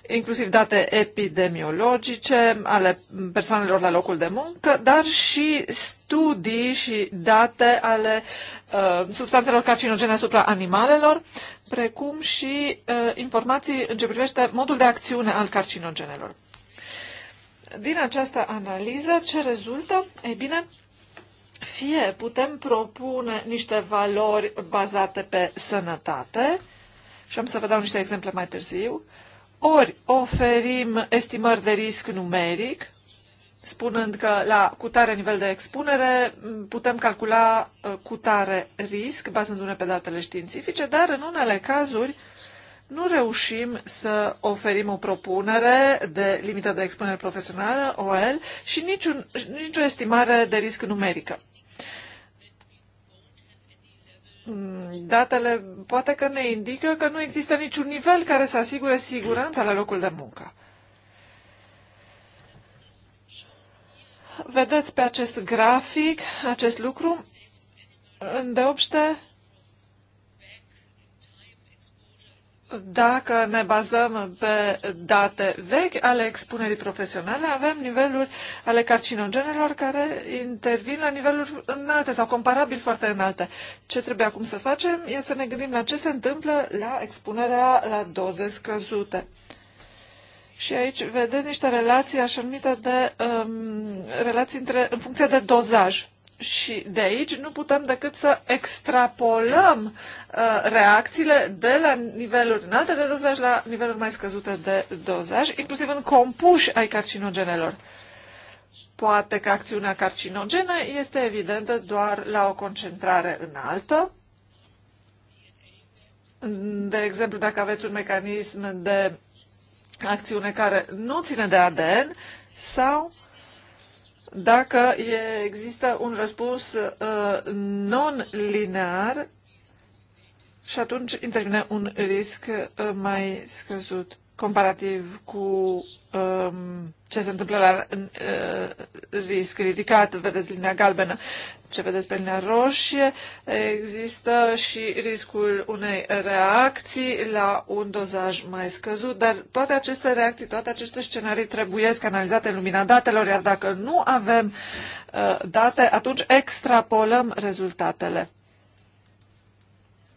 inclusiv date epidemiologice ale persoanelor la locul de muncă, dar și studii și date ale uh, substanțelor carcinogene asupra animalelor, precum și uh, informații în ce privește modul de acțiune al carcinogenelor. Din această analiză, ce rezultă? Ei bine, fie putem propune niște valori bazate pe sănătate, și am să vă dau niște exemple mai târziu, uh, ori oferim estimări de risc numeric, spunând că la cutare nivel de expunere putem calcula uh, cutare risc, bazându-ne pe datele științifice, dar în unele cazuri nu reușim să oferim o propunere de limită de expunere profesională, OL, și niciun, nicio estimare de risc numerică. Mm. datele poate că ne indică că nu există niciun nivel care să asigure siguranța la locul de muncă. Vedeți pe acest grafic acest lucru. Îndeopște dacă ne bazăm pe date vechi ale expunerii profesionale, avem niveluri ale carcinogenelor care intervin la niveluri înalte sau comparabil foarte înalte. Ce trebuie acum să facem este să ne gândim la ce se întâmplă la expunerea la doze scăzute. Și aici vedeți niște relații așa numite de um, relații între, în funcție de dozaj. Și de aici nu putem decât să extrapolăm uh, reacțiile de la niveluri înalte de dozaj la niveluri mai scăzute de dozaj, inclusiv în compuși ai carcinogenelor. Poate că acțiunea carcinogenă este evidentă doar la o concentrare înaltă. De exemplu, dacă aveți un mecanism de acțiune care nu ține de ADN sau dacă există un răspuns uh, non-linear și atunci intervine un risc uh, mai scăzut comparativ cu um, ce se întâmplă la uh, risc ridicat, vedeți linia galbenă, ce vedeți pe linia roșie, există și riscul unei reacții la un dozaj mai scăzut, dar toate aceste reacții, toate aceste scenarii trebuie analizate în lumina datelor, iar dacă nu avem uh, date, atunci extrapolăm rezultatele.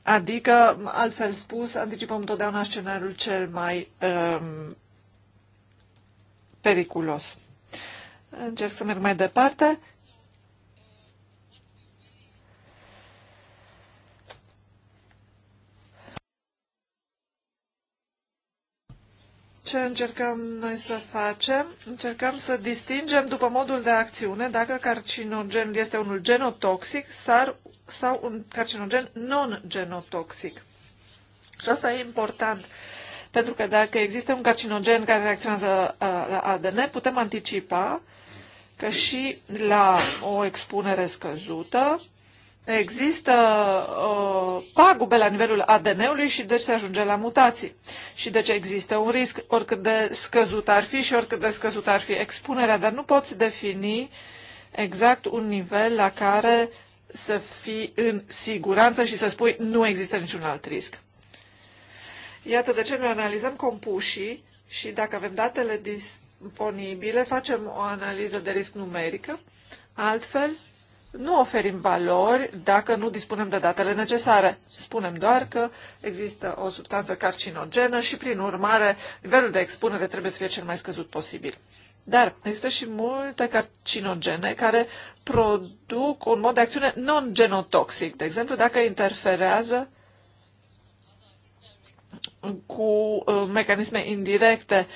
Adică, altfel spus, anticipăm întotdeauna scenariul cel mai um, periculos. Încerc să merg mai departe. ce încercăm noi să facem? Încercăm să distingem după modul de acțiune dacă carcinogenul este unul genotoxic sau, sau un carcinogen non-genotoxic. Și asta e important, pentru că dacă există un carcinogen care reacționează uh, la ADN, putem anticipa că și la o expunere scăzută există uh, pagube la nivelul ADN-ului și deci se ajunge la mutații. Și deci există un risc, oricât de scăzut ar fi și oricât de scăzut ar fi expunerea, dar nu poți defini exact un nivel la care să fii în siguranță și să spui nu există niciun alt risc. Iată de ce noi analizăm compușii și dacă avem datele disponibile, facem o analiză de risc numerică. Altfel, nu oferim valori dacă nu dispunem de datele necesare. Spunem doar că există o substanță carcinogenă și, prin urmare, nivelul de expunere trebuie să fie cel mai scăzut posibil. Dar există și multe carcinogene care produc un mod de acțiune non-genotoxic. De exemplu, dacă interferează cu uh, mecanisme indirecte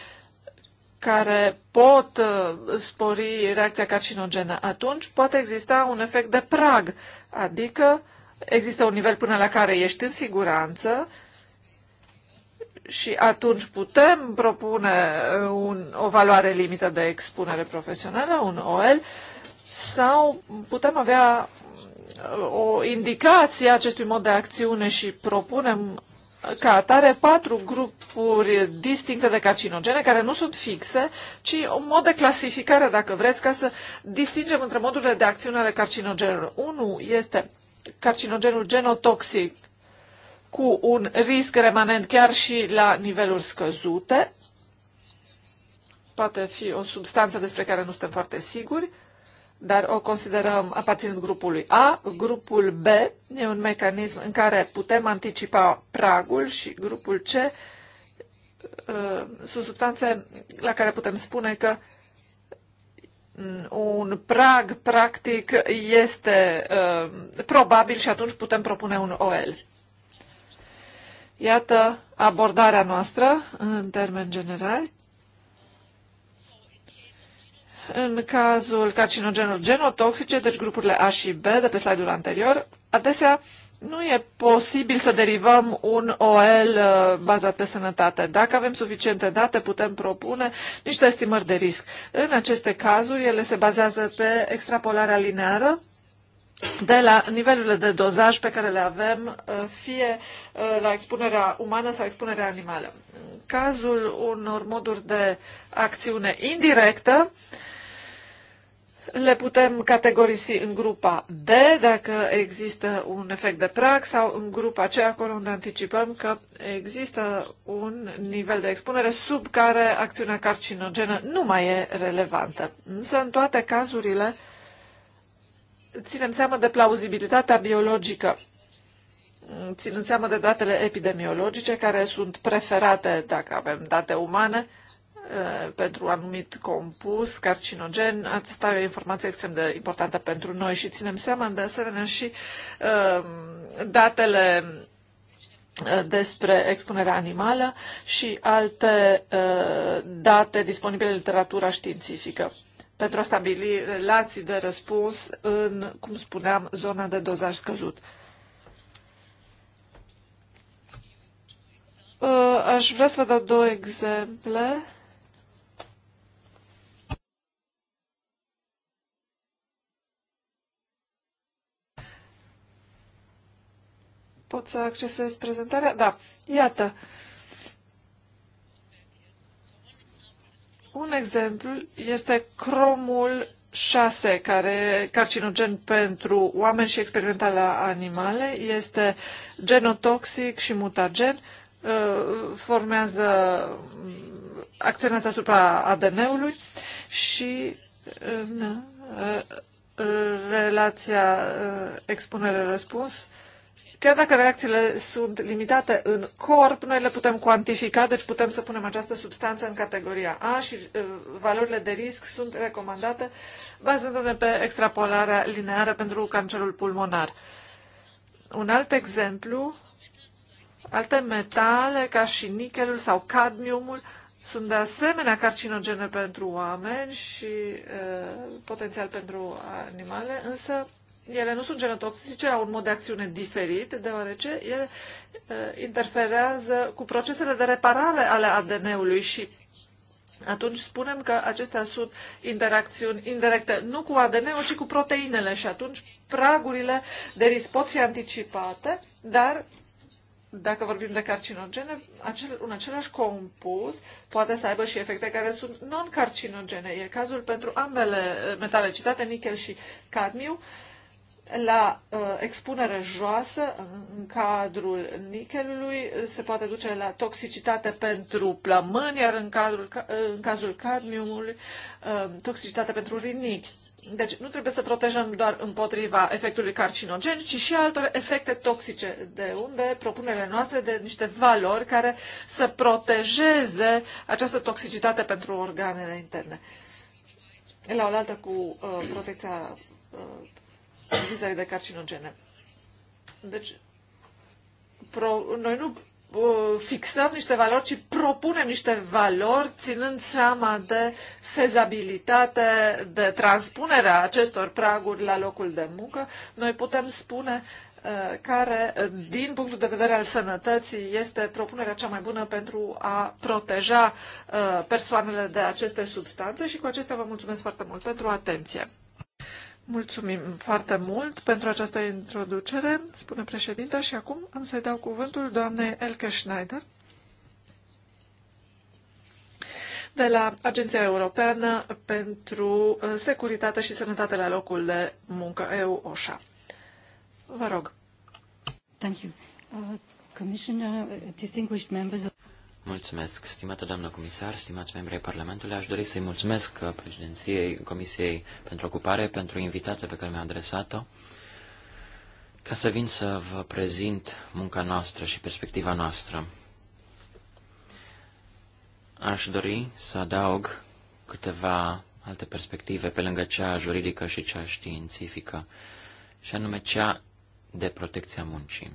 care pot uh, spori reacția carcinogenă, atunci poate exista un efect de prag, adică există un nivel până la care ești în siguranță și atunci putem propune uh, un, o valoare limită de expunere profesională, un OL, sau putem avea uh, o indicație a acestui mod de acțiune și propunem ca atare patru grupuri distincte de carcinogene, care nu sunt fixe, ci un mod de clasificare, dacă vreți, ca să distingem între modurile de acțiune ale carcinogenelor. Unul este carcinogenul genotoxic, cu un risc remanent chiar și la niveluri scăzute. Poate fi o substanță despre care nu suntem foarte siguri, dar o considerăm aparținând grupului A. Grupul B e un mecanism în care putem anticipa pragul și grupul C uh, sunt substanțe la care putem spune că mm, un prag practic este uh, probabil și atunci putem propune un OL. Iată abordarea noastră în termen general. În cazul carcinogenelor genotoxice, deci grupurile A și B de pe slide-ul anterior, adesea nu e posibil să derivăm un OL uh, bazat pe sănătate. Dacă avem suficiente date, putem propune niște estimări de risc. În aceste cazuri, ele se bazează pe extrapolarea lineară de la nivelurile de dozaj pe care le avem, uh, fie uh, la expunerea umană sau expunerea animală. În cazul unor moduri de acțiune indirectă, le putem categorisi în grupa B, dacă există un efect de prag, sau în grupa C, acolo unde anticipăm că există un nivel de expunere sub care acțiunea carcinogenă nu mai e relevantă. Însă, în toate cazurile, ținem seama de plauzibilitatea biologică, ținând seama de datele epidemiologice care sunt preferate dacă avem date umane pentru anumit compus carcinogen. Asta e o informație extrem de importantă pentru noi și ținem seama de asemenea și datele despre expunerea animală și alte uh, date disponibile în literatura științifică pentru a stabili relații de răspuns în, cum spuneam, zona de dozaj scăzut. Ă, aș vrea să vă dau două exemple. Pot să accesez prezentarea? Da. Iată. Uh, Un exemplu este cromul 6, care e carcinogen pentru oameni și experimental la animale, este genotoxic și mutagen, uh, formează, mm, acționează asupra ADN-ului și în uh, relația uh, expunere-răspuns Chiar dacă reacțiile sunt limitate în corp, noi le putem cuantifica, deci putem să punem această substanță în categoria A și uh, valorile de risc sunt recomandate bazându-ne pe extrapolarea lineară pentru cancerul pulmonar. Un alt exemplu, alte metale ca și nichelul sau cadmiumul sunt de asemenea carcinogene pentru oameni și uh, potențial pentru animale, însă ele nu sunt genotoxice, au un mod de acțiune diferit, deoarece ele interferează cu procesele de reparare ale ADN-ului și atunci spunem că acestea sunt interacțiuni indirecte, nu cu ADN-ul, ci cu proteinele și atunci pragurile de risc pot fi anticipate, dar dacă vorbim de carcinogene, acel, un același compus poate să aibă și efecte care sunt non-carcinogene. E cazul pentru ambele metale citate, nichel și cadmiu, la uh, expunere joasă în, în cadrul nichelului uh, se poate duce la toxicitate pentru plămâni, iar în, cadrul, uh, în cazul cadmiumului uh, toxicitate pentru rinichi. Deci nu trebuie să protejăm doar împotriva efectului carcinogen, ci și altor efecte toxice, de unde propunerile noastre de niște valori care să protejeze această toxicitate pentru organele interne. La oaltă cu uh, protecția uh, vizare de carcinogene. Deci, pro, noi nu uh, fixăm niște valori, ci propunem niște valori ținând seama de fezabilitate, de transpunerea acestor praguri la locul de muncă. Noi putem spune uh, care, din punctul de vedere al sănătății, este propunerea cea mai bună pentru a proteja uh, persoanele de aceste substanțe și cu acestea vă mulțumesc foarte mult pentru atenție. Mulțumim foarte mult pentru această introducere, spune președinta, și acum am să-i dau cuvântul doamnei Elke Schneider de la Agenția Europeană pentru uh, Securitate și Sănătate la locul de muncă, EU-OSHA. Vă rog. Thank you. Uh, Commissioner, uh, distinguished members of Mulțumesc, stimată doamnă comisar, stimați membri ai Parlamentului. Aș dori să-i mulțumesc uh, președinției Comisiei pentru Ocupare pentru invitația pe care mi-a adresat-o. Ca să vin să vă prezint munca noastră și perspectiva noastră, aș dori să adaug câteva alte perspective pe lângă cea juridică și cea științifică, și anume cea de protecția muncii.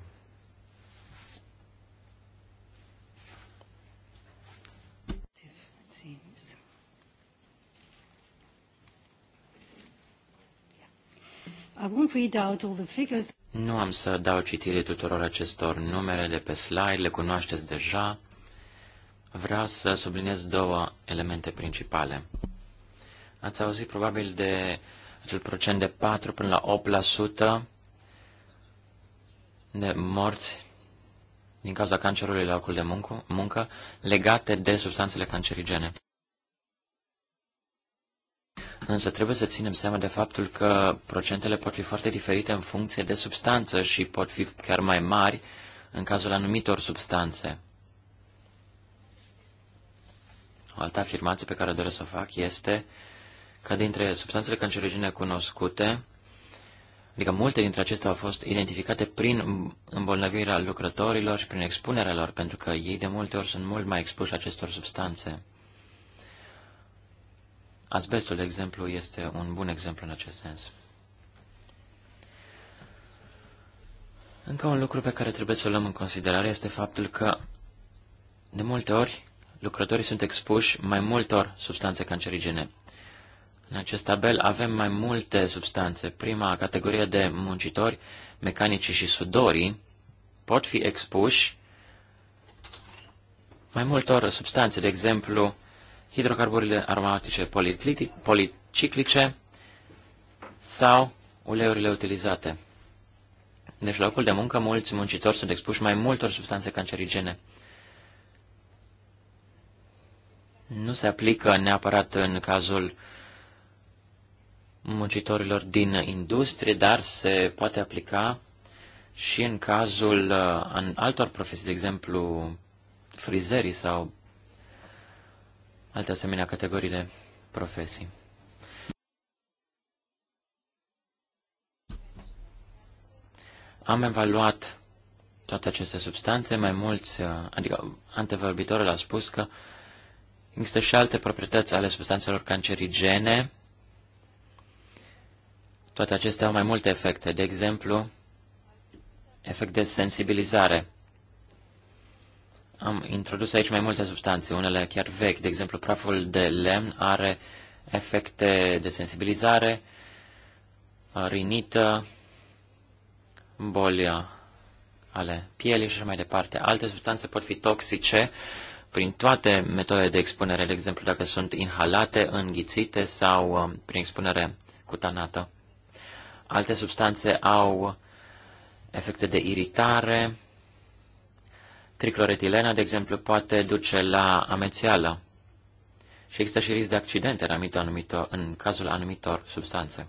Nu am să dau citire tuturor acestor numere de pe slide, le cunoașteți deja. Vreau să subliniez două elemente principale. Ați auzit probabil de acel procent de 4 până la 8% de morți din cauza cancerului la locul de muncă, muncă legate de substanțele cancerigene. Însă trebuie să ținem seama de faptul că procentele pot fi foarte diferite în funcție de substanță și pot fi chiar mai mari în cazul anumitor substanțe. O altă afirmație pe care doresc să o fac este că dintre substanțele cancerogene cunoscute, adică multe dintre acestea au fost identificate prin îmbolnăvirea lucrătorilor și prin expunerea lor, pentru că ei de multe ori sunt mult mai expuși acestor substanțe. Asbestul, de exemplu, este un bun exemplu în acest sens. Încă un lucru pe care trebuie să-l luăm în considerare este faptul că, de multe ori, lucrătorii sunt expuși mai multor substanțe cancerigene. În acest tabel avem mai multe substanțe. Prima categorie de muncitori, mecanicii și sudorii, pot fi expuși mai multor substanțe, de exemplu, hidrocarburile aromatice policiclice sau uleiurile utilizate. Deci, la locul de muncă, mulți muncitori sunt expuși mai multor substanțe cancerigene. Nu se aplică neapărat în cazul muncitorilor din industrie, dar se poate aplica și în cazul în uh, altor profesii, de exemplu, frizerii sau alte asemenea categorii de profesii. Am evaluat toate aceste substanțe, mai mulți, uh, adică antevorbitorul a spus că există și alte proprietăți ale substanțelor cancerigene, toate acestea au mai multe efecte, de exemplu, efect de sensibilizare. Am introdus aici mai multe substanțe, unele chiar vechi. De exemplu, praful de lemn are efecte de sensibilizare, rinită, bolia, ale pielii și așa mai departe. Alte substanțe pot fi toxice prin toate metodele de expunere, de exemplu dacă sunt inhalate, înghițite sau um, prin expunere cutanată. Alte substanțe au efecte de iritare, Tricloretilena, de exemplu, poate duce la amețeală și există și risc de accidente în, anumito, anumito, în cazul anumitor substanțe.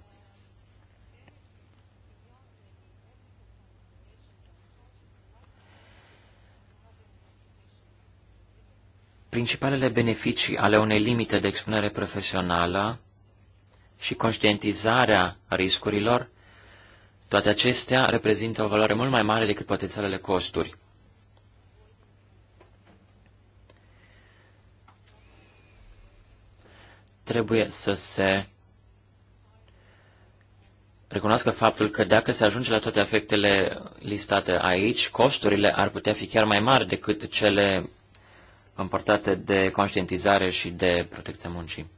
Principalele beneficii ale unei limite de expunere profesională și conștientizarea riscurilor, toate acestea reprezintă o valoare mult mai mare decât potențialele costuri. trebuie să se recunoască faptul că dacă se ajunge la toate efectele listate aici, costurile ar putea fi chiar mai mari decât cele împărtate de conștientizare și de protecția muncii.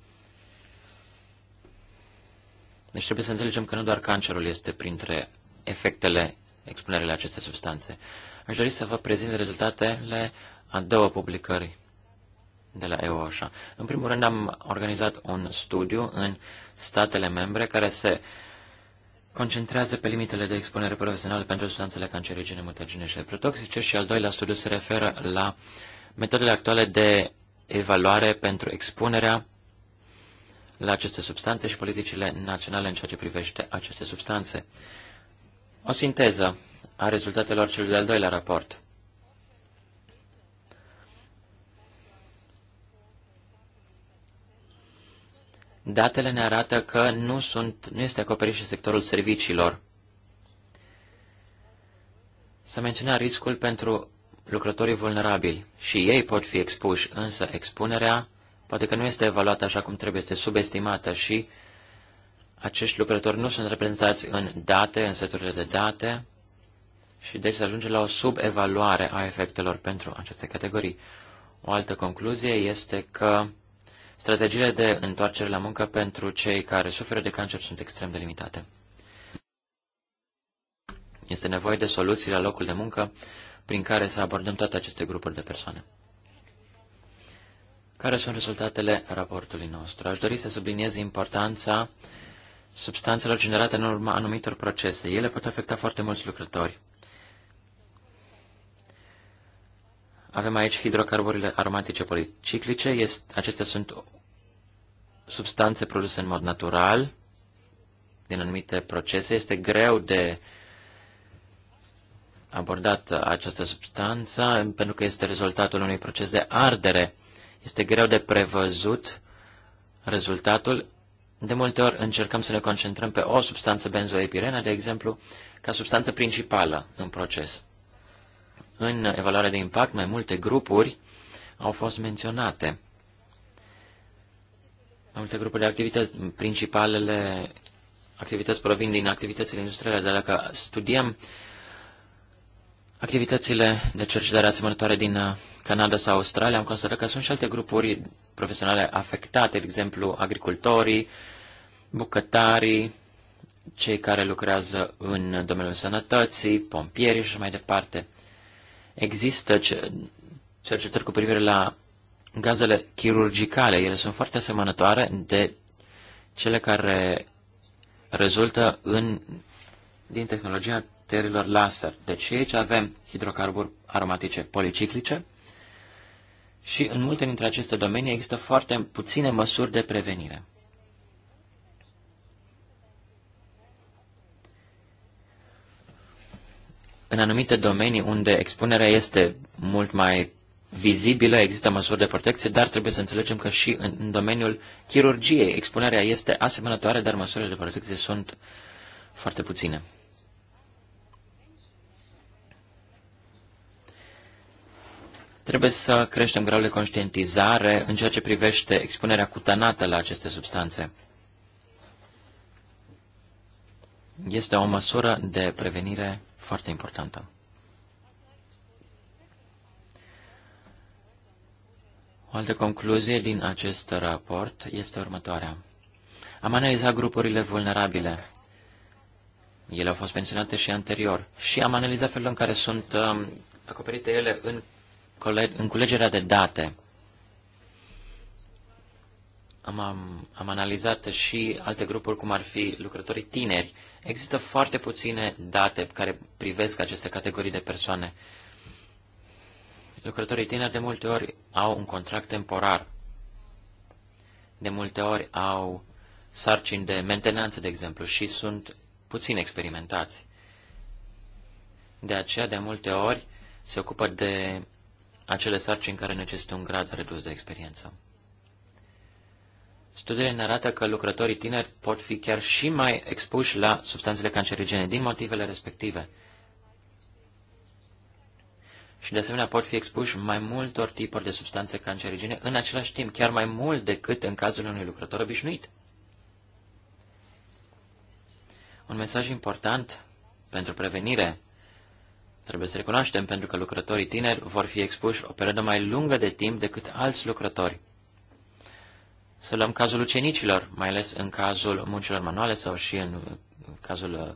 Deci trebuie să înțelegem că nu doar cancerul este printre efectele expunerii la aceste substanțe. Aș dori să vă prezint rezultatele a două publicări de la EOSHA. În primul rând am organizat un studiu în statele membre care se concentrează pe limitele de expunere profesională pentru substanțele cancerigene, mutagene și reprotoxice și al doilea studiu se referă la metodele actuale de evaluare pentru expunerea la aceste substanțe și politicile naționale în ceea ce privește aceste substanțe. O sinteză a rezultatelor celui de-al doilea raport. datele ne arată că nu, sunt, nu este acoperit și sectorul serviciilor. Să menționăm riscul pentru lucrătorii vulnerabili și ei pot fi expuși, însă expunerea poate că nu este evaluată așa cum trebuie, este subestimată și acești lucrători nu sunt reprezentați în date, în seturile de date și deci se ajunge la o subevaluare a efectelor pentru aceste categorii. O altă concluzie este că Strategiile de întoarcere la muncă pentru cei care suferă de cancer sunt extrem de limitate. Este nevoie de soluții la locul de muncă prin care să abordăm toate aceste grupuri de persoane. Care sunt rezultatele raportului nostru? Aș dori să subliniez importanța substanțelor generate în urma anumitor procese. Ele pot afecta foarte mulți lucrători. Avem aici hidrocarburile aromatice policiclice. Este, acestea sunt substanțe produse în mod natural din anumite procese. Este greu de abordat această substanță pentru că este rezultatul unui proces de ardere. Este greu de prevăzut rezultatul. De multe ori încercăm să ne concentrăm pe o substanță benzoepirena, de exemplu, ca substanță principală în proces. În evaluarea de impact, mai multe grupuri au fost menționate. Mai multe grupuri de activități, principalele activități provin din activitățile industriale, dar dacă studiem activitățile de cercetare asemănătoare din uh, Canada sau Australia, am constatat că sunt și alte grupuri profesionale afectate, de exemplu agricultorii, bucătarii, cei care lucrează în domeniul sănătății, pompieri și mai departe. Există cercetări cu privire la gazele chirurgicale. Ele sunt foarte asemănătoare de cele care rezultă în, din tehnologia terilor laser. Deci aici avem hidrocarburi aromatice policiclice și în multe dintre aceste domenii există foarte puține măsuri de prevenire. În anumite domenii unde expunerea este mult mai vizibilă, există măsuri de protecție, dar trebuie să înțelegem că și în domeniul chirurgiei expunerea este asemănătoare, dar măsurile de protecție sunt foarte puține. Trebuie să creștem gradul de conștientizare în ceea ce privește expunerea cutanată la aceste substanțe. Este o măsură de prevenire foarte importantă. O altă concluzie din acest raport este următoarea. Am analizat grupurile vulnerabile. Ele au fost menționate și anterior. Și am analizat felul în care sunt um, acoperite ele în, coleg- în culegerea de date. Am, am, am analizat și alte grupuri, cum ar fi lucrătorii tineri, uh, Există foarte puține date care privesc aceste categorii de persoane. Lucrătorii tineri de multe ori au un contract temporar. De multe ori au sarcini de mentenanță, de exemplu, și sunt puțin experimentați. De aceea, de multe ori, se ocupă de acele sarcini care necesită un grad redus de experiență. Studiile ne arată că lucrătorii tineri pot fi chiar și mai expuși la substanțele cancerigene din motivele respective. Și de asemenea pot fi expuși mai multor tipuri de substanțe cancerigene în același timp, chiar mai mult decât în cazul unui lucrător obișnuit. Un mesaj important pentru prevenire trebuie să recunoaștem pentru că lucrătorii tineri vor fi expuși o perioadă mai lungă de timp decât alți lucrători. Să luăm cazul ucenicilor, mai ales în cazul muncilor manuale sau și în uh, cazul uh,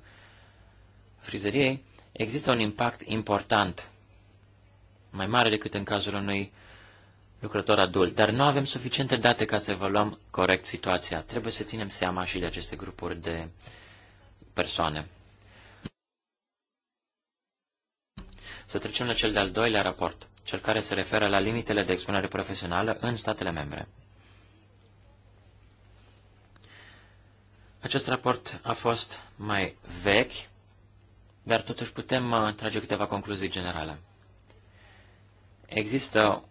frizeriei, există un impact important, mai mare decât în cazul unui lucrător adult, dar nu avem suficiente date ca să evaluăm corect situația. Trebuie să ținem seama și de aceste grupuri de persoane. Să trecem la cel de-al doilea raport, cel care se referă la limitele de expunere profesională în statele membre. Acest raport a fost mai vechi, dar totuși putem uh, trage câteva concluzii generale. Există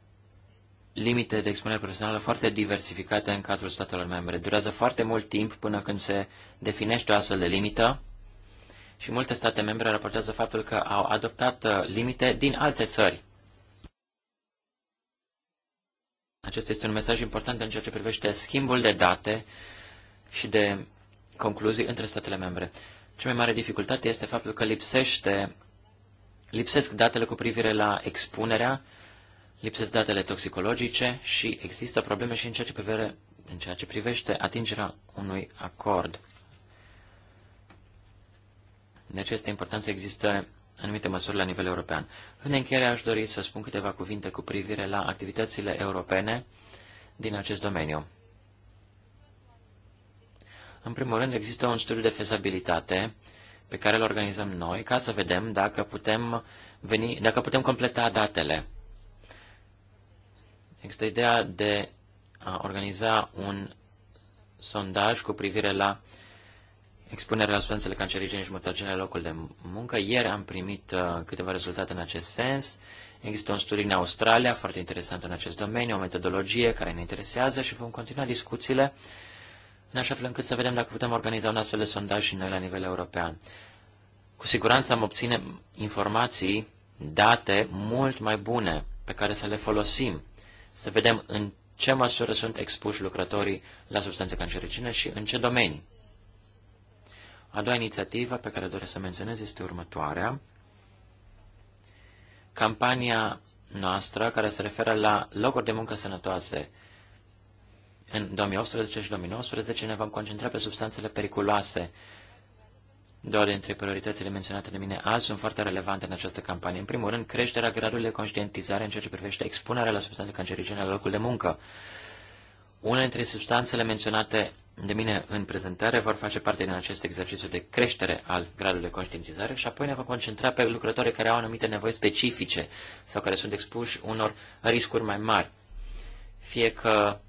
limite de expunere profesională foarte diversificate în cadrul statelor membre. Durează foarte mult timp până când se definește o astfel de limită și multe state membre raportează faptul că au adoptat uh, limite din alte țări. Acesta este un mesaj important în ceea ce privește schimbul de date și de concluzii între statele membre. Cea mai mare dificultate este faptul că lipsește, lipsesc datele cu privire la expunerea, lipsesc datele toxicologice și există probleme și în ceea ce, privere, în ceea ce privește atingerea unui acord. Deci este important să există anumite măsuri la nivel european. În încheiere aș dori să spun câteva cuvinte cu privire la activitățile europene din acest domeniu. În primul rând, există un studiu de fezabilitate pe care îl organizăm noi ca să vedem dacă putem, veni, dacă putem completa datele. Există ideea de a organiza un sondaj cu privire la expunerea la substanțele cancerigene și mutagene la locul de muncă. Ieri am primit uh, câteva rezultate în acest sens. Există un studiu în Australia foarte interesant în acest domeniu, o metodologie care ne interesează și vom continua discuțiile în așa fel încât să vedem dacă putem organiza un astfel de sondaj și noi la nivel european. Cu siguranță am obține informații, date mult mai bune pe care să le folosim, să vedem în ce măsură sunt expuși lucrătorii la substanțe cancerigene și în ce domenii. A doua inițiativă pe care doresc să menționez este următoarea. Campania noastră care se referă la locuri de muncă sănătoase, în 2018 și 2019 ne vom concentra pe substanțele periculoase. Două dintre prioritățile menționate de mine azi sunt foarte relevante în această campanie. În primul rând, creșterea gradului de conștientizare în ceea ce privește expunerea la substanțe cancerigene la locul de muncă. Una dintre substanțele menționate de mine în prezentare vor face parte din acest exercițiu de creștere al gradului de conștientizare și apoi ne vom concentra pe lucrătorii care au anumite nevoi specifice sau care sunt expuși unor riscuri mai mari. Fie că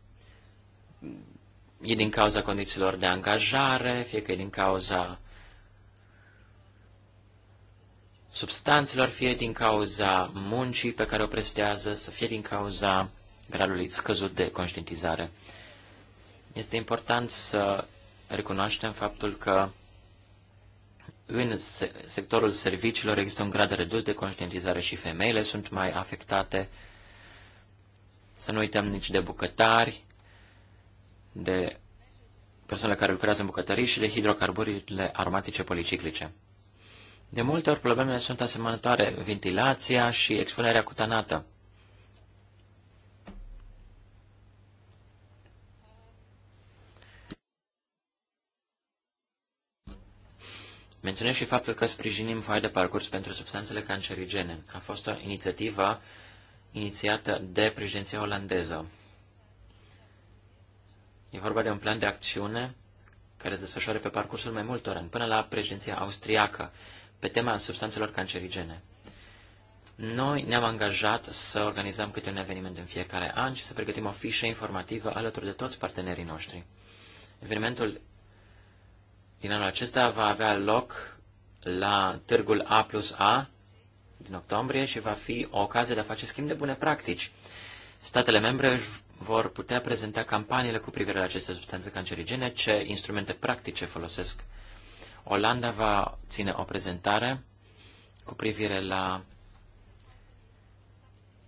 e din cauza condițiilor de angajare, fie că e din cauza substanțelor, fie din cauza muncii pe care o prestează, să fie din cauza gradului scăzut de conștientizare. Este important să recunoaștem faptul că în sectorul serviciilor există un grad redus de conștientizare și femeile sunt mai afectate. Să nu uităm nici de bucătari, de persoanele care lucrează în bucătării și de hidrocarburile aromatice policiclice. De multe ori problemele sunt asemănătoare, ventilația și expunerea cutanată. Menționez și faptul că sprijinim foaia de parcurs pentru substanțele cancerigene. A fost o inițiativă inițiată de președinția olandeză. E vorba de un plan de acțiune care se desfășoară pe parcursul mai multor ani, până la președinția austriacă, pe tema substanțelor cancerigene. Noi ne-am angajat să organizăm câte un eveniment în fiecare an și să pregătim o fișă informativă alături de toți partenerii noștri. Evenimentul din anul acesta va avea loc la târgul A plus A din octombrie și va fi o ocazie de a face schimb de bune practici. Statele membre vor putea prezenta campaniile cu privire la aceste substanțe cancerigene, ce instrumente practice folosesc. Olanda va ține o prezentare cu privire la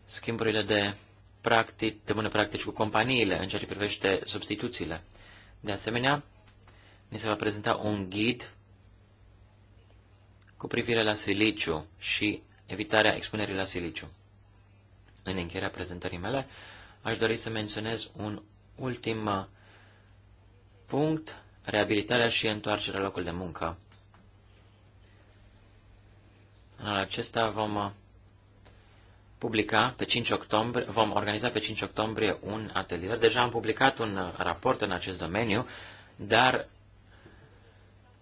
schimburile de, practic, de bune practici cu companiile în ceea ce privește substituțiile. De asemenea, ni se va prezenta un ghid cu privire la siliciu și evitarea expunerii la siliciu. În încheierea prezentării mele, aș dori să menționez un ultim uh, punct, reabilitarea și întoarcerea locul de muncă. În acesta vom uh, publica pe 5 octombrie, vom organiza pe 5 octombrie un atelier. Deja am publicat un uh, raport în acest domeniu, dar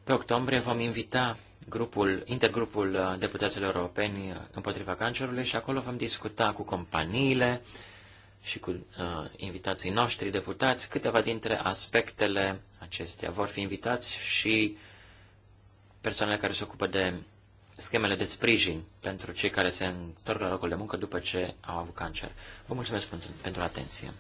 pe octombrie vom invita grupul, intergrupul deputaților europeni împotriva cancerului și acolo vom discuta cu companiile, și cu uh, invitații noștri deputați, câteva dintre aspectele acestea. Vor fi invitați și persoanele care se ocupă de schemele de sprijin pentru cei care se întorc la locul de muncă după ce au avut cancer. Vă mulțumesc pentru, pentru atenție.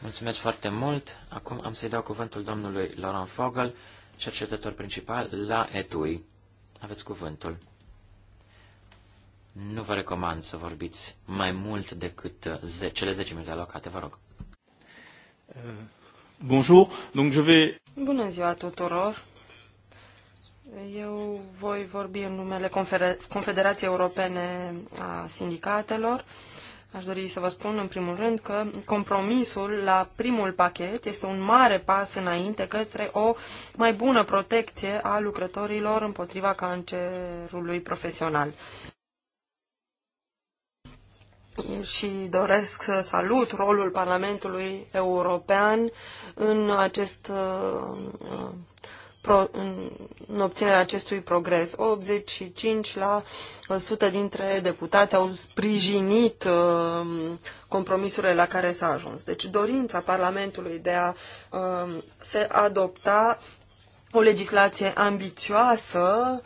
Mulțumesc foarte mult. Acum am să-i dau cuvântul domnului Laurent Fogel, cercetător principal la ETUI. Aveți cuvântul. Nu vă recomand să vorbiți mai mult decât uh, ze- cele 10 minute alocate, vă rog. Uh, bonjour, donc je vais... Bună ziua tuturor! Eu voi vorbi în numele Confederației Europene a Sindicatelor. Aș dori să vă spun în primul rând că compromisul la primul pachet este un mare pas înainte către o mai bună protecție a lucrătorilor împotriva cancerului profesional și doresc să salut rolul Parlamentului European în, acest, uh, uh, în obținerea acestui progres. 85 la 100 dintre deputați au sprijinit uh, compromisurile la care s-a ajuns. Deci dorința Parlamentului de a se adopta o legislație ambițioasă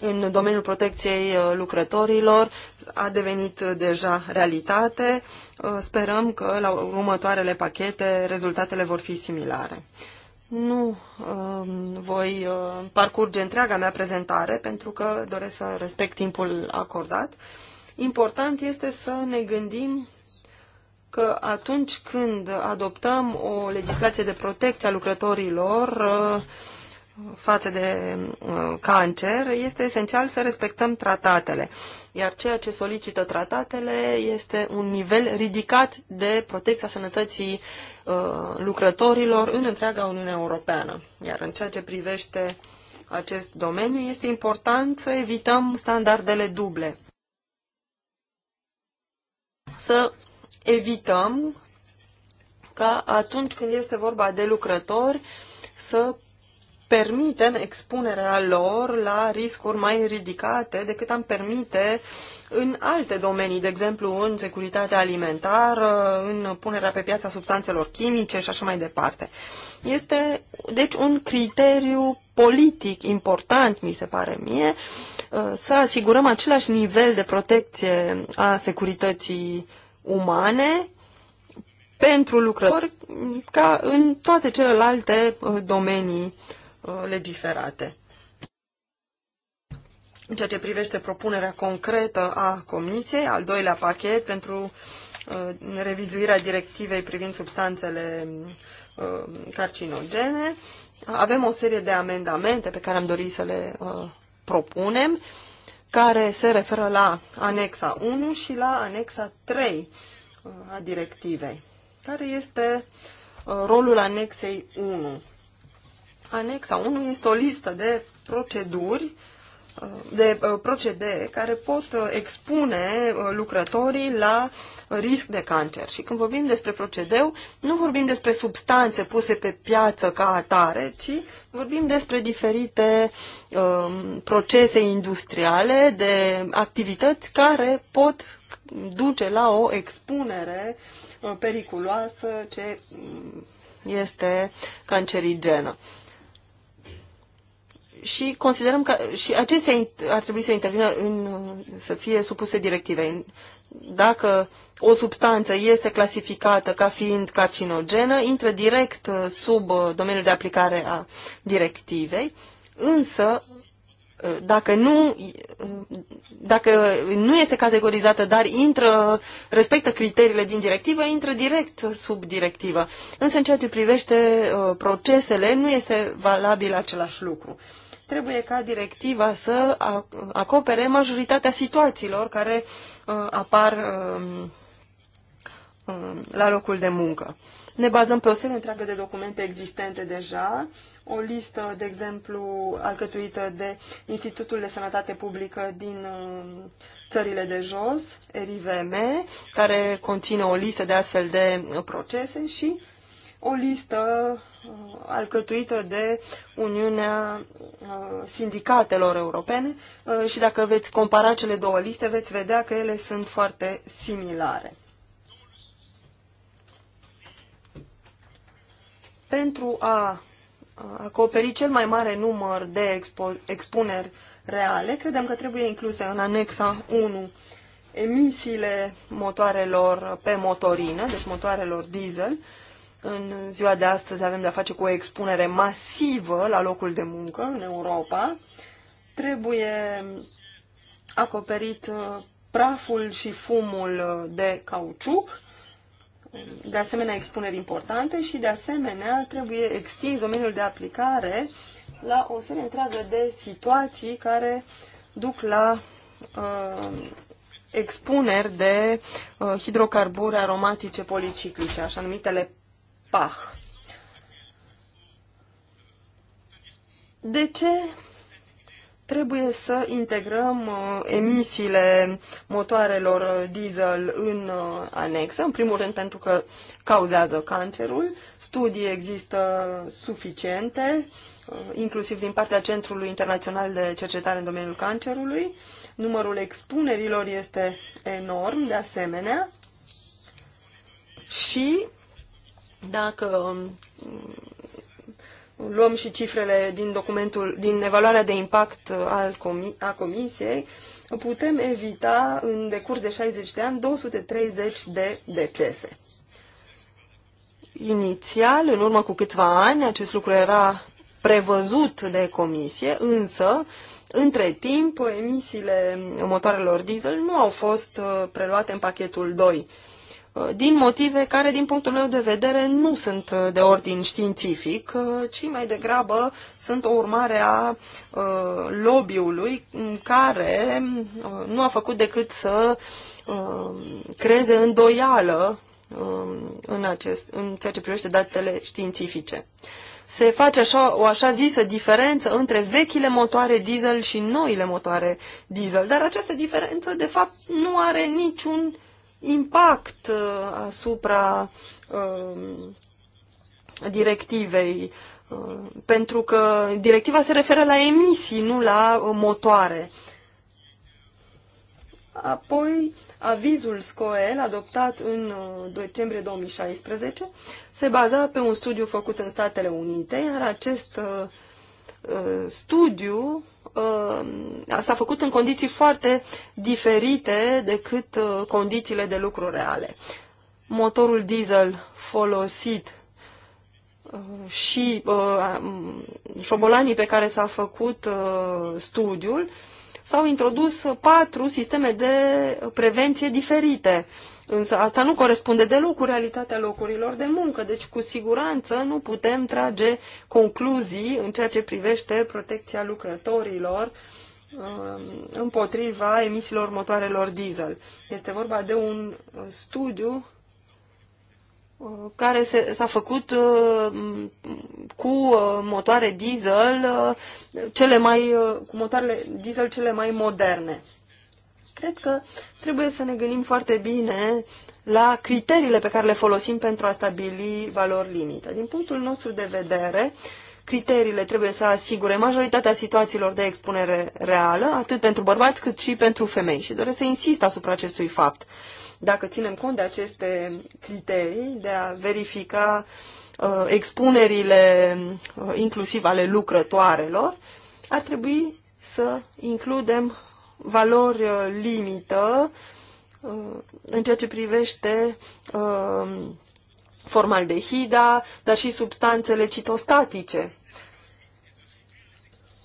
în domeniul protecției uh, lucrătorilor a devenit uh, deja realitate. Uh, sperăm că la următoarele pachete rezultatele vor fi similare. Nu um, voi parcurge întreaga mea prezentare pentru că doresc să respect timpul acordat. Important este să ne gândim că atunci când adoptăm o legislație de protecție a lucrătorilor, uh, față de uh, cancer, este esențial să respectăm tratatele. Iar ceea ce solicită tratatele este un nivel ridicat de protecția sănătății uh, lucrătorilor în întreaga Uniune Europeană. Iar în ceea ce privește acest domeniu, este important să evităm standardele duble. Să evităm ca atunci când este vorba de lucrători să permitem expunerea lor la riscuri mai ridicate decât am permite în alte domenii, de exemplu în securitatea alimentară, în punerea pe piața substanțelor chimice și așa mai departe. Este, deci, un criteriu politic important, mi se pare mie, să asigurăm același nivel de protecție a securității umane pentru lucrători ca în toate celelalte uh, domenii uh, Uh, legiferate. În ceea ce privește propunerea concretă a Comisiei, al doilea pachet pentru uh, revizuirea directivei privind substanțele uh, carcinogene, avem o serie de amendamente pe care am dorit să le propunem, care se referă la anexa 1 și la anexa 3 a directivei. Care este rolul anexei 1? Anexa 1 este o listă de proceduri, uh, de uh, procedee care pot uh, expune lucrătorii la risc de cancer. Și când vorbim despre procedeu, nu vorbim despre substanțe puse pe piață ca atare, ci vorbim despre diferite um, procese industriale de activități care pot duce la o expunere periculoasă ce mm, este cancerigenă și considerăm că și acestea ar trebui să intervină în, să fie supuse directivei. Dacă o substanță este clasificată ca fiind carcinogenă, intră direct uh, sub uh, domeniul de aplicare a directivei, însă uh, dacă nu, dacă nu este categorizată, dar intră, respectă criteriile din directivă, intră direct sub directivă. Însă în ceea ce privește procesele, nu este valabil același lucru. Trebuie ca directiva să acopere majoritatea situațiilor care uh, apar um, um, la locul de muncă. Ne bazăm pe o serie întreagă de documente existente deja, o listă, de exemplu, alcătuită de Institutul de Sănătate Publică din um, țările de jos, RIVM, care conține o listă de astfel de uh, procese și o listă uh, alcătuită de Uniunea uh, Sindicatelor Europene uh, și dacă veți compara cele două liste, veți vedea că ele sunt foarte similare. Pentru a acoperi cel mai mare număr de expo expuneri reale, credem că trebuie incluse în anexa 1 emisiile motoarelor pe motorină, deci motoarelor diesel, în ziua de astăzi avem de-a face cu o expunere masivă la locul de muncă în Europa. Trebuie acoperit uh, praful și fumul uh, de cauciuc, de asemenea expuneri importante și de asemenea trebuie extins domeniul de aplicare la o serie întreagă de situații care duc la uh, expuneri de uh, hidrocarburi aromatice policiclice, așa numitele PAH. De ce trebuie să integrăm uh, emisiile motoarelor uh, diesel în uh, anexă, în primul rând pentru că cauzează cancerul. Studii există suficiente, inclusiv din partea Centrului Internațional de Cercetare în domeniul cancerului. Numărul expunerilor este enorm, de asemenea, și dacă um, luăm și cifrele din documentul, din evaluarea de impact al comi a comisiei, putem evita în decurs de 60 de ani 230 de decese. Inițial, în urmă cu câțiva ani, acest lucru era prevăzut de comisie, însă, între timp, emisiile motoarelor diesel nu au fost uh, preluate în pachetul 2 din motive care, din punctul meu de vedere, nu sunt de ordin științific, uh, ci mai degrabă sunt o urmare a uh, lobby-ului care uh, nu a făcut decât să creeze îndoială în, acest, în ceea ce privește datele științifice. Se face așa, o așa zisă diferență între vechile motoare diesel și noile motoare diesel, dar această diferență, de fapt, nu are niciun uh, impact uh, asupra um, directivei, uh, pentru că directiva se referă la emisii, nu la uh, motoare. Apoi, avizul SCOEL, adoptat în decembrie 2016, se baza pe un studiu făcut în Statele Unite, iar acest studiu Uh, s-a făcut în condiții foarte diferite decât uh, condițiile de lucru reale. Motorul diesel folosit uh, și șobolanii pe care s-a făcut studiul s-au introdus patru sisteme de prevenție diferite Însă asta nu corespunde deloc cu realitatea locurilor de muncă, deci cu siguranță nu putem trage concluzii în ceea ce privește protecția lucrătorilor um, împotriva emisiilor motoarelor diesel. Este vorba de un uh, studiu uh, care s-a făcut uh, cu motoare diesel cele mai, cu motoarele diesel cele mai moderne. Cred că trebuie să ne gândim foarte bine la criteriile pe care le folosim pentru a stabili valori limită. Din punctul nostru de vedere, criteriile trebuie să asigure majoritatea situațiilor de expunere reală, atât pentru bărbați cât și pentru femei. Și doresc să insist asupra acestui fapt. Dacă ținem cont de aceste criterii, de a verifica uh, expunerile uh, inclusiv ale lucrătoarelor, ar trebui să includem valori uh, limită uh, în ceea ce privește uh, formaldehida, dar și substanțele citostatice.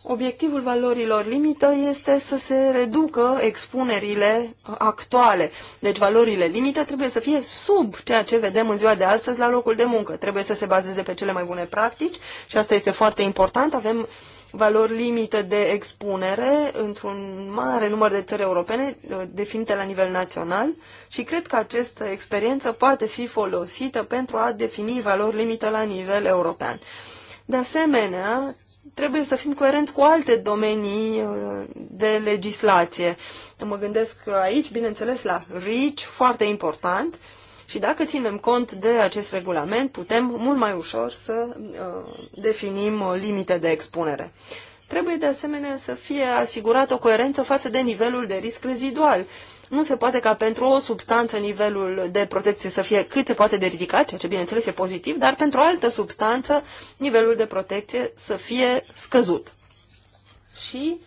Obiectivul valorilor limită este să se reducă expunerile actuale. Deci valorile limită trebuie să fie sub ceea ce vedem în ziua de astăzi la locul de muncă. Trebuie să se bazeze pe cele mai bune practici și asta este foarte important. Avem valori limită de expunere într-un mare număr de țări europene uh, definite la nivel național și cred că această experiență poate fi folosită pentru a defini valori limită la nivel european. De asemenea, trebuie să fim coerenți cu alte domenii uh, de legislație. Mă gândesc aici, bineînțeles, la rich, foarte important, și dacă ținem cont de acest regulament, putem mult mai ușor să uh, definim uh, limite de expunere. Trebuie de asemenea să fie asigurată o coerență față de nivelul de risc rezidual. Nu se poate ca pentru o substanță nivelul de protecție să fie cât se poate de ridicat, ceea ce bineînțeles e pozitiv, dar pentru o altă substanță nivelul de protecție să fie scăzut. Și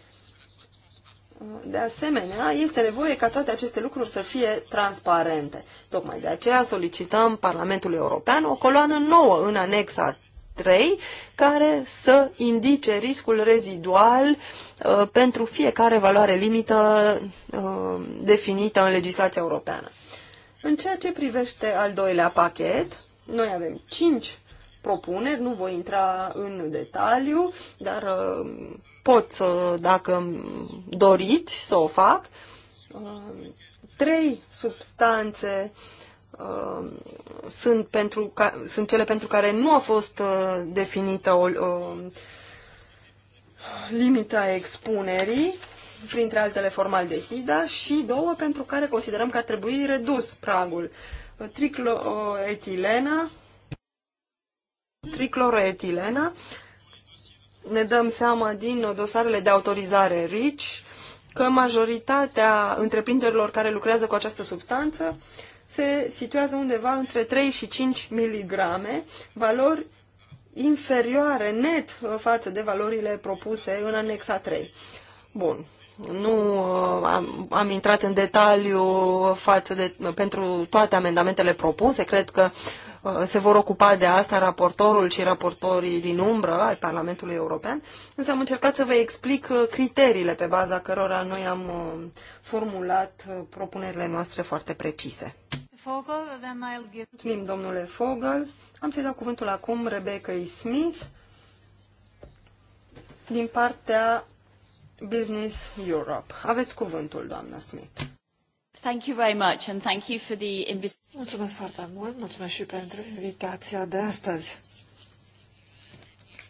de asemenea, este nevoie ca toate aceste lucruri să fie transparente. Tocmai de aceea solicităm Parlamentului European o coloană nouă în anexa 3, care să indice riscul rezidual uh, pentru fiecare valoare limită uh, definită în legislația europeană. În ceea ce privește al doilea pachet, noi avem 5 propuneri, nu voi intra în detaliu, dar uh, pot, dacă doriți, să o fac. Trei substanțe uh, Uh, sunt, pentru ca, sunt cele pentru care nu a fost uh, definită o o limita expunerii, printre altele formaldehida, și două pentru care considerăm că ar trebui redus pragul. Tricloetilena, uh, tricloroetilena, ne dăm seama din dosarele de autorizare RICI, că majoritatea întreprinderilor care lucrează cu această substanță se situează undeva între 3 și 5 miligrame, valori inferioare net uh, față de valorile propuse în anexa 3. Bun, nu uh, am, am intrat în detaliu uh, față de, pentru toate amendamentele propuse. Cred că se vor ocupa de asta raportorul și raportorii din umbră ai Parlamentului European, însă am încercat să vă explic criteriile pe baza cărora noi am formulat propunerile noastre foarte precise. Fogel, then I'll give... Mulțumim, domnule Fogel. Am să-i dau cuvântul acum Rebecca Smith din partea Business Europe. Aveți cuvântul, doamna Smith. Thank you very much and thank you for the invitation. Mulțumesc foarte mult, mulțumesc și pentru invitația de astăzi.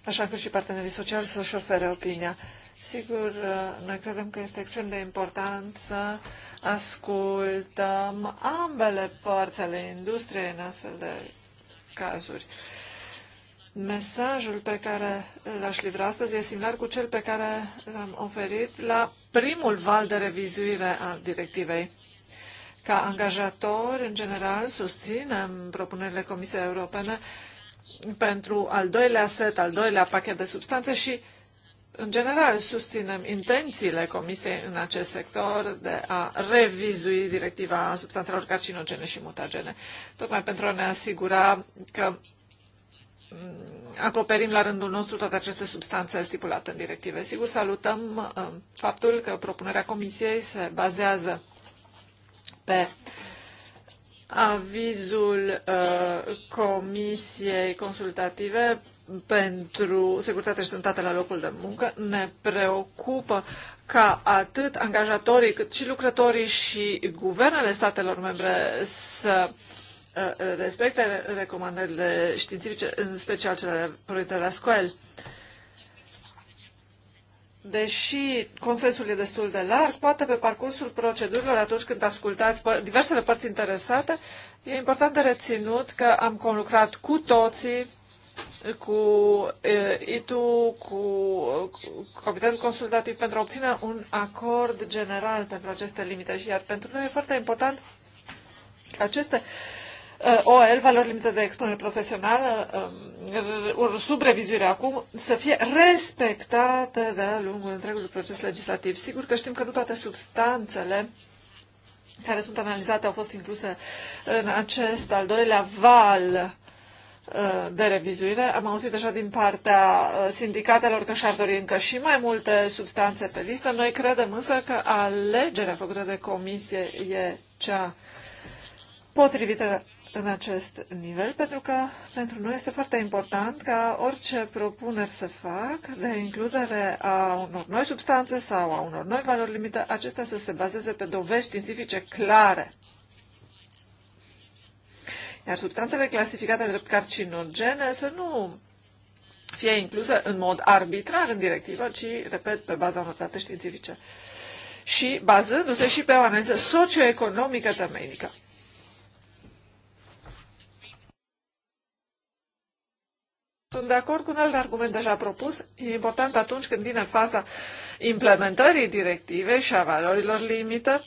Așa că și partenerii sociali să-și ofere opinia. Sigur, uh, noi credem că este extrem de important să ascultăm ambele părți ale industriei în astfel de cazuri. Mesajul pe care l-aș livra astăzi e similar cu cel pe care l-am oferit la primul val de revizuire a directivei. Ca angajatori, în general, susținem propunerile Comisiei Europene pentru al doilea set, al doilea pachet de substanțe și în general, susținem intențiile Comisiei în acest sector de a revizui directiva substanțelor carcinogene și mutagene, tocmai pentru a ne asigura că mm, acoperim la rândul nostru toate aceste substanțe stipulate în directive. Sigur, salutăm uh, faptul că propunerea Comisiei se bazează pe avizul uh, Comisiei Consultative pentru securitate și sănătate la locul de muncă. Ne preocupă ca atât angajatorii cât și lucrătorii și guvernele statelor membre să uh, respecte recomandările științifice, în special cele proiectele la SQL. Deși consensul e destul de larg, poate pe parcursul procedurilor, atunci când ascultați diversele părți interesate, e important de reținut că am conlucrat cu toții cu ITU, cu Comitetul Consultativ pentru a obține un acord general pentru aceste limite. Și iar pentru noi e foarte important că aceste OL, valori limite de expunere profesională, sub revizuire acum, să fie respectate de-a lungul întregului proces legislativ. Sigur că știm că nu toate substanțele care sunt analizate au fost incluse în acest al doilea val Uh, de revizuire. Am auzit deja din partea uh, sindicatelor că și-ar dori încă și mai multe substanțe pe listă. Noi credem însă că alegerea făcută de comisie e cea potrivită în acest nivel, pentru că pentru noi este foarte important ca orice propuneri să fac de includere a unor noi substanțe sau a unor noi valori limite, acestea să se bazeze pe dovezi științifice clare iar substanțele clasificate drept carcinogene să nu fie incluse în mod arbitrar în directivă, ci, repet, pe baza unor date științifice și bazându-se și pe o analiză socioeconomică temeinică. Sunt de acord cu un alt argument deja propus. E important atunci când vine faza implementării directivei și a valorilor limită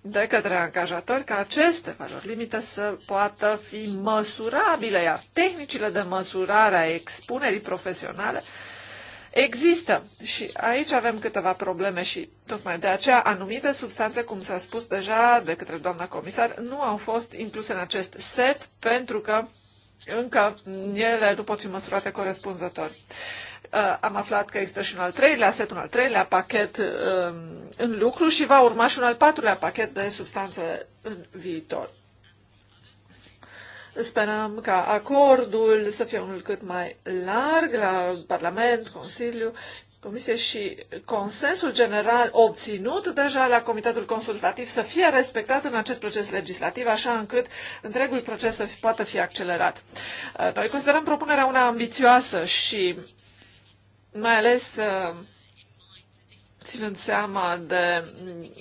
de către angajatori ca aceste valori limite să poată fi măsurabile, iar tehnicile de măsurare a expunerii profesionale există. Și aici avem câteva probleme și tocmai de aceea anumite substanțe, cum s-a spus deja de către doamna comisar, nu au fost incluse în acest set pentru că încă ele nu pot fi măsurate corespunzător. Uh, am aflat că există și un al treilea set, un al treilea pachet uh, în lucru și va urma și un al patrulea pachet de substanțe în viitor. Sperăm ca acordul să fie unul cât mai larg la Parlament, Consiliu, Comisie și consensul general obținut deja la Comitetul Consultativ să fie respectat în acest proces legislativ, așa încât întregul proces să poată fi accelerat. Uh, noi considerăm propunerea una ambițioasă și mai ales uh, ținând seama de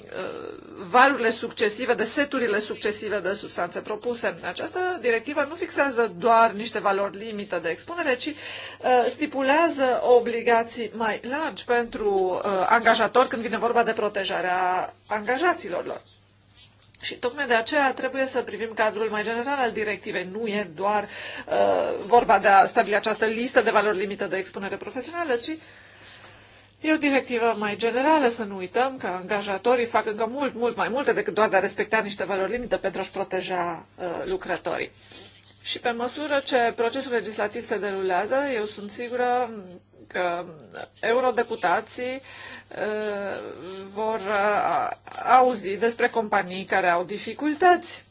uh, valurile succesive, de seturile succesive de substanțe propuse. Această directivă nu fixează doar niște valori limită de expunere, ci uh, stipulează obligații mai largi pentru angajatori când vine vorba de protejarea angajaților lor. Și tocmai de aceea trebuie să privim cadrul mai general al directivei. Nu e doar uh, vorba de a stabili această listă de valori limită de expunere profesională, ci e o directivă mai generală. Să nu uităm că angajatorii fac încă mult, mult mai multe decât doar de a respecta niște valori limită pentru a-și proteja uh, lucrătorii. Și pe măsură ce procesul legislativ se derulează, eu sunt sigură că eurodeputații uh, vor uh, auzi despre companii care au dificultăți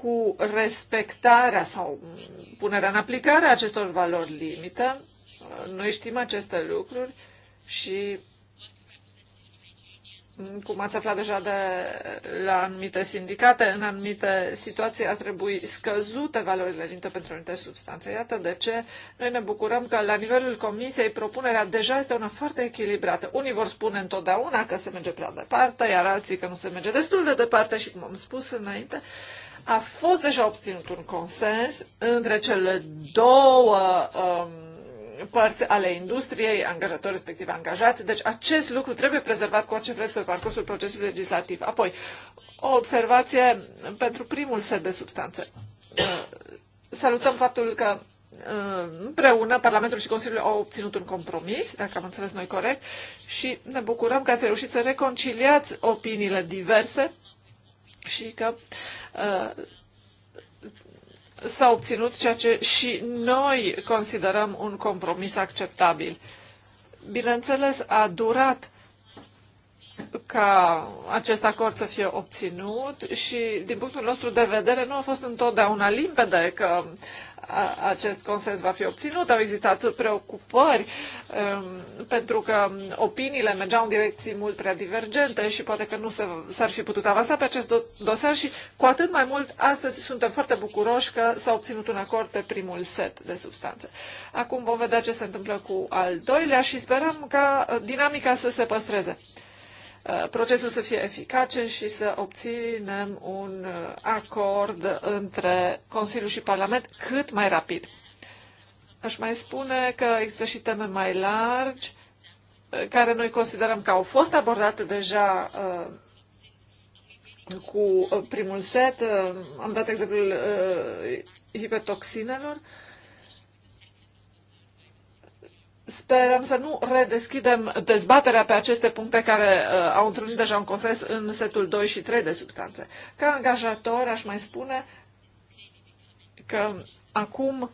cu respectarea sau punerea în aplicare a acestor valori limită. Noi știm aceste lucruri și cum ați aflat deja de la anumite sindicate, în anumite situații ar trebui scăzute valorile limită pentru anumite substanțe. Iată de ce noi ne bucurăm că la nivelul comisiei propunerea deja este una foarte echilibrată. Unii vor spune întotdeauna că se merge prea departe, iar alții că nu se merge destul de departe și, cum am spus înainte, a fost deja obținut un consens între cele două um, părți ale industriei, angajatori respectiv angajați. Deci acest lucru trebuie prezervat cu orice preț pe parcursul procesului legislativ. Apoi, o observație pentru primul set de substanțe. Uh, salutăm faptul că uh, împreună Parlamentul și Consiliul au obținut un compromis, dacă am înțeles noi corect, și ne bucurăm că ați reușit să reconciliați opiniile diverse și că uh, s-a obținut ceea ce și noi considerăm un compromis acceptabil. Bineînțeles, a durat ca acest acord să fie obținut și, din punctul nostru de vedere, nu a fost întotdeauna limpede că acest consens va fi obținut. Au existat preocupări um, pentru că opiniile mergeau în direcții mult prea divergente și poate că nu s-ar fi putut avansa pe acest dosar și cu atât mai mult astăzi suntem foarte bucuroși că s-a obținut un acord pe primul set de substanțe. Acum vom vedea ce se întâmplă cu al doilea și sperăm ca dinamica să se păstreze. Uh, procesul să fie eficace și să obținem un uh, acord între Consiliu și Parlament cât mai rapid. Aș mai spune că există și teme mai largi uh, care noi considerăm că au fost abordate deja cu primul set. Am dat exemplul hipertoxinelor. Uh, Sperăm să nu redeschidem dezbaterea pe aceste puncte care uh, au întrunit deja un consens în setul 2 și 3 de substanțe. Ca angajator aș mai spune că acum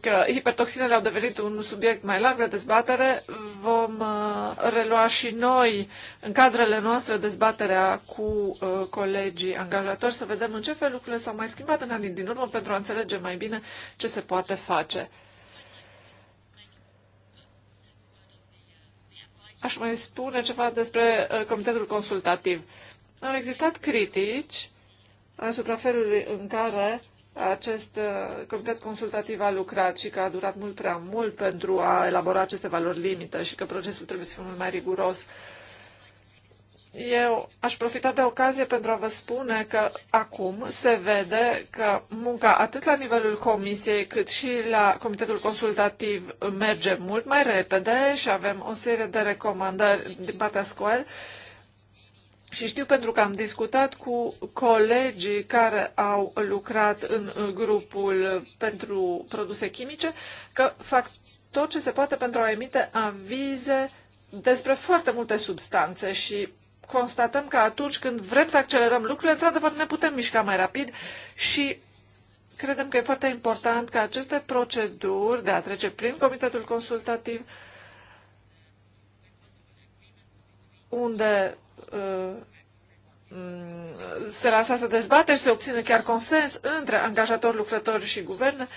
că hipertoxinele au devenit un subiect mai larg de dezbatere, vom uh, relua și noi în cadrele noastre dezbaterea cu uh, colegii angajatori să vedem în ce fel lucrurile s-au mai schimbat în anii din urmă pentru a înțelege mai bine ce se poate face. Aș mai spune ceva despre uh, Comitetul Consultativ. Au existat critici asupra felului în care acest uh, comitet consultativ a lucrat și că a durat mult prea mult pentru a elabora aceste valori limită și că procesul trebuie să fie mult mai riguros eu aș profita de ocazie pentru a vă spune că acum se vede că munca atât la nivelul comisiei cât și la comitetul consultativ merge mult mai repede și avem o serie de recomandări din partea SCOEL și știu pentru că am discutat cu colegii care au lucrat în grupul pentru produse chimice că fac tot ce se poate pentru a emite avize despre foarte multe substanțe și constatăm că atunci când vrem să accelerăm lucrurile, într-adevăr ne putem mișca mai rapid și credem că e foarte important ca aceste proceduri de a trece prin comitetul consultativ unde uh, mm, se să dezbate și se obține chiar consens între angajatori, lucrători și guvern,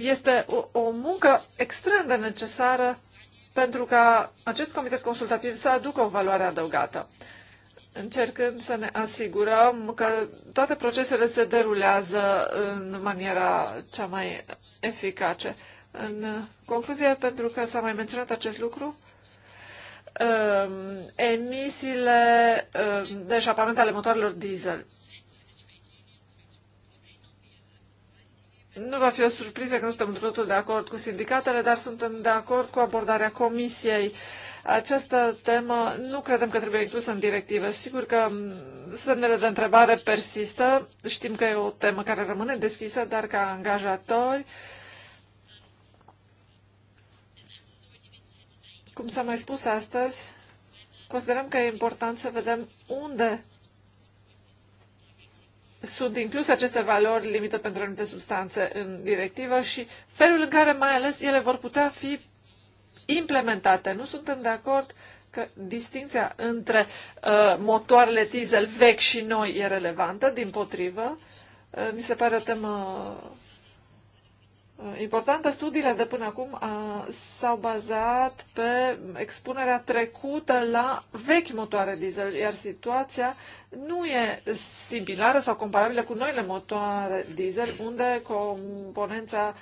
este o, o muncă extrem de necesară pentru ca acest comitet consultativ să aducă o valoare adăugată, încercând să ne asigurăm că toate procesele se derulează în maniera cea mai eficace. În concluzie, pentru că s-a mai menționat acest lucru, um, emisiile um, de șapament ale motoarelor diesel. Nu va fi o surpriză că nu suntem totul de acord cu sindicatele, dar suntem de acord cu abordarea comisiei. Această temă nu credem că trebuie inclusă în directivă. Sigur că mm, semnele de întrebare persistă. Știm că e o temă care rămâne deschisă, dar ca angajatori, cum s-a mai spus astăzi, considerăm că e important să vedem unde sunt incluse aceste valori limită pentru anumite substanțe în directivă și felul în care mai ales ele vor putea fi implementate. Nu suntem de acord că distinția între uh, motoarele diesel vechi și noi e relevantă, din potrivă. Uh, mi se pare o temă Uh, importantă. Studiile de până acum uh, s-au bazat pe expunerea trecută la vechi motoare diesel, iar situația nu e similară sau comparabilă cu noile motoare diesel, unde componența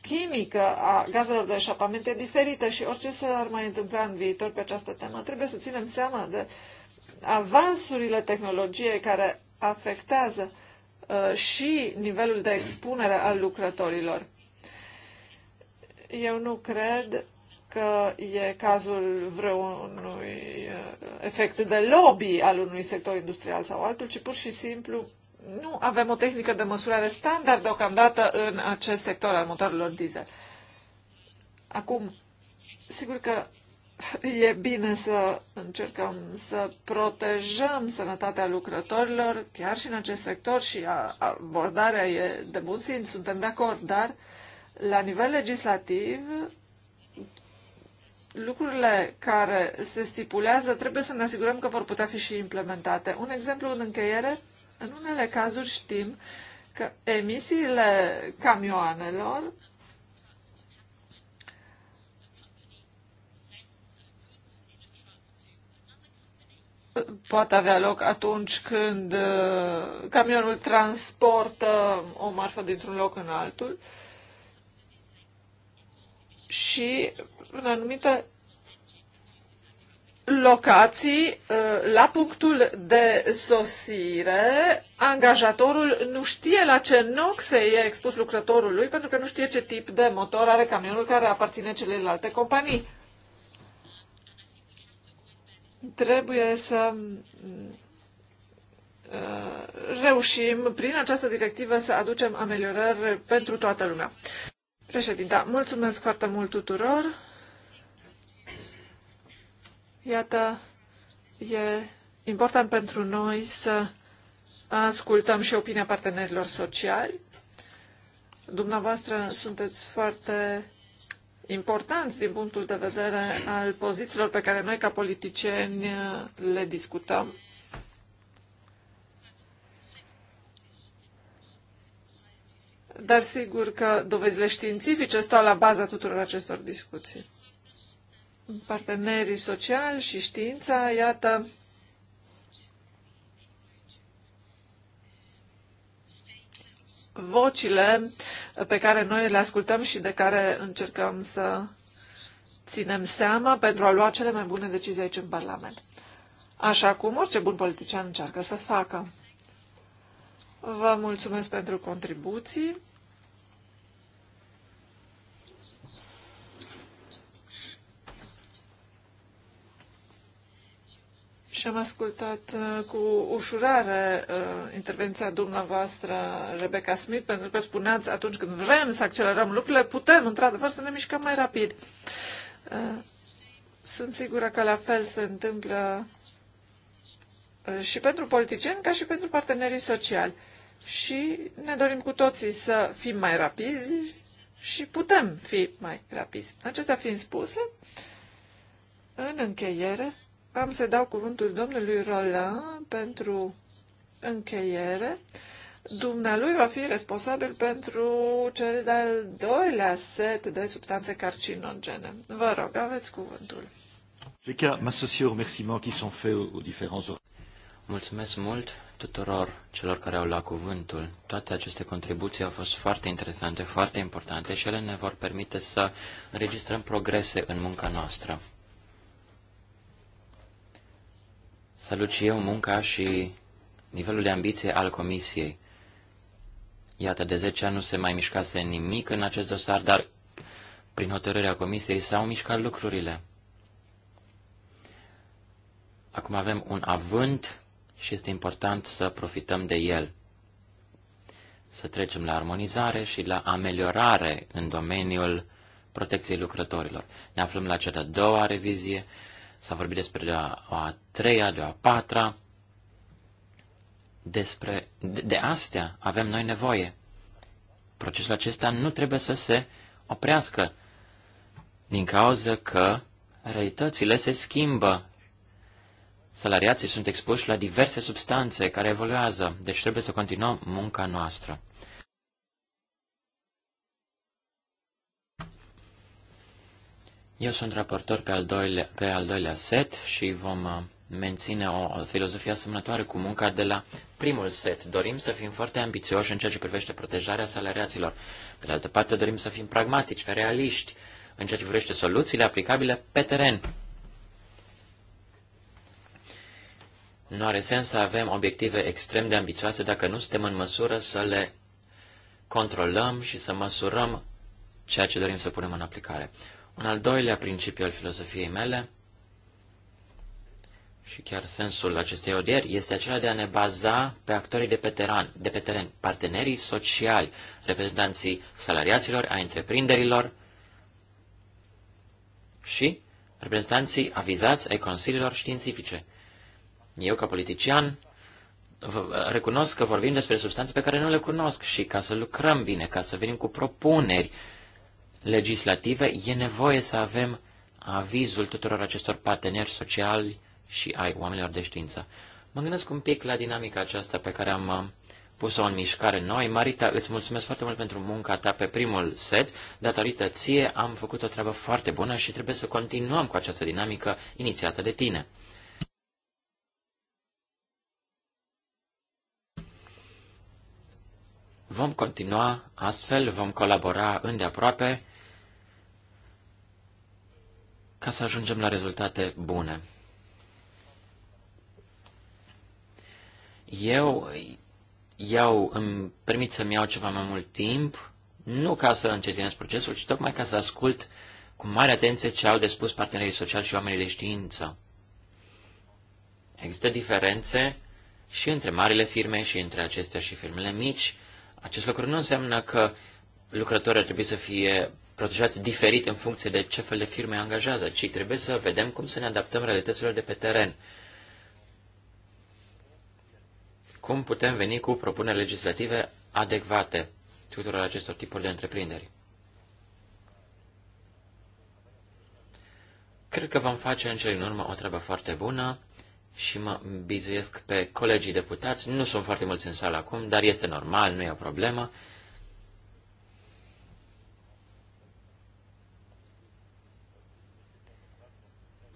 chimică a gazelor de eșapament e diferită și orice s-ar mai întâmpla în viitor pe această temă, trebuie să ținem seama de avansurile tehnologiei care afectează uh, și nivelul de expunere al lucrătorilor. Eu nu cred că e cazul vreunui uh, efect de lobby al unui sector industrial sau altul, ci pur și simplu nu avem o tehnică de măsurare standard deocamdată în acest sector al motorilor diesel. Acum, sigur că *laughs* e bine să încercăm să protejăm sănătatea lucrătorilor, chiar și în acest sector, și abordarea e de bun simț, suntem de acord, dar uh, la nivel legislativ, lucrurile care se stipulează trebuie să ne asigurăm că vor putea fi și implementate. Un exemplu în încheiere, în unele cazuri știm că emisiile camioanelor poate avea loc atunci când uh, camionul transportă o marfă dintr-un loc în altul. Uh, și în anumite locații, ă, la punctul de sosire, angajatorul nu știe la ce se e expus lucrătorul lui, pentru că nu știe ce tip de motor are camionul care aparține celelalte companii. Trebuie să ă, reușim prin această directivă să aducem ameliorări pentru toată lumea. Președinta, mulțumesc foarte mult tuturor. Iată, e important pentru noi să ascultăm și opinia partenerilor sociali. Dumneavoastră sunteți foarte importanți din punctul de vedere al pozițiilor pe care noi ca politicieni le discutăm. Dar sigur că dovezile științifice stau la baza tuturor acestor discuții. Partenerii sociali și știința, iată, vocile pe care noi le ascultăm și de care încercăm să ținem seama pentru a lua cele mai bune decizii aici în Parlament. Așa cum orice bun politician încearcă să facă. Vă mulțumesc pentru contribuții. și am ascultat uh, cu ușurare uh, intervenția dumneavoastră, Rebecca Smith, pentru că spuneați atunci când vrem să accelerăm lucrurile, putem, într-adevăr, să ne mișcăm mai rapid. Uh, sunt sigură că la fel se întâmplă uh, și pentru politicieni, ca și pentru partenerii sociali și ne dorim cu toții să fim mai rapizi și putem fi mai rapizi. Acestea fiind spuse, în încheiere, am să dau cuvântul domnului Roland pentru încheiere. Dumnealui va fi responsabil pentru cel de-al doilea set de substanțe carcinogene. Vă rog, aveți cuvântul. Mulțumesc mult tuturor celor care au luat cuvântul. Toate aceste contribuții au fost foarte interesante, foarte importante și ele ne vor permite să înregistrăm progrese în munca noastră. Salut și eu munca și nivelul de ambiție al Comisiei. Iată, de 10 ani nu se mai mișcase nimic în acest dosar, dar prin hotărârea Comisiei s-au mișcat lucrurile. Acum avem un avânt și este important să profităm de el. Să trecem la armonizare și la ameliorare în domeniul protecției lucrătorilor. Ne aflăm la cea de-a doua revizie, s-a vorbit despre de-a o a treia, de-a a patra, despre, de, de astea avem noi nevoie. Procesul acesta nu trebuie să se oprească din cauza că realitățile se schimbă Salariații sunt expuși la diverse substanțe care evoluează, deci trebuie să continuăm munca noastră. Eu sunt raportor pe al doilea, pe al doilea set și vom uh, menține o, o filozofie asemănătoare cu munca de la primul set. Dorim să fim foarte ambițioși în ceea ce privește protejarea salariaților. Pe de altă parte, dorim să fim pragmatici, realiști în ceea ce privește soluțiile aplicabile pe teren. Nu are sens să avem obiective extrem de ambițioase dacă nu suntem în măsură să le controlăm și să măsurăm ceea ce dorim să punem în aplicare. Un al doilea principiu al filozofiei mele și chiar sensul acestei odieri este acela de a ne baza pe actorii de pe, teren, de pe teren, partenerii sociali, reprezentanții salariaților, a întreprinderilor și reprezentanții avizați ai consiliilor științifice. Eu, ca politician, recunosc că vorbim despre substanțe pe care nu le cunosc și ca să lucrăm bine, ca să venim cu propuneri legislative, e nevoie să avem avizul tuturor acestor parteneri sociali și ai oamenilor de știință. Mă gândesc un pic la dinamica aceasta pe care am uh, pus-o în mișcare noi. Marita, îți mulțumesc foarte mult pentru munca ta pe primul set. Datorită ție am făcut o treabă foarte bună și trebuie să continuăm cu această dinamică inițiată de tine. Vom continua astfel, vom colabora îndeaproape ca să ajungem la rezultate bune. Eu iau, îmi permit să-mi iau ceva mai mult timp, nu ca să încetinez procesul, ci tocmai ca să ascult cu mare atenție ce au de spus partenerii sociali și oamenii de știință. Există diferențe și între marile firme și între acestea și firmele mici, acest lucru nu înseamnă că lucrătorii ar trebui să fie protejați diferit în funcție de ce fel de firme angajează, ci trebuie să vedem cum să ne adaptăm realităților de pe teren. Cum putem veni cu propuneri legislative adecvate tuturor acestor tipuri de întreprinderi. Cred că vom face în cele din urmă o treabă foarte bună și mă bizuiesc pe colegii deputați. Nu sunt foarte mulți în sală acum, dar este normal, nu e o problemă.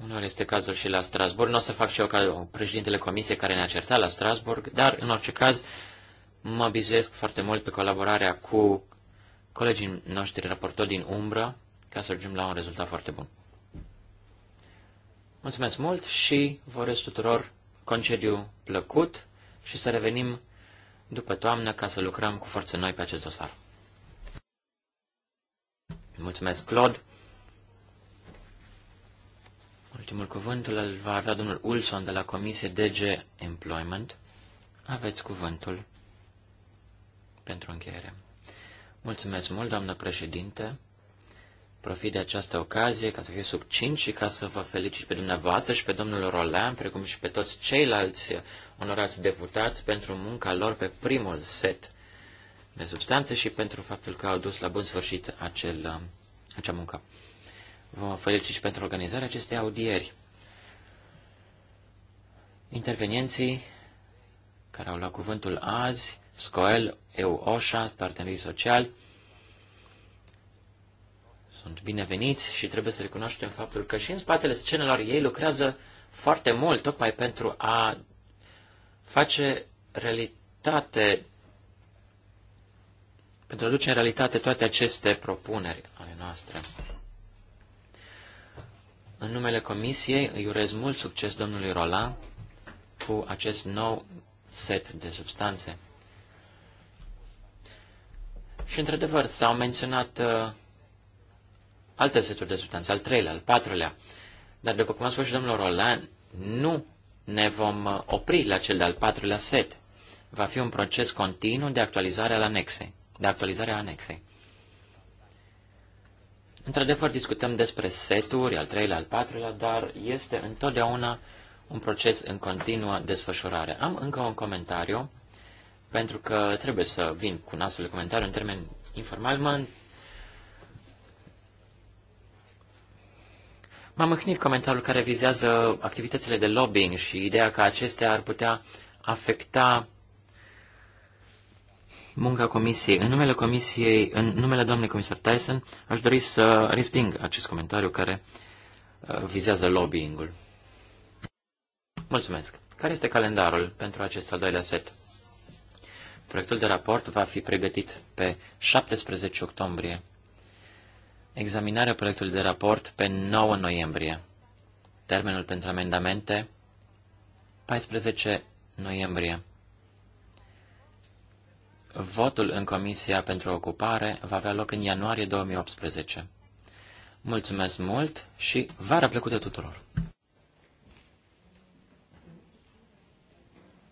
Unor este cazul și la Strasburg. Nu o să fac și eu ca președintele comisiei care ne-a certat la Strasburg, dar, în orice caz, mă bizuiesc foarte mult pe colaborarea cu colegii noștri raportori din umbră ca să ajungem la un rezultat foarte bun. Mulțumesc mult și vă urez tuturor concediu plăcut și să revenim după toamnă ca să lucrăm cu forțe noi pe acest dosar. Mulțumesc, Claude. Ultimul cuvânt îl va avea domnul Ulson de la Comisie DG Employment. Aveți cuvântul pentru încheiere. Mulțumesc mult, doamnă președinte profit de această ocazie ca să fiu succint și ca să vă felicit pe dumneavoastră și pe domnul Roland, precum și pe toți ceilalți onorați deputați pentru munca lor pe primul set de substanțe și pentru faptul că au dus la bun sfârșit acel, acea muncă. Vă felicit și pentru organizarea acestei audieri. Intervenienții care au luat cuvântul azi, Scoel, EU, OSHA, Partenerii Sociali, sunt bineveniți și trebuie să recunoaștem faptul că și în spatele scenelor ei lucrează foarte mult, tocmai pentru a face realitate, pentru a duce în realitate toate aceste propuneri ale noastre. În numele Comisiei îi urez mult succes domnului Rola cu acest nou set de substanțe. Și, într-adevăr, s-au menționat uh, alte seturi de substanțe, al treilea, al patrulea. Dar, după cum a spus și domnul Roland, nu ne vom uh, opri la cel de-al patrulea set. Va fi un proces continuu de actualizare al anexei, de actualizare a anexei. Într-adevăr, discutăm despre seturi, al treilea, al patrulea, dar este întotdeauna un proces în continuă desfășurare. Am încă un comentariu, pentru că trebuie să vin cu un astfel de comentariu în termen informal. Mă M-am mâhnit comentariul care vizează activitățile de lobbying și ideea că acestea ar putea afecta munca comisiei. În numele comisiei, în numele doamnei comisar Tyson, aș dori să resping acest comentariu care uh, vizează lobbying-ul. Mulțumesc. Care este calendarul pentru acest al doilea set? Proiectul de raport va fi pregătit pe 17 octombrie. Examinarea proiectului de raport pe 9 noiembrie. Termenul pentru amendamente 14 noiembrie. Votul în Comisia pentru Ocupare va avea loc în ianuarie 2018. Mulțumesc mult și vara plăcută tuturor!